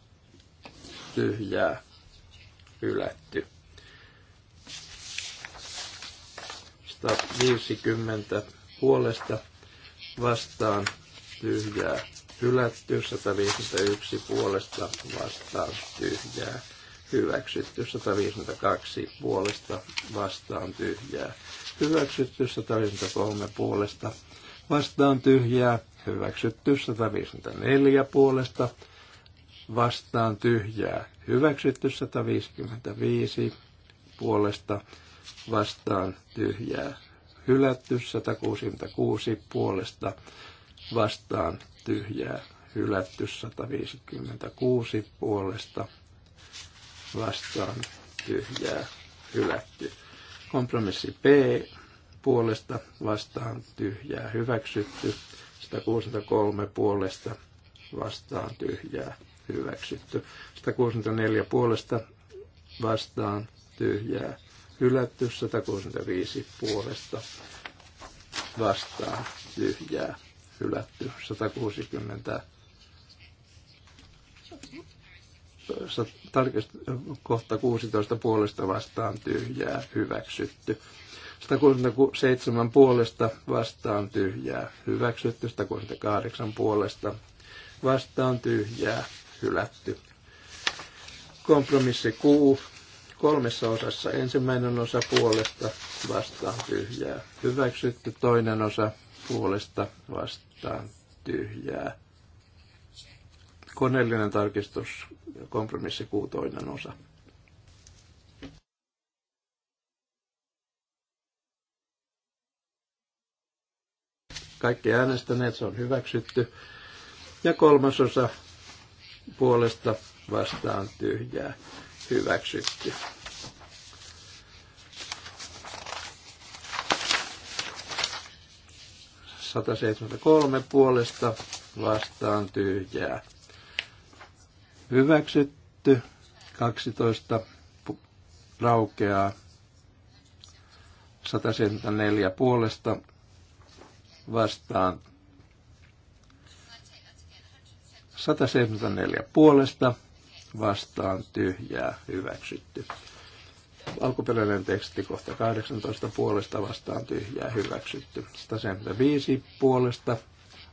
tyhjää hylätty. 150 puolesta vastaan tyhjää hylätty, 151 puolesta vastaan tyhjää hyväksytty, 152 puolesta vastaan tyhjää hyväksytty, 153 puolesta vastaan tyhjää hyväksytty, 154 puolesta vastaan tyhjää. Hyväksytty 155 puolesta vastaan tyhjää. Hylätty 166 puolesta vastaan tyhjää. Hylätty 156 puolesta vastaan tyhjää. Hylätty. Kompromissi B puolesta vastaan tyhjää. Hyväksytty 163 puolesta vastaan tyhjää hyväksytty. 164 puolesta vastaan tyhjää hylätty, 165 puolesta vastaan tyhjää hylätty, 160 kohta 16 puolesta vastaan tyhjää hyväksytty. 167 puolesta vastaan tyhjää hyväksytty, 168 puolesta vastaan tyhjää hylätty. Kompromissi Q kolmessa osassa. Ensimmäinen osa puolesta vastaan tyhjää. Hyväksytty toinen osa puolesta vastaan tyhjää. Koneellinen tarkistus, kompromissi Q toinen osa. Kaikki äänestäneet, se on hyväksytty. Ja kolmas osa puolesta vastaan tyhjää hyväksytty. kolme puolesta vastaan tyhjää. Hyväksytty 12 raukeaa 174 puolesta vastaan 174 puolesta vastaan tyhjää hyväksytty. Alkuperäinen teksti kohta 18 puolesta vastaan tyhjää hyväksytty. 175 puolesta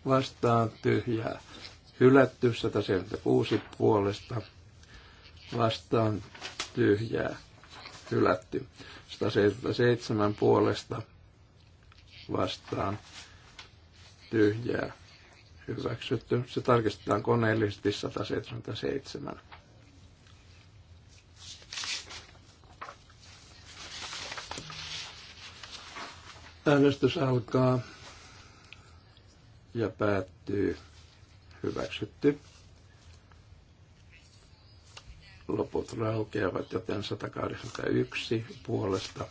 vastaan tyhjää hylätty. 176 puolesta vastaan tyhjää hylätty. 177 puolesta vastaan tyhjää hyväksytty. Se tarkistetaan koneellisesti 177. Äänestys alkaa ja päättyy. Hyväksytty. Loput raukeavat, joten 181 puolesta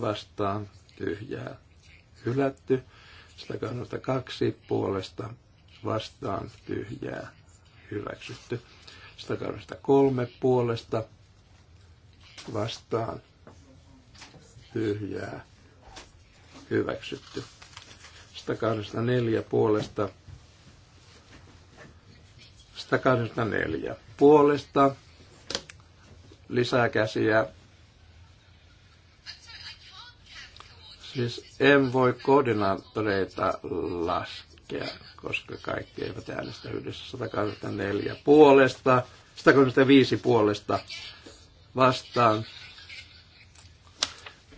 vastaan tyhjää hylätty kaksi puolesta vastaan tyhjää hyväksytty. kolme puolesta vastaan tyhjää hyväksytty. 184 puolesta neljä puolesta lisää käsiä Siis en voi koordinaattoreita laskea, koska kaikki eivät äänestä yhdessä 184 puolesta, 135 puolesta vastaan.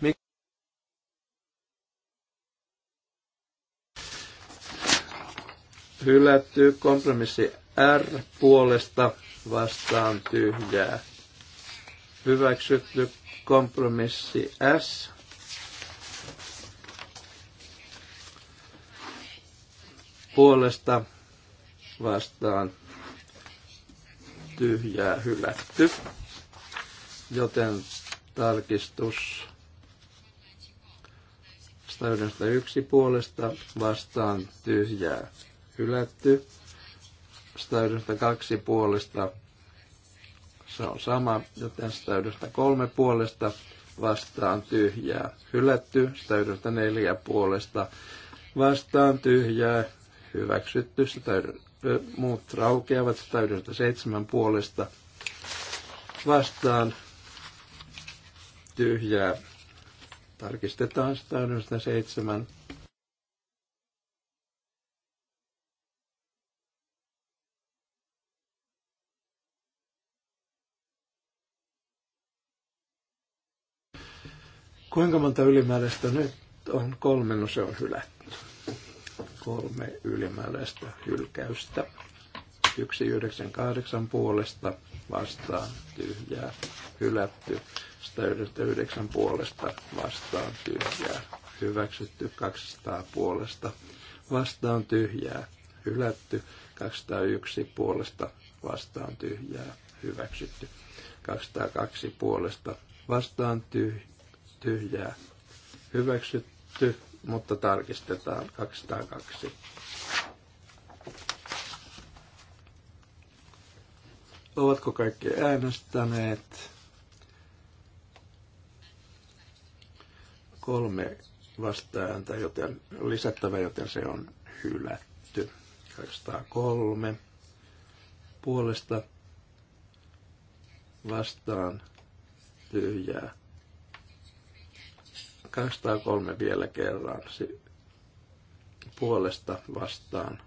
Mik- Hylätty kompromissi R puolesta vastaan tyhjää. Hyväksytty kompromissi S puolesta vastaan tyhjää hylätty, joten tarkistus 191 puolesta vastaan tyhjää hylätty, 192 puolesta se on sama, joten 103 puolesta vastaan tyhjää hylätty, 104 puolesta vastaan tyhjää hyväksytty, 100, muut raukeavat seitsemän puolesta vastaan tyhjää. Tarkistetaan seitsemän. Kuinka monta ylimääräistä nyt on kolme, no se on hylätty kolme ylimääräistä hylkäystä. 198 puolesta vastaan tyhjää hylätty. 199 puolesta vastaan tyhjää hyväksytty. 200 puolesta vastaan tyhjää hylätty. 201 puolesta vastaan tyhjää hyväksytty. 202 puolesta vastaan tyhjää hyväksytty mutta tarkistetaan 202. Ovatko kaikki äänestäneet? Kolme vastaääntä, joten lisättävä, joten se on hylätty. 203 puolesta vastaan tyhjää 203 vielä kerran puolesta vastaan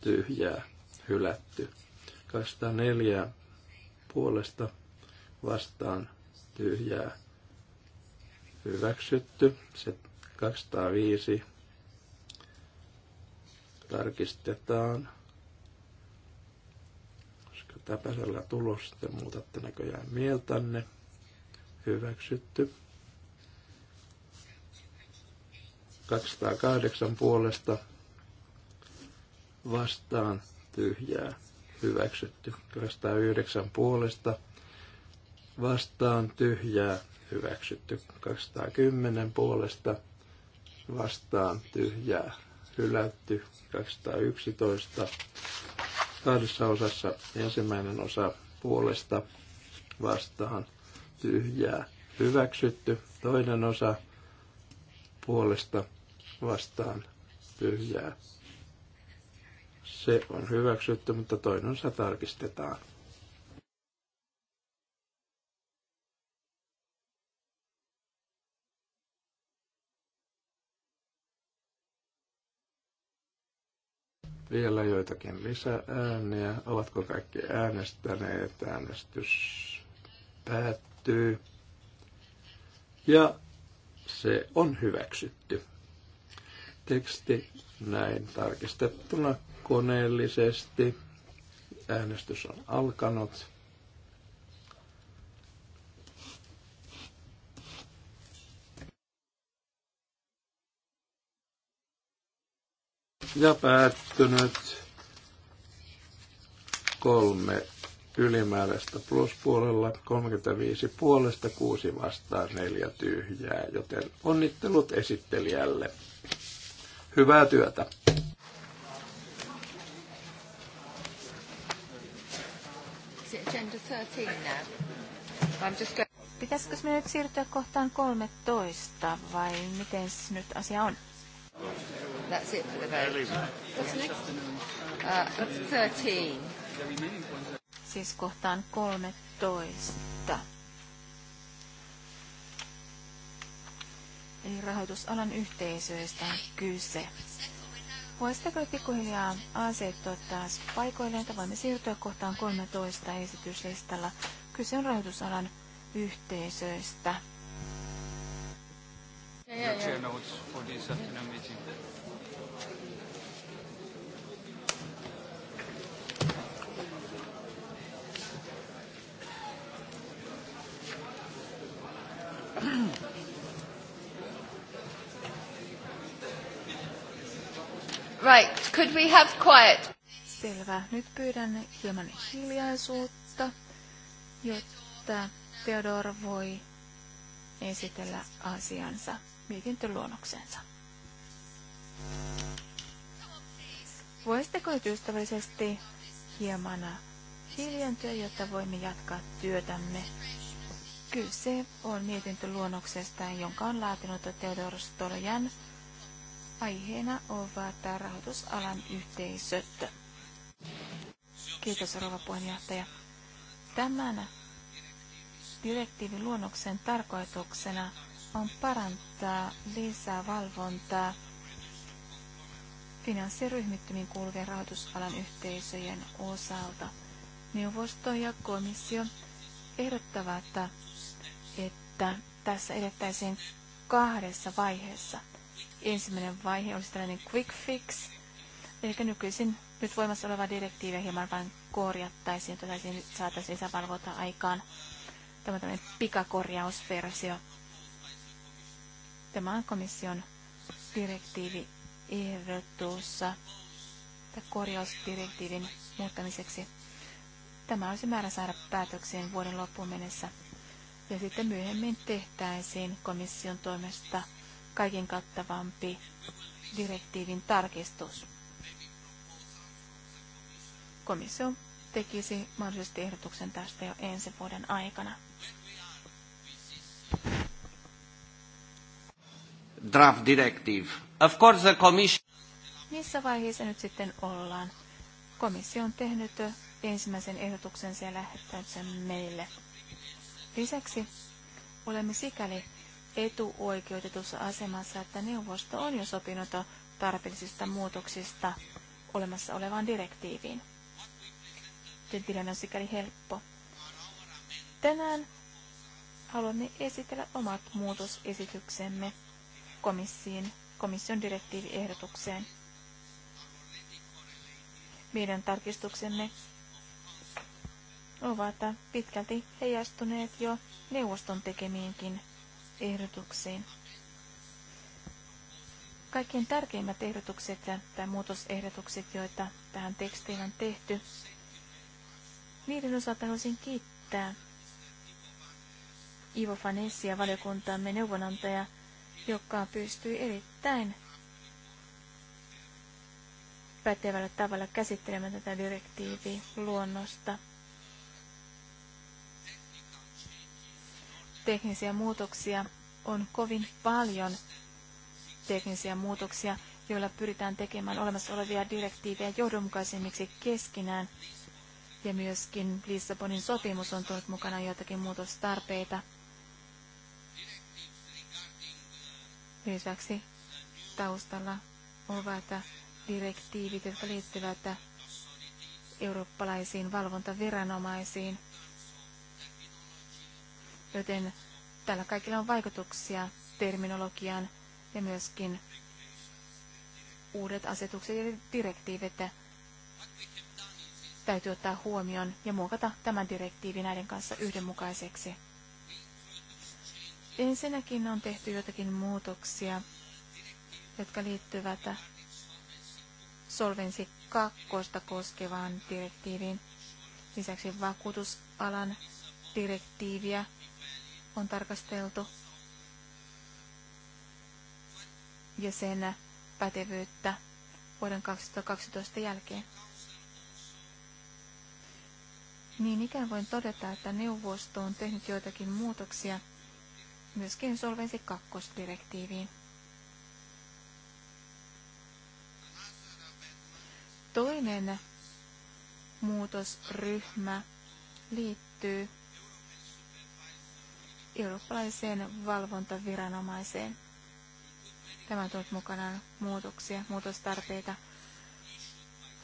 tyhjää hylätty. 204 puolesta vastaan tyhjää hyväksytty. Se 205 tarkistetaan. Koska täpäsellä tulos, sitten muutatte näköjään mieltänne. Hyväksytty. 208 puolesta vastaan tyhjää hyväksytty. 209 puolesta vastaan tyhjää hyväksytty. 210 puolesta vastaan tyhjää hylätty. 211 kahdessa osassa ensimmäinen osa puolesta vastaan tyhjää hyväksytty. Toinen osa puolesta vastaan tyhjää. Se on hyväksytty, mutta se tarkistetaan. vielä joitakin lisääniä. Ovatko kaikki äänestäneet? Äänestys päättyy. Ja se on hyväksytty. Teksti näin tarkistettuna koneellisesti. Äänestys on alkanut. Ja päättynyt kolme ylimääräistä pluspuolella, 35 puolesta, 6 vastaan, 4 tyhjää, joten onnittelut esittelijälle. Hyvää työtä! Pitäisikö me nyt siirtyä kohtaan 13 vai miten nyt asia on? That's it for the vote. What's next? Uh, 13 siis kohtaan 13. Eli rahoitusalan yhteisöistä on kyse. Voisitteko pikkuhiljaa asettua taas paikoilleen, että voimme siirtyä kohtaan 13 esityslistalla. Kyse on rahoitusalan yhteisöistä. Yeah, yeah, yeah. Right, could we have quiet? Selvä. Nyt pyydän hieman hiljaisuutta, jotta Theodor voi esitellä asiansa mietintöluonnoksensa. Voisitteko nyt ystävällisesti hieman hiljentyä, jotta voimme jatkaa työtämme? Kyse on mietintöluonnoksesta, jonka on laatinut Theodor Stolojan Aiheena ovat rahoitusalan yhteisöt. Kiitos rouva puheenjohtaja. Tämän direktiivin luonnoksen tarkoituksena on parantaa lisää valvontaa finanssiryhmittymiin kuuluvien rahoitusalan yhteisöjen osalta. Neuvosto ja komissio ehdottavat, että tässä edettäisiin kahdessa vaiheessa – Ensimmäinen vaihe olisi tällainen quick fix, eli nykyisin nyt voimassa oleva direktiivi hieman vain korjattaisiin, että saataisiin lisävalvota aikaan. Tämä on tämmöinen pikakorjausversio. Tämä on komission direktiivi ehdotussa tai korjausdirektiivin muuttamiseksi. Tämä olisi määrä saada päätökseen vuoden loppuun mennessä. Ja sitten myöhemmin tehtäisiin komission toimesta kaiken kattavampi direktiivin tarkistus. Komissio tekisi mahdollisesti ehdotuksen tästä jo ensi vuoden aikana. Draft directive. Of course the commission... Missä vaiheessa nyt sitten ollaan? Komissio on tehnyt ensimmäisen ehdotuksen ja lähettänyt sen meille. Lisäksi olemme sikäli etuoikeutetussa asemassa, että neuvosto on jo sopinut tarpeellisista muutoksista olemassa olevaan direktiiviin. Tilanne on sikäli helppo. Tänään haluamme esitellä omat muutosesityksemme komission, komission direktiiviehdotukseen. Meidän tarkistuksemme ovat pitkälti heijastuneet jo neuvoston tekemiinkin ehdotuksiin. Kaikkein tärkeimmät ehdotukset tai muutosehdotukset, joita tähän tekstiin on tehty, niiden osalta haluaisin kiittää Ivo Fanessia, valiokuntamme neuvonantaja, joka pystyi erittäin pätevällä tavalla käsittelemään tätä direktiiviluonnosta. luonnosta. teknisiä muutoksia on kovin paljon teknisiä muutoksia, joilla pyritään tekemään olemassa olevia direktiivejä johdonmukaisemmiksi keskenään. Ja myöskin Lissabonin sopimus on tuonut mukana joitakin muutostarpeita. Lisäksi taustalla ovat direktiivit, jotka liittyvät eurooppalaisiin valvontaviranomaisiin – Joten tällä kaikilla on vaikutuksia terminologiaan ja myöskin uudet asetukset ja direktiivit täytyy ottaa huomioon ja muokata tämän direktiivin näiden kanssa yhdenmukaiseksi. Ensinnäkin on tehty jotakin muutoksia, jotka liittyvät Solvensi 2 koskevaan direktiiviin. Lisäksi vakuutusalan direktiiviä on tarkasteltu ja sen pätevyyttä vuoden 2012 jälkeen. Niin ikään voin todeta, että neuvosto on tehnyt joitakin muutoksia myöskin Solvensi 2 direktiiviin. Toinen muutosryhmä liittyy eurooppalaiseen valvontaviranomaiseen. Tämä tuot mukanaan muutoksia, muutostarpeita.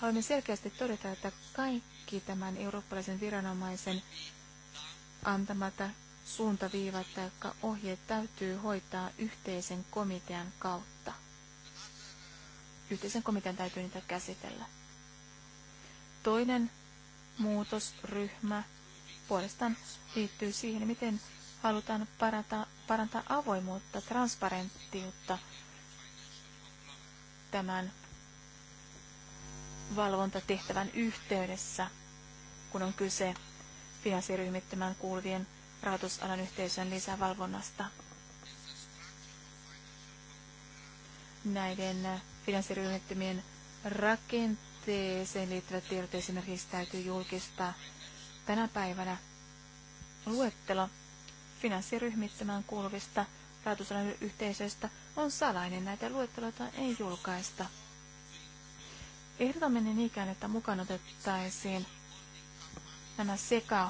Haluamme selkeästi todeta, että kaikki tämän eurooppalaisen viranomaisen antamata suuntaviivat tai ohjeet täytyy hoitaa yhteisen komitean kautta. Yhteisen komitean täytyy niitä käsitellä. Toinen muutosryhmä puolestaan liittyy siihen, miten halutaan parantaa, parantaa avoimuutta, transparenttiutta tämän valvontatehtävän yhteydessä, kun on kyse vihasiryhmittymään kuuluvien rahoitusalan yhteisön lisävalvonnasta. Näiden finanssiryhmittymien rakenteeseen liittyvät tiedot esimerkiksi täytyy julkistaa tänä päivänä luettelo finanssiryhmittämään kuuluvista rahoitusalan yhteisöistä on salainen. Näitä luetteloita ei julkaista. Ehdotamme niin ikään, että mukaan otettaisiin nämä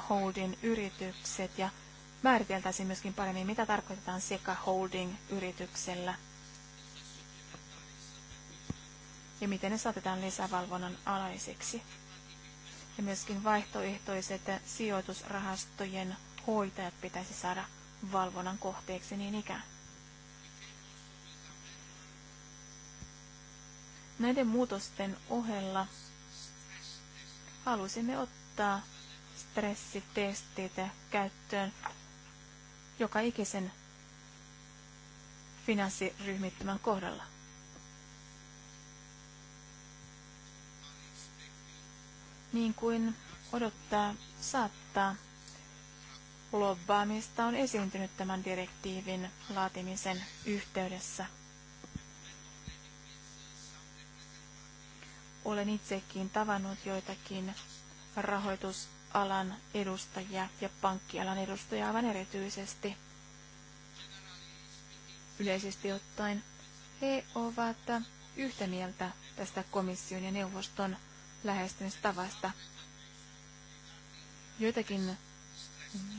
Holding yritykset ja määriteltäisiin myöskin paremmin, mitä tarkoitetaan Holding yrityksellä ja miten ne saatetaan lisävalvonnan alaiseksi. Ja myöskin vaihtoehtoiset sijoitusrahastojen hoitajat pitäisi saada valvonnan kohteeksi niin ikään. Näiden muutosten ohella halusimme ottaa stressitestit käyttöön joka ikisen finanssiryhmittymän kohdalla. Niin kuin odottaa saattaa, lobbaamista on esiintynyt tämän direktiivin laatimisen yhteydessä. Olen itsekin tavannut joitakin rahoitusalan edustajia ja pankkialan edustajia aivan erityisesti. Yleisesti ottaen he ovat yhtä mieltä tästä komission ja neuvoston lähestymistavasta. Joitakin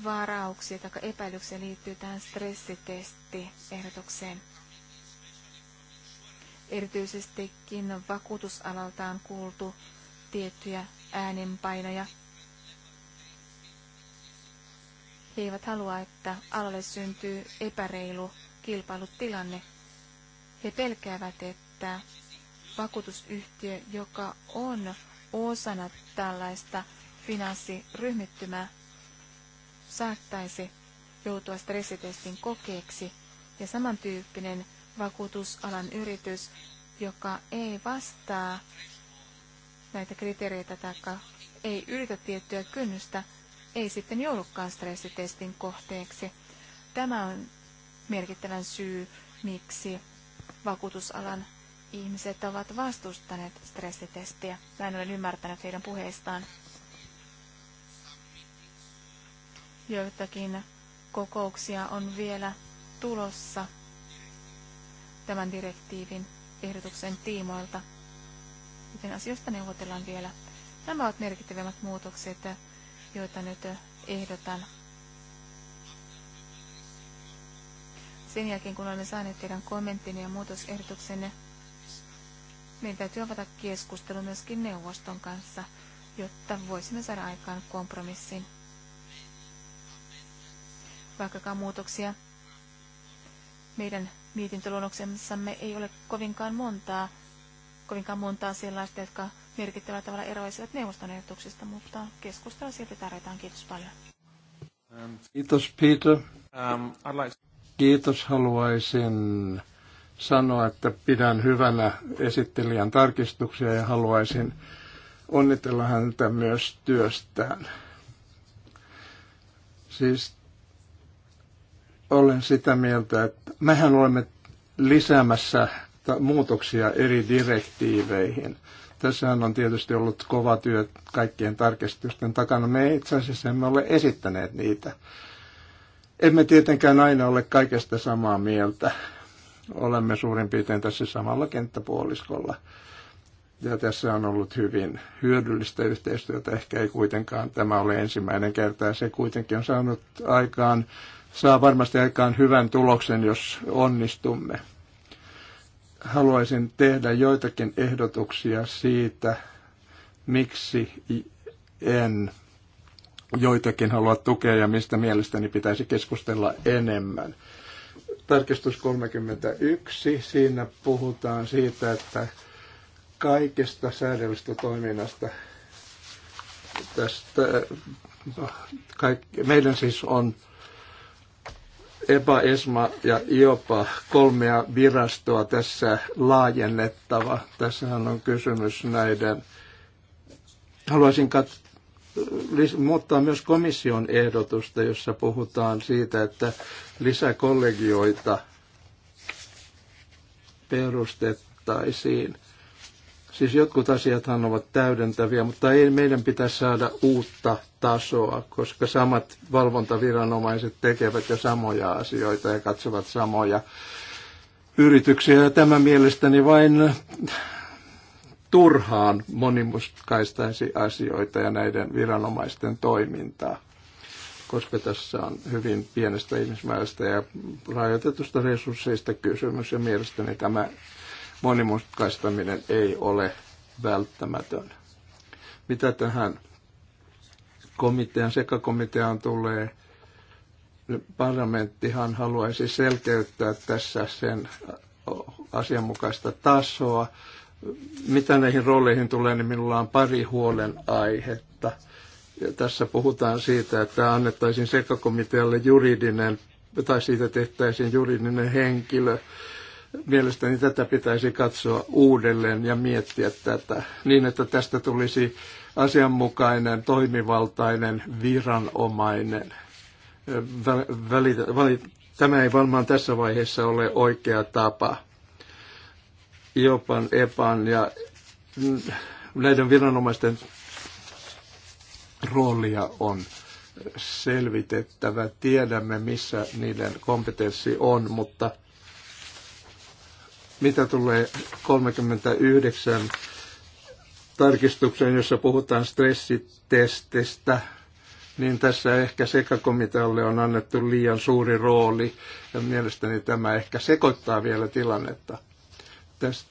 varauksia tai epäilyksiä liittyy tähän stressitestiehdotukseen. Erityisestikin vakuutusalalta on kuultu tiettyjä äänenpainoja. He eivät halua, että alalle syntyy epäreilu kilpailutilanne. He pelkäävät, että vakuutusyhtiö, joka on osana tällaista finanssiryhmittymää, saattaisi joutua stressitestin kokeeksi ja samantyyppinen vakuutusalan yritys, joka ei vastaa näitä kriteereitä tai ei ylitä tiettyä kynnystä, ei sitten joudukaan stressitestin kohteeksi. Tämä on merkittävän syy, miksi vakuutusalan ihmiset ovat vastustaneet stressitestiä. Näin olen ymmärtänyt heidän puheistaan. Joitakin kokouksia on vielä tulossa tämän direktiivin ehdotuksen tiimoilta, joten asioista neuvotellaan vielä. Nämä ovat merkittävimmät muutokset, joita nyt ehdotan. Sen jälkeen, kun olemme saaneet teidän kommenttinne ja muutosehdotuksenne, meidän täytyy avata keskustelu myöskin neuvoston kanssa, jotta voisimme saada aikaan kompromissin vaikkakaan muutoksia meidän mietintöluonnoksemme ei ole kovinkaan montaa, kovinkaan montaa sellaista, jotka merkittävällä tavalla eroisivat neuvoston ehdotuksista, mutta keskustelua silti tarvitaan. Kiitos paljon. Ähm, kiitos Peter. Ähm, kiitos. Haluaisin sanoa, että pidän hyvänä esittelijän tarkistuksia ja haluaisin onnitella häntä myös työstään. Siis olen sitä mieltä, että mehän olemme lisäämässä muutoksia eri direktiiveihin. Tässähän on tietysti ollut kova työ kaikkien tarkistusten takana. Me itse asiassa emme ole esittäneet niitä. Emme tietenkään aina ole kaikesta samaa mieltä. Olemme suurin piirtein tässä samalla kenttäpuoliskolla. Ja tässä on ollut hyvin hyödyllistä yhteistyötä. Ehkä ei kuitenkaan tämä ole ensimmäinen kerta. Se kuitenkin on saanut aikaan saa varmasti aikaan hyvän tuloksen, jos onnistumme. Haluaisin tehdä joitakin ehdotuksia siitä, miksi en joitakin halua tukea ja mistä mielestäni pitäisi keskustella enemmän. Tarkistus 31, siinä puhutaan siitä, että kaikesta säädellystä toiminnasta tästä, no, kaikki, meidän siis on EPA, ESMA ja IOPA, kolmea virastoa tässä laajennettava. Tässähän on kysymys näiden. Haluaisin kat- muuttaa myös komission ehdotusta, jossa puhutaan siitä, että lisäkollegioita perustettaisiin – Siis jotkut asiathan ovat täydentäviä, mutta ei meidän pitäisi saada uutta tasoa, koska samat valvontaviranomaiset tekevät jo samoja asioita ja katsovat samoja yrityksiä. Ja tämä mielestäni vain turhaan monimutkaistaisi asioita ja näiden viranomaisten toimintaa, koska tässä on hyvin pienestä ihmismäärästä ja rajoitetusta resursseista kysymys, ja mielestäni tämä monimutkaistaminen ei ole välttämätön. Mitä tähän komitean, sekakomiteaan tulee, parlamenttihan haluaisi selkeyttää tässä sen asianmukaista tasoa. Mitä näihin rooleihin tulee, niin minulla on pari huolen aihetta. Ja tässä puhutaan siitä, että annettaisiin sekakomitealle juridinen, tai siitä tehtäisiin juridinen henkilö, Mielestäni tätä pitäisi katsoa uudelleen ja miettiä tätä niin, että tästä tulisi asianmukainen, toimivaltainen, viranomainen. tämä ei varmaan tässä vaiheessa ole oikea tapa. Jopan, Epan ja mm, näiden viranomaisten roolia on selvitettävä. Tiedämme, missä niiden kompetenssi on, mutta – mitä tulee 39 tarkistukseen, jossa puhutaan stressitestistä, niin tässä ehkä sekakomitealle on annettu liian suuri rooli, ja mielestäni tämä ehkä sekoittaa vielä tilannetta. Tästä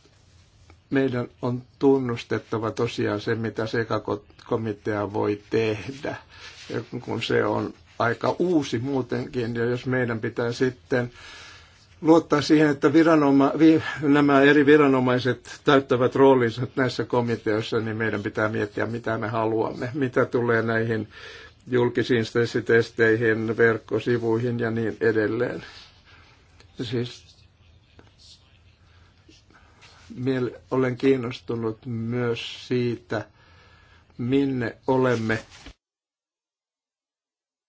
meidän on tunnustettava tosiaan se, mitä sekakomitea voi tehdä, kun se on aika uusi muutenkin, ja jos meidän pitää sitten luottaa siihen, että viranoma, vi, nämä eri viranomaiset täyttävät roolinsa näissä komiteoissa, niin meidän pitää miettiä, mitä me haluamme, mitä tulee näihin julkisiin stressitesteihin, verkkosivuihin ja niin edelleen. Siis miel, olen kiinnostunut myös siitä, minne olemme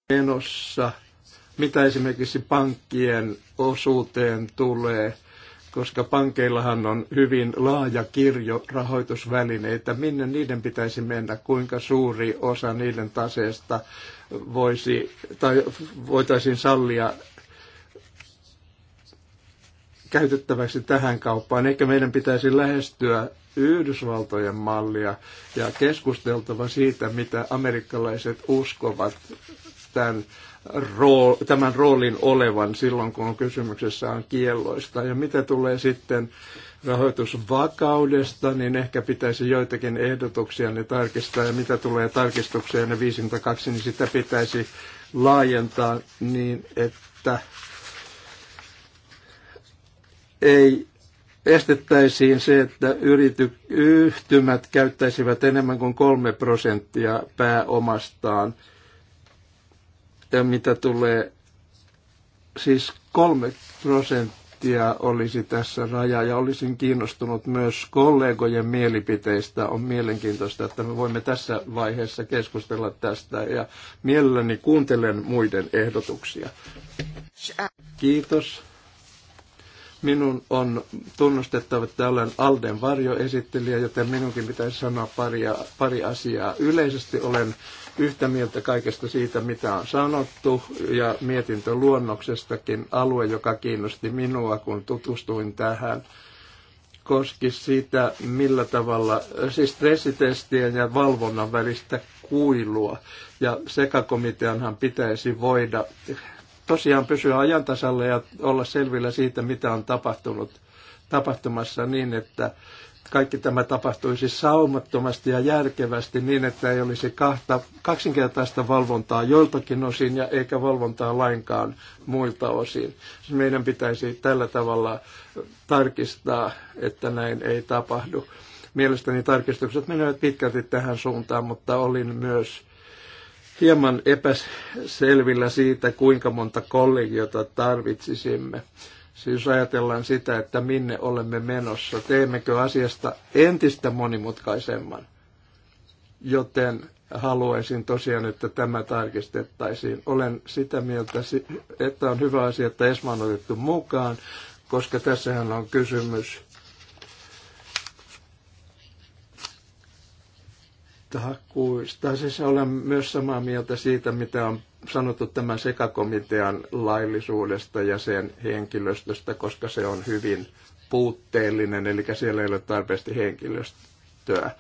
menossa – mitä esimerkiksi pankkien osuuteen tulee, koska pankeillahan on hyvin laaja kirjo rahoitusvälineitä, minne niiden pitäisi mennä, kuinka suuri osa niiden taseesta voisi, tai voitaisiin sallia käytettäväksi tähän kauppaan. Ehkä meidän pitäisi lähestyä Yhdysvaltojen mallia ja keskusteltava siitä, mitä amerikkalaiset uskovat tämän rool, tämän roolin olevan silloin, kun on kysymyksessä on kielloista. Ja mitä tulee sitten rahoitusvakaudesta, niin ehkä pitäisi joitakin ehdotuksia ne tarkistaa. Ja mitä tulee tarkistukseen ne 52, niin sitä pitäisi laajentaa niin, että ei estettäisiin se, että yrity, yhtymät käyttäisivät enemmän kuin kolme prosenttia pääomastaan – ja mitä tulee, siis kolme prosenttia olisi tässä raja, ja olisin kiinnostunut myös kollegojen mielipiteistä. On mielenkiintoista, että me voimme tässä vaiheessa keskustella tästä, ja mielelläni kuuntelen muiden ehdotuksia. Kiitos. Minun on tunnustettava, että olen Alden varjoesittelijä, joten minunkin pitäisi sanoa pari, pari asiaa. Yleisesti olen yhtä mieltä kaikesta siitä, mitä on sanottu, ja mietintö luonnoksestakin alue, joka kiinnosti minua, kun tutustuin tähän, koski sitä, millä tavalla, siis stressitestien ja valvonnan välistä kuilua. Ja sekakomiteanhan pitäisi voida tosiaan pysyä ajan ja olla selvillä siitä, mitä on tapahtunut, tapahtumassa niin, että kaikki tämä tapahtuisi saumattomasti ja järkevästi niin, että ei olisi kahta, kaksinkertaista valvontaa joiltakin osin ja eikä valvontaa lainkaan muilta osin. Siis meidän pitäisi tällä tavalla tarkistaa, että näin ei tapahdu. Mielestäni tarkistukset menevät pitkälti tähän suuntaan, mutta olin myös hieman epäselvillä siitä, kuinka monta kollegiota tarvitsisimme Siis ajatellaan sitä, että minne olemme menossa, teemmekö asiasta entistä monimutkaisemman. Joten haluaisin tosiaan, että tämä tarkistettaisiin. Olen sitä mieltä, että on hyvä asia, että Esma on otettu mukaan, koska tässähän on kysymys takuista. Siis olen myös samaa mieltä siitä, mitä on sanottu tämän sekakomitean laillisuudesta ja sen henkilöstöstä, koska se on hyvin puutteellinen, eli siellä ei ole tarpeeksi henkilöstöä.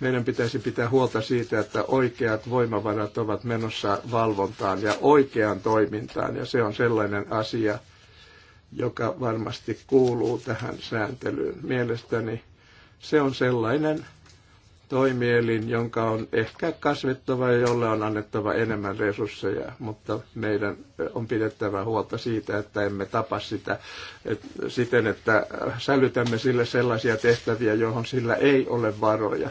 Meidän pitäisi pitää huolta siitä, että oikeat voimavarat ovat menossa valvontaan ja oikeaan toimintaan, ja se on sellainen asia, joka varmasti kuuluu tähän sääntelyyn. Mielestäni se on sellainen toimielin, jonka on ehkä kasvettava ja jolle on annettava enemmän resursseja, mutta meidän on pidettävä huolta siitä, että emme tapa sitä et, siten, että sälytämme sille sellaisia tehtäviä, johon sillä ei ole varoja.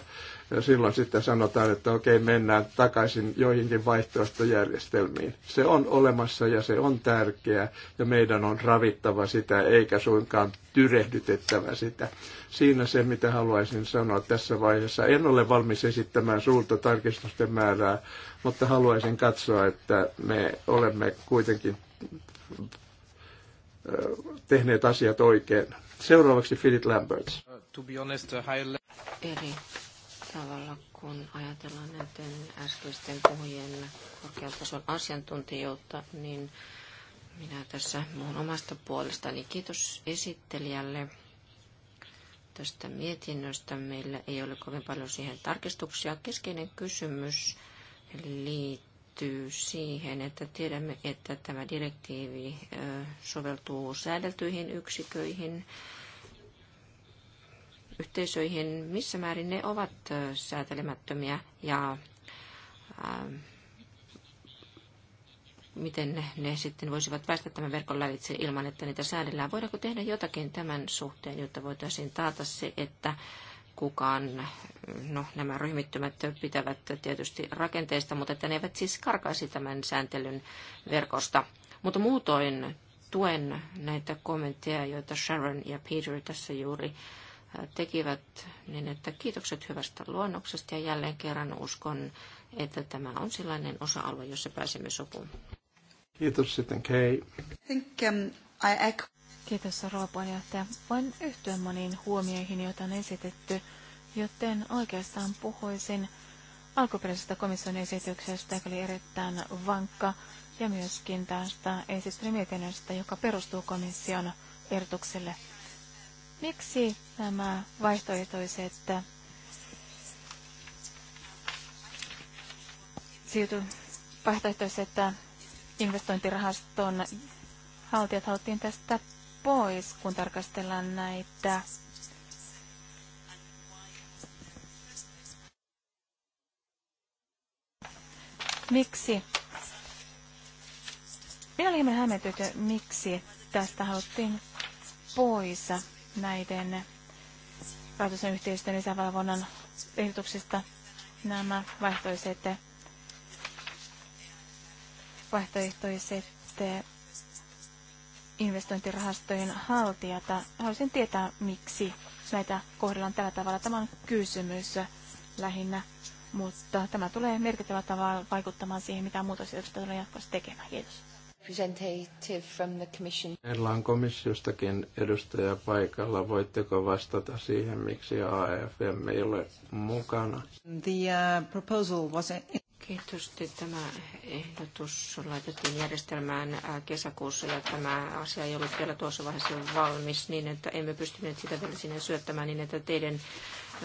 Ja silloin sitten sanotaan, että okei, mennään takaisin joihinkin vaihtoehtojärjestelmiin. Se on olemassa ja se on tärkeää ja meidän on ravittava sitä eikä suinkaan tyrehdytettävä sitä. Siinä se, mitä haluaisin sanoa tässä vaiheessa. En ole valmis esittämään suurta tarkistusten määrää, mutta haluaisin katsoa, että me olemme kuitenkin tehneet asiat oikein. Seuraavaksi Philip Lamberts. uh, tavalla, kun ajatellaan näiden äskeisten puhujien korkeatason asiantuntijuutta, niin minä tässä muun omasta puolestani kiitos esittelijälle tästä mietinnöstä. Meillä ei ole kovin paljon siihen tarkistuksia. Keskeinen kysymys liittyy siihen, että tiedämme, että tämä direktiivi soveltuu säädeltyihin yksiköihin yhteisöihin, missä määrin ne ovat säätelemättömiä ja miten ne, ne sitten voisivat päästä tämän verkon lävitse ilman, että niitä säädellään. Voidaanko tehdä jotakin tämän suhteen, jotta voitaisiin taata se, että kukaan, no nämä ryhmittymät pitävät tietysti rakenteista, mutta että ne eivät siis karkaisi tämän sääntelyn verkosta. Mutta muutoin tuen näitä kommentteja, joita Sharon ja Peter tässä juuri tekivät, niin että kiitokset hyvästä luonnoksesta ja jälleen kerran uskon, että tämä on sellainen osa-alue, jossa pääsemme sopuun. Kiitos sitten Kei. Kiitos rouva puheenjohtaja. Voin yhtyä moniin huomioihin, joita on esitetty, joten oikeastaan puhuisin alkuperäisestä komission esityksestä, joka oli erittäin vankka, ja myöskin tästä esitystä mietinnöstä, joka perustuu komission ehdotukselle – Miksi nämä vaihtoehtoiset äh, siirty, vaihtoehtoiset äh, investointirahaston haltijat haluttiin tästä pois, kun tarkastellaan näitä Miksi? Minä olin hämmentynyt, miksi tästä haluttiin pois näiden rahoituksen yhteisten lisävalvonnan ehdotuksista nämä vaihtoiset, vaihtoehtoiset eh, investointirahastojen haltijat. Haluaisin tietää, miksi näitä kohdellaan tällä tavalla. Tämä on kysymys lähinnä, mutta tämä tulee merkittävällä tavalla vaikuttamaan siihen, mitä muutosehdotusta tulee jatkossa tekemään. Kiitos. Representative from the commission. Meillä on komissiostakin edustaja paikalla. Voitteko vastata siihen, miksi AFM ei ole mukana? The uh, proposal was a... Tietysti tämä ehdotus laitettiin järjestelmään uh, kesäkuussa ja tämä asia ei ollut vielä tuossa vaiheessa valmis niin, että emme pystyneet sitä vielä sinne syöttämään niin, että teidän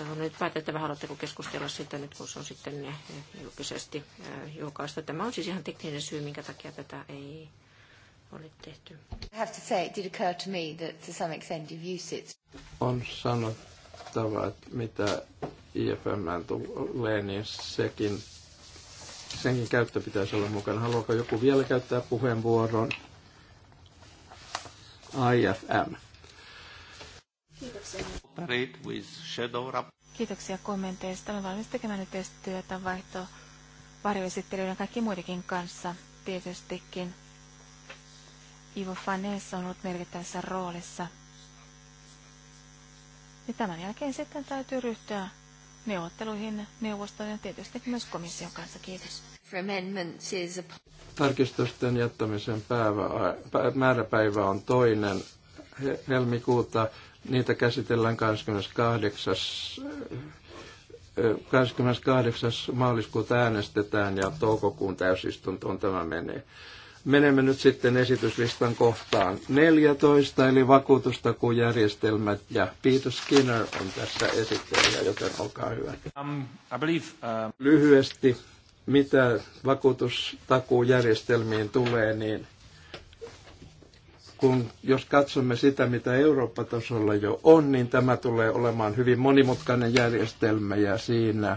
on no, nyt päätettävä, haluatteko keskustella sitä nyt, kun se on sitten eh, julkisesti eh, julkaista. Tämä on siis ihan tekninen syy, minkä takia tätä ei ole tehty. I have to say, it did occur to me that to some extent you've used it. On sanottava, että mitä IFM tulee, niin sekin, senkin käyttö pitäisi olla mukana. Haluaako joku vielä käyttää puheenvuoron? IFM cooperate with shadow rap- Kiitoksia kommenteista. Me valmis tekemään yhteistyötä vaihto varjoesittelyiden kaikki muidenkin kanssa tietystikin. Ivo Fanes on ollut merkittävässä roolissa. Ja tämän jälkeen sitten täytyy ryhtyä neuvotteluihin neuvostojen ja tietysti myös komission kanssa. Kiitos. Tarkistusten jättämisen päivä, määräpäivä on toinen helmikuuta Niitä käsitellään 28. 28. maaliskuuta äänestetään ja toukokuun täysistuntoon tämä menee. Menemme nyt sitten esityslistan kohtaan 14, eli vakuutustakujärjestelmät, ja Peter Skinner on tässä esittelijä, joten olkaa hyvä. Um, I believe, uh... Lyhyesti, mitä vakuutustakujärjestelmiin tulee, niin kun jos katsomme sitä, mitä Eurooppa-tasolla jo on, niin tämä tulee olemaan hyvin monimutkainen järjestelmä ja siinä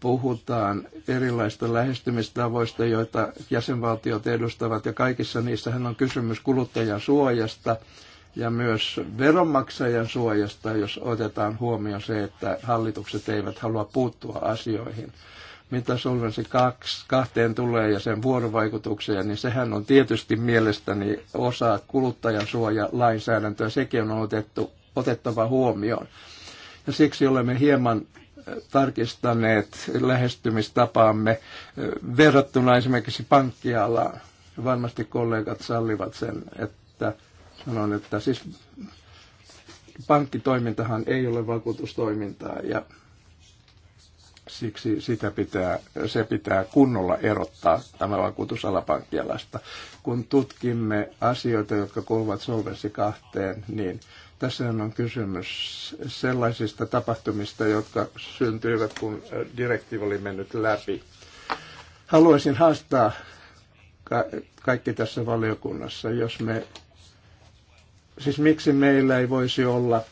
puhutaan erilaista lähestymistavoista, joita jäsenvaltiot edustavat ja kaikissa niissähän on kysymys kuluttajan suojasta ja myös veronmaksajan suojasta, jos otetaan huomioon se, että hallitukset eivät halua puuttua asioihin mitä Solvensi 2 kahteen tulee ja sen vuorovaikutukseen, niin sehän on tietysti mielestäni osa kuluttajansuojalainsäädäntöä. Sekin on otettu, otettava huomioon. Ja siksi olemme hieman tarkistaneet lähestymistapaamme verrattuna esimerkiksi pankkialaan. Varmasti kollegat sallivat sen, että sanon, että siis pankkitoimintahan ei ole vakuutustoimintaa ja Siksi sitä pitää, se pitää kunnolla erottaa tämä vakuutus alapankkialasta. Kun tutkimme asioita, jotka kuuluvat solvenssi kahteen, niin tässä on kysymys sellaisista tapahtumista, jotka syntyivät, kun direktiivi oli mennyt läpi. Haluaisin haastaa ka- kaikki tässä valiokunnassa, jos me, siis miksi meillä ei voisi olla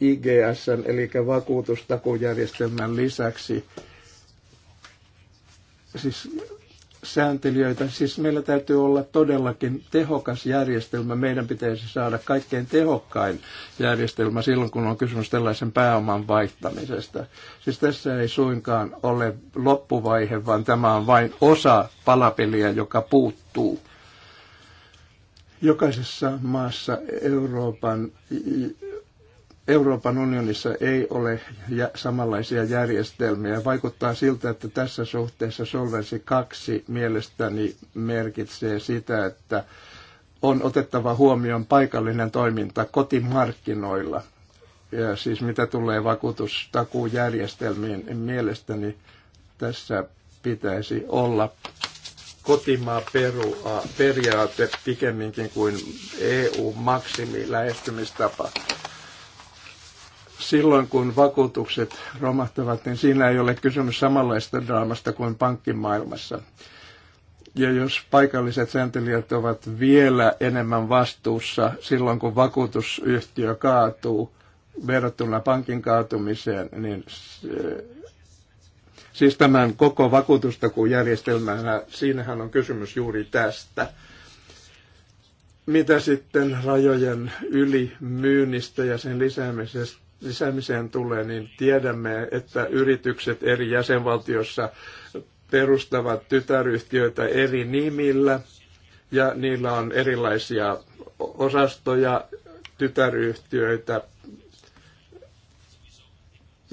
IGSn eli vakuutustakujärjestelmän lisäksi siis sääntelijöitä. Siis meillä täytyy olla todellakin tehokas järjestelmä. Meidän pitäisi saada kaikkein tehokkain järjestelmä silloin, kun on kysymys tällaisen pääoman vaihtamisesta. Siis tässä ei suinkaan ole loppuvaihe, vaan tämä on vain osa palapeliä, joka puuttuu. Jokaisessa maassa Euroopan Euroopan unionissa ei ole samanlaisia järjestelmiä. Vaikuttaa siltä, että tässä suhteessa Solvensi 2 mielestäni merkitsee sitä, että on otettava huomioon paikallinen toiminta kotimarkkinoilla. Ja siis mitä tulee vakuutustakuujärjestelmiin, niin mielestäni tässä pitäisi olla kotimaa perua, periaate pikemminkin kuin EU-maksimi lähestymistapa silloin kun vakuutukset romahtavat, niin siinä ei ole kysymys samanlaista draamasta kuin pankkimaailmassa. Ja jos paikalliset sääntelijät ovat vielä enemmän vastuussa silloin, kun vakuutusyhtiö kaatuu verrattuna pankin kaatumiseen, niin se, siis tämän koko järjestelmänä, siinähän on kysymys juuri tästä mitä sitten rajojen yli myynnistä ja sen lisäämisestä lisäämiseen tulee, niin tiedämme, että yritykset eri jäsenvaltiossa perustavat tytäryhtiöitä eri nimillä ja niillä on erilaisia osastoja, tytäryhtiöitä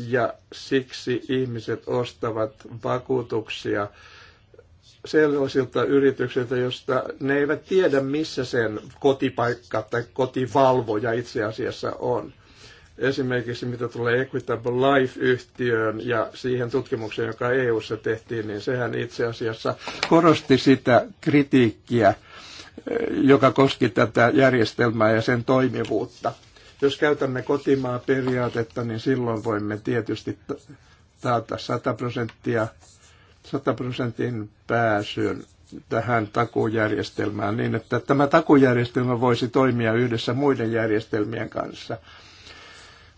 ja siksi ihmiset ostavat vakuutuksia sellaisilta yrityksiltä, josta ne eivät tiedä, missä sen kotipaikka tai kotivalvoja itse asiassa on. Esimerkiksi mitä tulee Equitable Life-yhtiöön ja siihen tutkimukseen, joka EU:ssa tehtiin, niin sehän itse asiassa korosti sitä kritiikkiä, eh, joka koski tätä järjestelmää ja sen toimivuutta. Jos käytämme kotimaa periaatetta, niin silloin voimme tietysti taata 100 prosenttia 100 prosentin pääsyn tähän takujärjestelmään niin, että tämä takujärjestelmä voisi toimia yhdessä muiden järjestelmien kanssa.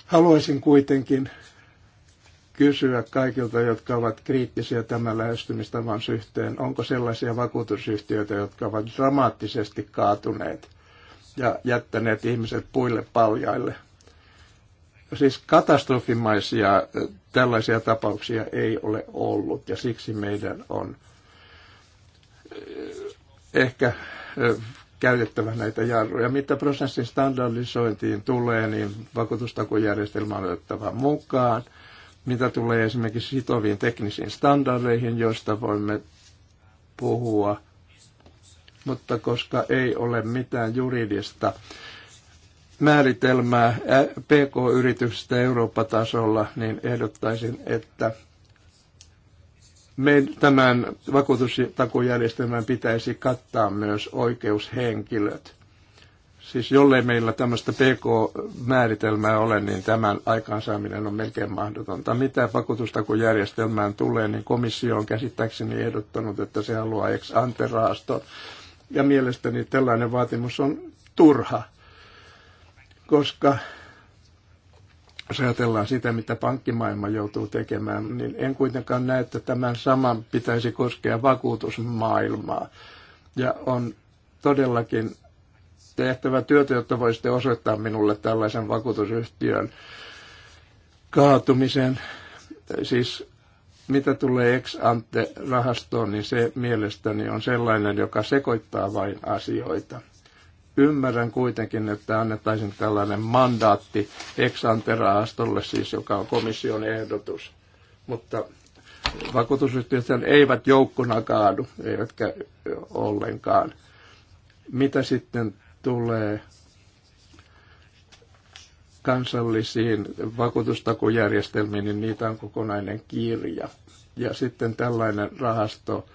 Haluaisin kuitenkin kysyä kaikilta, jotka ovat kriittisiä tämän lähestymistavan suhteen, onko sellaisia vakuutusyhtiöitä, jotka ovat dramaattisesti kaatuneet ja jättäneet ihmiset puille paljaille. Siis katastrofimaisia äh, tällaisia tapauksia ei ole ollut ja siksi meidän on äh, ehkä äh, käytettävä näitä jarruja. Mitä prosessin standardisointiin tulee, niin vakuutustakujärjestelmä on otettava mukaan. Mitä tulee esimerkiksi sitoviin teknisiin standardeihin, joista voimme puhua, mutta koska ei ole mitään juridista määritelmää PK-yrityksistä Eurooppa-tasolla, niin ehdottaisin, että me, tämän vakuutustakujärjestelmän pitäisi kattaa myös oikeushenkilöt. Siis jollei meillä tämmöistä PK-määritelmää ole, niin tämän aikaansaaminen on melkein mahdotonta. Mitä vakuutustakujärjestelmään tulee, niin komissio on käsittääkseni ehdottanut, että se haluaa ex ante Ja mielestäni tällainen vaatimus on turha, koska jos ajatellaan sitä, mitä pankkimaailma joutuu tekemään, niin en kuitenkaan näe, että tämän saman pitäisi koskea vakuutusmaailmaa. Ja on todellakin tehtävä työtä, jotta voisitte osoittaa minulle tällaisen vakuutusyhtiön kaatumisen. Siis mitä tulee ex ante rahastoon, niin se mielestäni on sellainen, joka sekoittaa vain asioita. Ymmärrän kuitenkin, että annettaisiin tällainen mandaatti eksanteraastolle, siis joka on komission ehdotus. Mutta vakuutusyhtiöt eivät joukkona kaadu, eivätkä ollenkaan. Mitä sitten tulee kansallisiin vakuutustakujärjestelmiin, niin niitä on kokonainen kirja. Ja sitten tällainen rahasto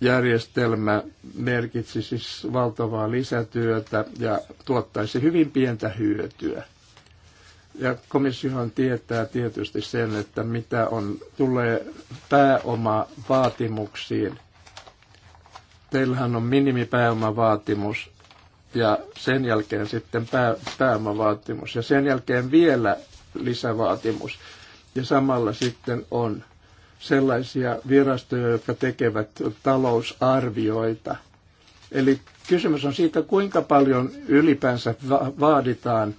järjestelmä merkitsi siis valtavaa lisätyötä ja tuottaisi hyvin pientä hyötyä. Ja komissiohan tietää tietysti sen, että mitä on, tulee pääoma vaatimuksiin. Teillähän on minimipääomavaatimus ja sen jälkeen sitten pää, pääomavaatimus ja sen jälkeen vielä lisävaatimus. Ja samalla sitten on sellaisia virastoja, jotka tekevät talousarvioita. Eli kysymys on siitä, kuinka paljon ylipäänsä vaaditaan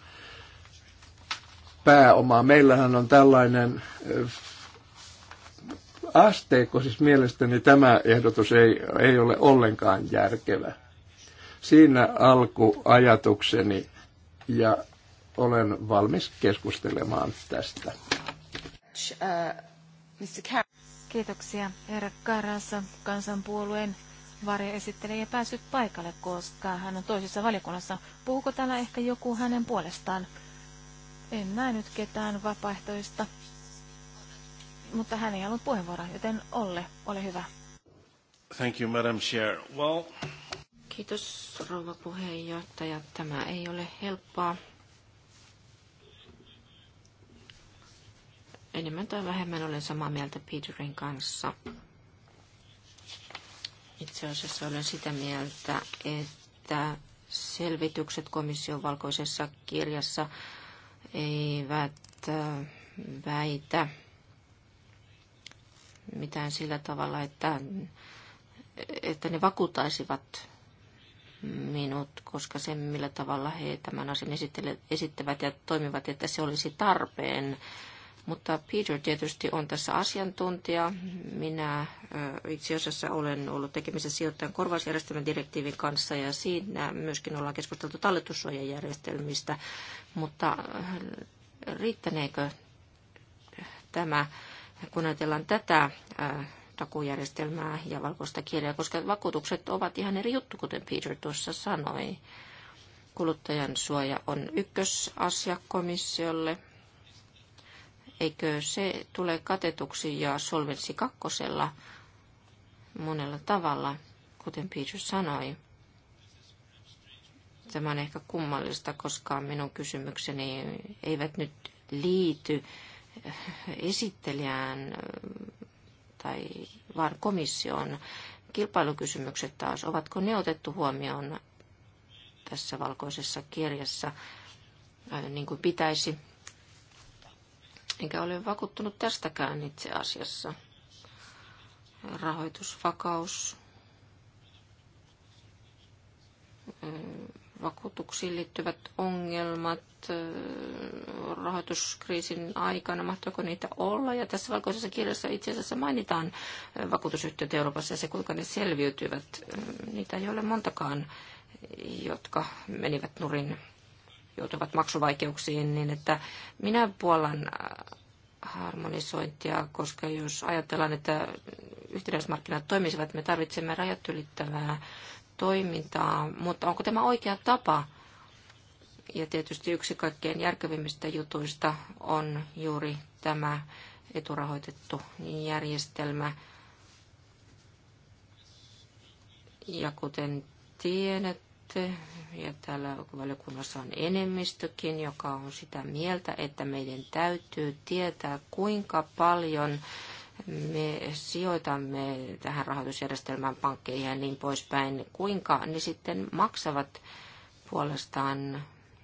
pääomaa. Meillähän on tällainen äh, asteikko, siis mielestäni tämä ehdotus ei, ei ole ollenkaan järkevä. Siinä alkuajatukseni ja olen valmis keskustelemaan tästä. Uh, Mr. Kiitoksia, herra Karassa, kansanpuolueen varjoesittelijä ja päässyt paikalle, koska hän on toisessa valiokunnassa. Puhuko täällä ehkä joku hänen puolestaan? En näe nyt ketään vapaaehtoista, mutta hän ei halunnut puheenvuoroa, joten Olle, ole hyvä. Thank you, Madam Chair. Well... Kiitos, rouva puheenjohtaja. Tämä ei ole helppoa. enemmän tai vähemmän olen samaa mieltä Peterin kanssa. Itse asiassa olen sitä mieltä, että selvitykset komission valkoisessa kirjassa eivät äh, väitä mitään sillä tavalla, että, että ne vakuuttaisivat minut, koska se millä tavalla he tämän asian esittävät ja toimivat, että se olisi tarpeen, mutta Peter tietysti on tässä asiantuntija. Minä itse asiassa olen ollut tekemisessä sijoittajan korvausjärjestelmän direktiivin kanssa ja siinä myöskin ollaan keskusteltu talletussuojajärjestelmistä. Mutta riittäneekö tämä, kun ajatellaan tätä takujärjestelmää ja valkoista kieliä, koska vakuutukset ovat ihan eri juttu, kuten Peter tuossa sanoi. Kuluttajan suoja on ykkösasia komissiolle, eikö se tule katetuksi ja solvenssi kakkosella monella tavalla, kuten Peter sanoi. Tämä on ehkä kummallista, koska minun kysymykseni eivät nyt liity esittelijään äh, tai vaan komission kilpailukysymykset taas. Ovatko ne otettu huomioon tässä valkoisessa kirjassa äh, niin kuin pitäisi? enkä ole vakuuttunut tästäkään itse asiassa. Rahoitusvakaus, eh, vakuutuksiin liittyvät ongelmat eh, rahoituskriisin aikana, mahtoiko niitä olla. Ja tässä valkoisessa kirjassa itse asiassa mainitaan eh, vakuutusyhtiöt Euroopassa ja se, kuinka ne selviytyvät. Niitä ei ole montakaan, jotka menivät nurin joutuvat maksuvaikeuksiin, niin että minä puolan äh, harmonisointia, koska jos ajatellaan, että yhtenäismarkkinat toimisivat, me tarvitsemme rajat ylittävää toimintaa, mutta onko tämä oikea tapa? Ja tietysti yksi kaikkein järkevimmistä jutuista on juuri tämä eturahoitettu järjestelmä. Ja kuten tiedät, ja täällä valiokunnassa on enemmistökin, joka on sitä mieltä, että meidän täytyy tietää, kuinka paljon me sijoitamme tähän rahoitusjärjestelmään pankkeihin ja niin poispäin, kuinka ne sitten maksavat puolestaan,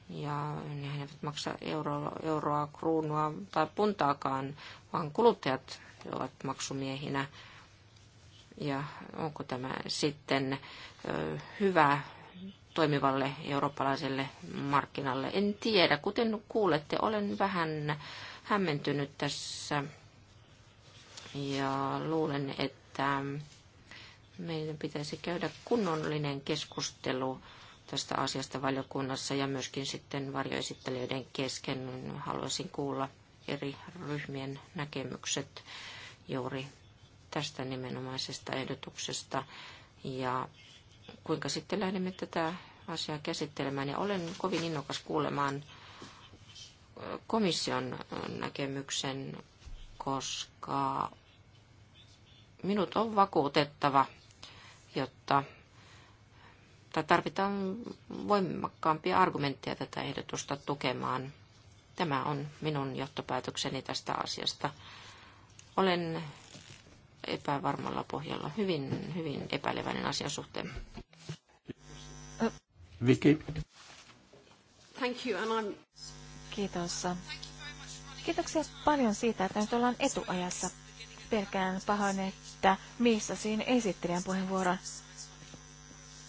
ja ne eivät maksa euro, euroa, kruunua tai puntaakaan, vaan kuluttajat ovat maksumiehinä. Ja onko tämä sitten hyvä toimivalle eurooppalaiselle markkinalle. En tiedä, kuten kuulette, olen vähän hämmentynyt tässä ja luulen, että meidän pitäisi käydä kunnollinen keskustelu tästä asiasta valiokunnassa ja myöskin sitten varjoesittelijöiden kesken. Haluaisin kuulla eri ryhmien näkemykset juuri tästä nimenomaisesta ehdotuksesta ja kuinka sitten lähdemme tätä asiaa käsittelemään. Ja olen kovin innokas kuulemaan komission näkemyksen, koska minut on vakuutettava, jotta tai tarvitaan voimakkaampia argumentteja tätä ehdotusta tukemaan. Tämä on minun johtopäätökseni tästä asiasta. Olen epävarmalla pohjalla, hyvin, hyvin epäileväinen asian suhteen. Vicky. Thank you, and I'm... Kiitos. Kiitoksia paljon siitä, että nyt ollaan etuajassa. Pelkään pahoin, että missä siinä esittelijän puheenvuoron.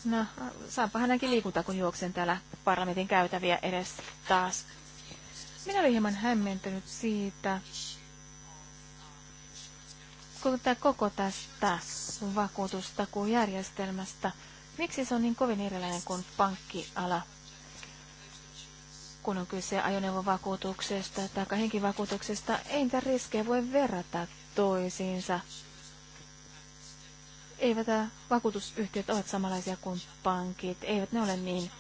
No, saanpa hänenkin liikunta kun juoksen täällä parlamentin käytäviä edes taas. Minä olin hieman hämmentynyt siitä, tämä koko tästä vakuutustakujärjestelmästä. Miksi se on niin kovin erilainen kuin pankkiala? Kun on kyse ajoneuvovakuutuksesta tai henkivakuutuksesta, ei niitä riskejä voi verrata toisiinsa. Eivät vakuutusyhtiöt ole samanlaisia kuin pankit, eivät ne ole niin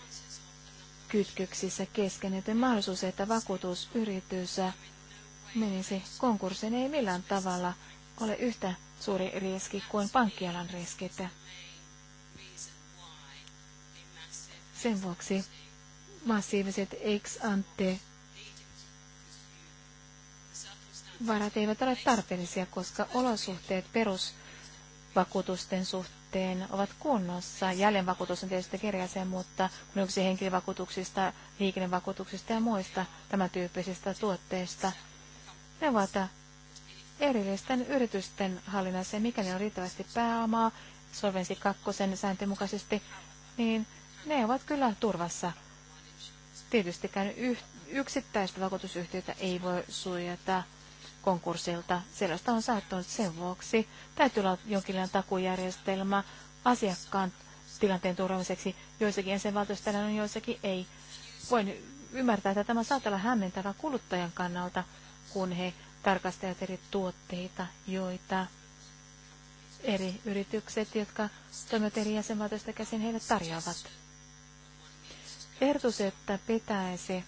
kytkyksissä kesken, joten mahdollisuus, että vakuutusyritys menisi konkurssiin ei millään tavalla ole yhtä suuri riski kuin pankkialan riskit. Sen vuoksi massiiviset ex ante varat eivät ole tarpeellisia, koska olosuhteet perusvakuutusten suhteen ovat kunnossa. Jäljenvakuutus on tietysti kirjaisen, mutta kun yksi henkilövakuutuksista, liikennevakuutuksista ja muista tämän tyyppisistä tuotteista, ne ovat erillisten yritysten hallinnassa, ja mikäli on riittävästi pääomaa, Solvensi kakkosen sääntöjen mukaisesti, niin ne ovat kyllä turvassa. Tietystikään yh- yksittäistä vakuutusyhtiötä ei voi suojata konkurssilta. Sellaista on saattanut sen vuoksi. Täytyy olla jonkinlainen takujärjestelmä asiakkaan tilanteen turvaamiseksi. Joissakin ensinvaltoista on, joissakin ei. Voin ymmärtää, että tämä saattaa olla hämmentävä kuluttajan kannalta, kun he tarkastajat eri tuotteita, joita eri yritykset, jotka toimivat eri jäsenvaltioista käsin, heille tarjoavat. Ehdotus, että pitäisi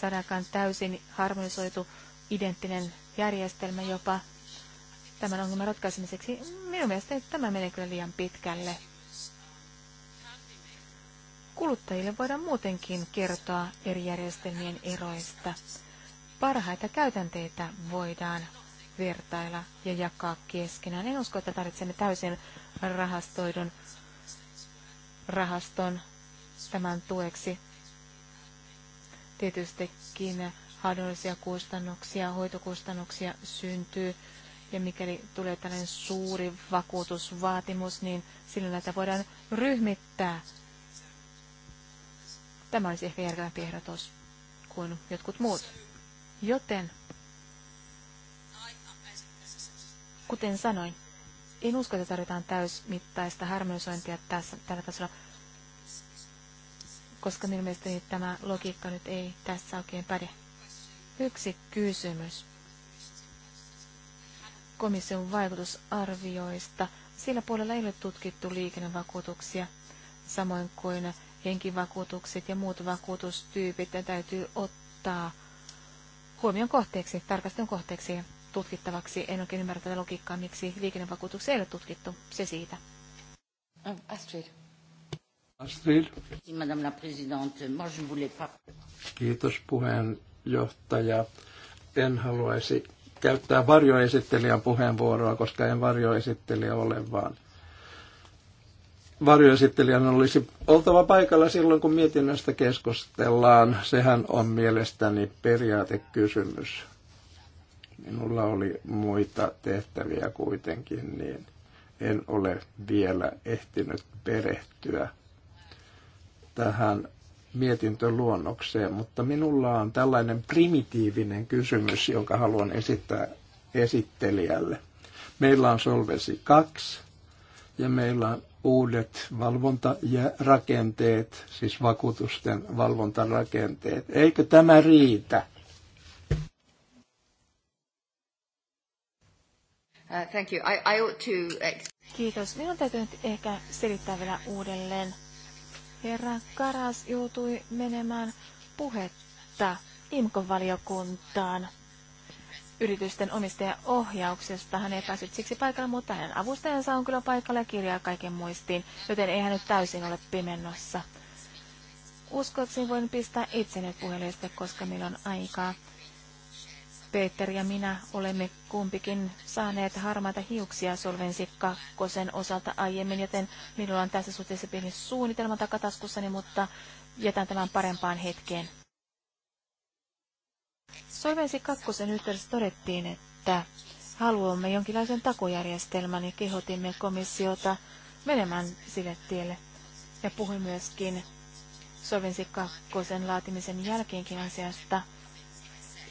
saadaan täysin harmonisoitu identtinen järjestelmä jopa tämän ongelman ratkaisemiseksi. Minun mielestäni tämä menee kyllä liian pitkälle. Kuluttajille voidaan muutenkin kertoa eri järjestelmien eroista parhaita käytänteitä voidaan vertailla ja jakaa keskenään. En usko, että tarvitsemme täysin rahastoidun rahaston tämän tueksi. Tietystikin hallinnollisia kustannuksia, hoitokustannuksia syntyy, ja mikäli tulee tällainen suuri vakuutusvaatimus, niin silloin näitä voidaan ryhmittää. Tämä olisi ehkä järkevämpi ehdotus kuin jotkut muut. Joten, kuten sanoin, en usko, että tarvitaan täysmittaista harmonisointia tässä, tällä tasolla, koska minun mielestäni tämä logiikka nyt ei tässä oikein päde. Yksi kysymys komission vaikutusarvioista. Sillä puolella ei ole tutkittu liikennevakuutuksia, samoin kuin henkivakuutukset ja muut vakuutustyypit täytyy ottaa huomion kohteeksi, tarkastelun kohteeksi tutkittavaksi. En oikein ymmärrä tätä logiikkaa, miksi liikennevakuutuksia ei ole tutkittu. Se siitä. Oh, Astrid. Astrid. Madame la présidente, moi je voulais pas. Kiitos puheenjohtaja. En haluaisi käyttää varjoesittelijän puheenvuoroa, koska en varjoesittelijä ole, vaan varjoesittelijän olisi oltava paikalla silloin, kun mietinnöstä keskustellaan. Sehän on mielestäni periaatekysymys. Minulla oli muita tehtäviä kuitenkin, niin en ole vielä ehtinyt perehtyä tähän mietintöluonnokseen, mutta minulla on tällainen primitiivinen kysymys, jonka haluan esittää esittelijälle. Meillä on Solvesi 2 ja meillä on uudet valvonta- ja rakenteet, siis vakuutusten valvontarakenteet. Eikö tämä riitä? Uh, thank you. I, I ought to... Kiitos. Minun täytyy nyt ehkä selittää vielä uudelleen. Herra Karas joutui menemään puhetta imkovaliokuntaan yritysten omistajaohjauksesta. Hän ei päässyt siksi paikalle, mutta hänen avustajansa on kyllä paikalla ja kirjaa kaiken muistiin, joten ei hän nyt täysin ole pimennossa. Uskoakseni voin pistää itseni puhelista, koska meillä on aikaa. Peter ja minä olemme kumpikin saaneet harmaita hiuksia Solvensi kakkosen osalta aiemmin, joten minulla on tässä suhteessa pieni suunnitelma takataskussani, mutta jätän tämän parempaan hetkeen. Soivensi kakkosen yhteydessä todettiin, että haluamme jonkinlaisen takojärjestelmän ja kehotimme komissiota menemään sille tielle. Ja puhuin myöskin Soivensi kakkosen laatimisen jälkeenkin asiasta.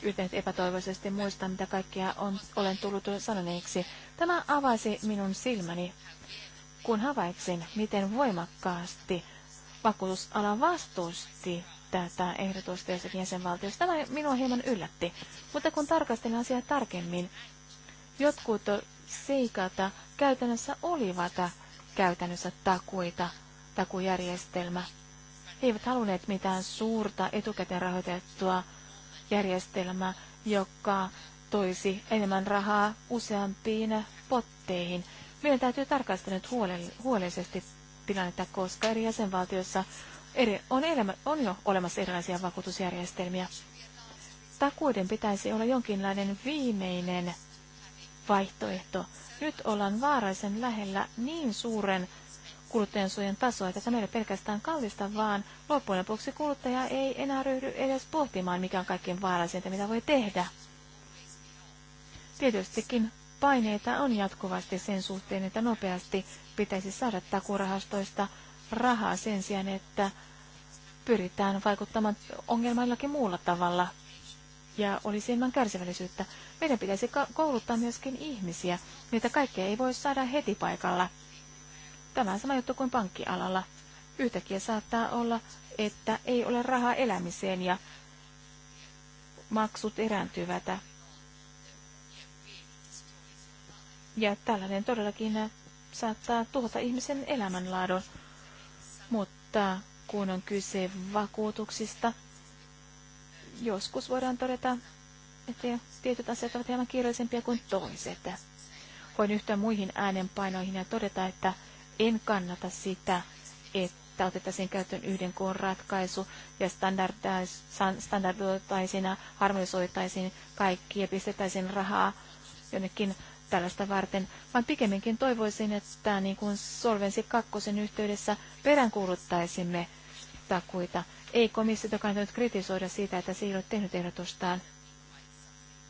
Nyt epätoivoisesti muistan, mitä kaikkea on, olen tullut sanoneeksi. Tämä avasi minun silmäni, kun havaitsin, miten voimakkaasti vakuutusala vastusti tätä ehdotusta jossakin jäsenvaltiosta. Tämä minua hieman yllätti, mutta kun tarkastelin asiaa tarkemmin, jotkut seikat käytännössä olivat käytännössä takuita, takujärjestelmä. He eivät halunneet mitään suurta etukäteen rahoitettua järjestelmää, joka toisi enemmän rahaa useampiin potteihin. Meidän täytyy tarkastella nyt huolellisesti tilannetta, koska eri jäsenvaltioissa on, elämä, on jo olemassa erilaisia vakuutusjärjestelmiä. Takuiden pitäisi olla jonkinlainen viimeinen vaihtoehto. Nyt ollaan vaaraisen lähellä niin suuren kuluttajansuojan tasoa, että tämä ei ole pelkästään kallista, vaan loppujen lopuksi kuluttaja ei enää ryhdy edes pohtimaan, mikä on kaikkein vaarallisinta, mitä voi tehdä. Tietystikin paineita on jatkuvasti sen suhteen, että nopeasti pitäisi saada takurahastoista rahaa sen sijaan, että pyritään vaikuttamaan ongelmaillakin muulla tavalla ja olisi enemmän kärsivällisyyttä. Meidän pitäisi kouluttaa myöskin ihmisiä. Niitä kaikkea ei voi saada heti paikalla. Tämä on sama juttu kuin pankkialalla. Yhtäkkiä saattaa olla, että ei ole rahaa elämiseen ja maksut erääntyvät. Ja tällainen todellakin saattaa tuhota ihmisen elämänlaadun mutta kun on kyse vakuutuksista, joskus voidaan todeta, että tietyt asiat ovat hieman kiireellisempiä kuin toiset. Voin yhtyä muihin äänenpainoihin ja todeta, että en kannata sitä, että otettaisiin käyttöön yhden koon ratkaisu ja standardoitaisiin ja harmonisoitaisiin kaikki ja pistettäisiin rahaa jonnekin tällaista varten, vaan pikemminkin toivoisin, että niin kuin Solvensi kakkosen yhteydessä peräänkuuluttaisimme takuita. Ei komissiota kannata kritisoida siitä, että se ei ole tehnyt ehdotustaan,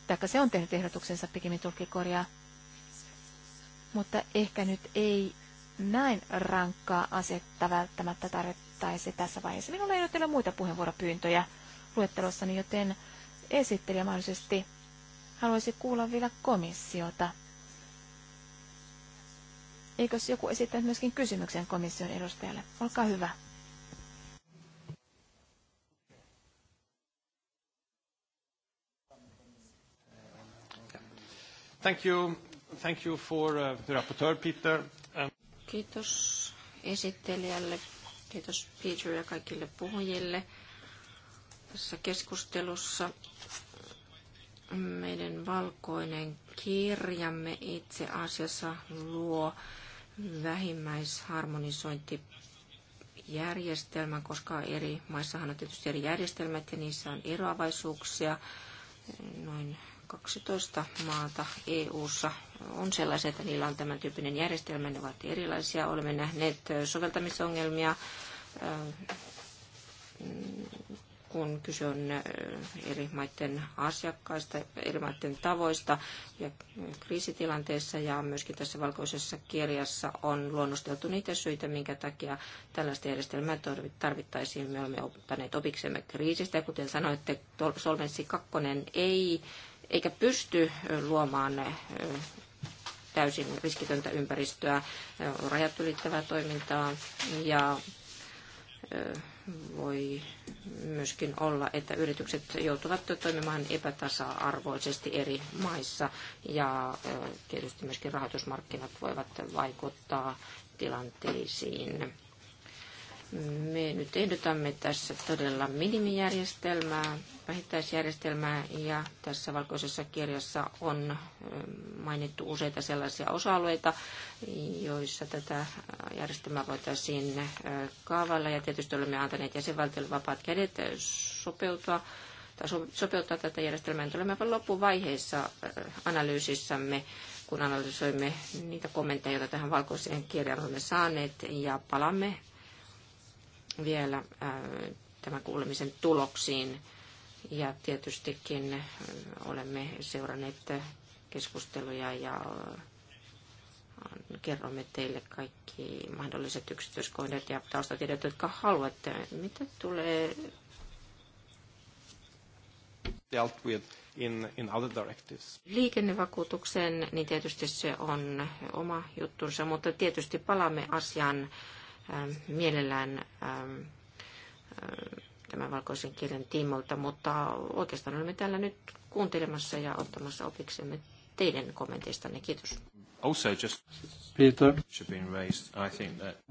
taikka se on tehnyt ehdotuksensa pikemmin tulkikorjaa. Mutta ehkä nyt ei näin rankkaa asetta välttämättä tarvittaisi tässä vaiheessa. Minulla ei ole teillä muita puheenvuoropyyntöjä luettelossani, joten esittelijä mahdollisesti haluaisi kuulla vielä komissiota. Eikös joku esittänyt myöskin kysymyksen komission edustajalle? Olkaa hyvä. Thank you. Thank you for uh, the rapporteur, Peter. Um, kiitos esittelijälle, kiitos Peter ja kaikille puhujille tässä keskustelussa meidän valkoinen kirjamme itse asiassa luo vähimmäisharmonisointijärjestelmän, koska eri maissahan on tietysti eri järjestelmät ja niissä on eroavaisuuksia. Noin 12 maata EU:ssa on sellaisia, että niillä on tämän tyyppinen järjestelmä. Ne ovat erilaisia. Olemme nähneet soveltamisongelmia kun kyse on eri maiden asiakkaista, eri maiden tavoista ja kriisitilanteessa ja myöskin tässä valkoisessa kirjassa on luonnosteltu niitä syitä, minkä takia tällaista järjestelmää tarvittaisiin. Me olemme ottaneet opiksemme kriisistä ja kuten sanoitte, Solvenssi 2 ei eikä pysty luomaan täysin riskitöntä ympäristöä, rajat ylittävää toimintaa ja voi myöskin olla, että yritykset joutuvat toimimaan epätasa-arvoisesti eri maissa ja tietysti myöskin rahoitusmarkkinat voivat vaikuttaa tilanteisiin. Me nyt ehdotamme tässä todella minimijärjestelmää, vähittäisjärjestelmää ja tässä valkoisessa kirjassa on mainittu useita sellaisia osa-alueita, joissa tätä järjestelmää voitaisiin kaavailla ja tietysti olemme antaneet jäsenvaltiolle vapaat kädet sopeutua tai sopeuttaa tätä järjestelmää. Tulemme aivan loppuvaiheessa analyysissämme, kun analysoimme niitä kommentteja, joita tähän valkoiseen kirjaan olemme saaneet ja palaamme vielä äh, tämän kuulemisen tuloksiin. Ja tietystikin äh, olemme seuranneet keskusteluja ja äh, kerromme teille kaikki mahdolliset yksityiskohdat ja taustatiedot, jotka haluatte. Mitä tulee dealt with in, in other directives. Liikennevakuutuksen, niin tietysti se on oma juttunsa, mutta tietysti palaamme asiaan Ähm, mielellään ähm, äh, tämän valkoisen kirjan tiimolta, mutta oikeastaan olemme täällä nyt kuuntelemassa ja ottamassa opiksemme teidän kommentistanne. Kiitos. Also just Peter,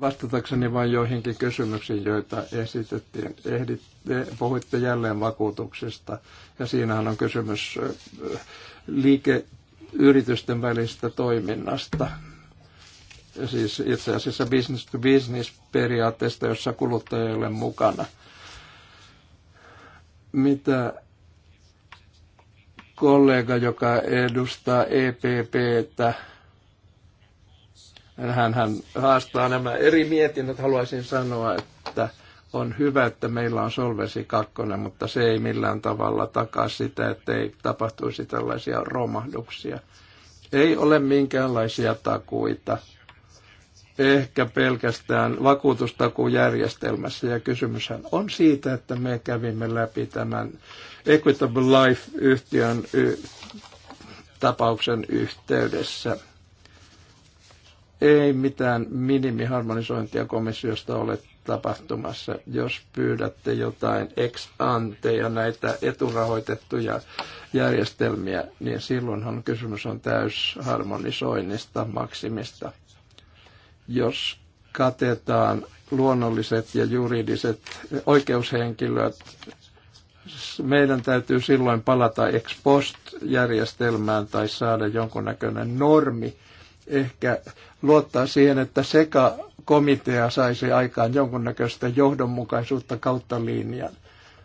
vastatakseni vain joihinkin kysymyksiin, joita esitettiin. Ehditte, puhuitte jälleen vakuutuksesta, ja siinähän on kysymys äh, äh, liikeyritysten välistä toiminnasta siis itse asiassa business to business periaatteesta, jossa kuluttaja ei ole mukana. Mitä kollega, joka edustaa EPPtä, niin hän, hän haastaa nämä eri mietinnöt. Haluaisin sanoa, että on hyvä, että meillä on Solvesi 2, mutta se ei millään tavalla takaa sitä, että ei tapahtuisi tällaisia romahduksia. Ei ole minkäänlaisia takuita ehkä pelkästään vakuutustakujärjestelmässä. Ja kysymyshän on siitä, että me kävimme läpi tämän Equitable Life-yhtiön y- tapauksen yhteydessä. Ei mitään minimiharmonisointia komissiosta ole tapahtumassa. Jos pyydätte jotain ex ante ja näitä eturahoitettuja järjestelmiä, niin silloinhan kysymys on täysharmonisoinnista, maksimista – jos katetaan luonnolliset ja juridiset oikeushenkilöt, meidän täytyy silloin palata ex post-järjestelmään tai saada jonkunnäköinen normi, ehkä luottaa siihen, että sekä komitea saisi aikaan jonkunnäköistä johdonmukaisuutta kautta linjan,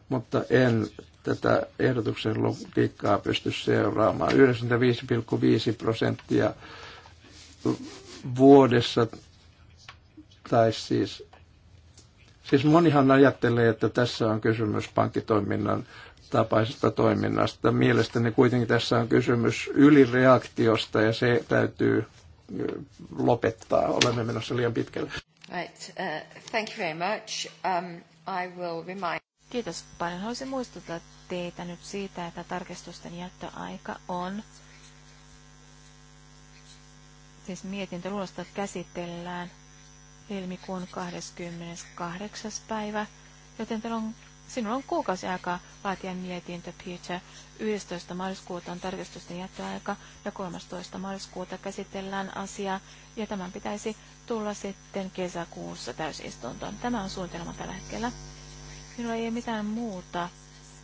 mutta en tätä ehdotuksen logiikkaa pysty seuraamaan. 95,5 prosenttia vuodessa tai siis, siis monihan ajattelee, että tässä on kysymys pankkitoiminnan tapaisesta toiminnasta. Mielestäni kuitenkin tässä on kysymys ylireaktiosta ja se täytyy lopettaa. Olemme menossa liian pitkälle. Right. Uh, thank you very much. Um, I will remind... Kiitos paljon. Haluaisin muistuttaa teitä nyt siitä, että tarkistusten jättöaika on siis mietintöluosta käsitellään helmikuun 28. päivä, joten on, sinulla on kuukausi aikaa laatia mietintö, Peter. 11. maaliskuuta on tarkistusten jättöaika ja 13. maaliskuuta käsitellään asiaa ja tämän pitäisi tulla sitten kesäkuussa täysistuntoon. Tämä on suunnitelma tällä hetkellä. Minulla ei ole mitään muuta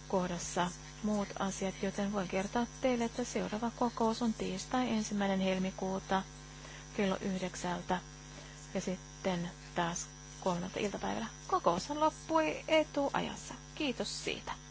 kohdassa muut asiat, joten voin kertoa teille, että seuraava kokous on tiistai ensimmäinen helmikuuta kello yhdeksältä. Ja sitten sitten taas kolmelta iltapäivällä. Kokous on loppui etuajassa. Kiitos siitä.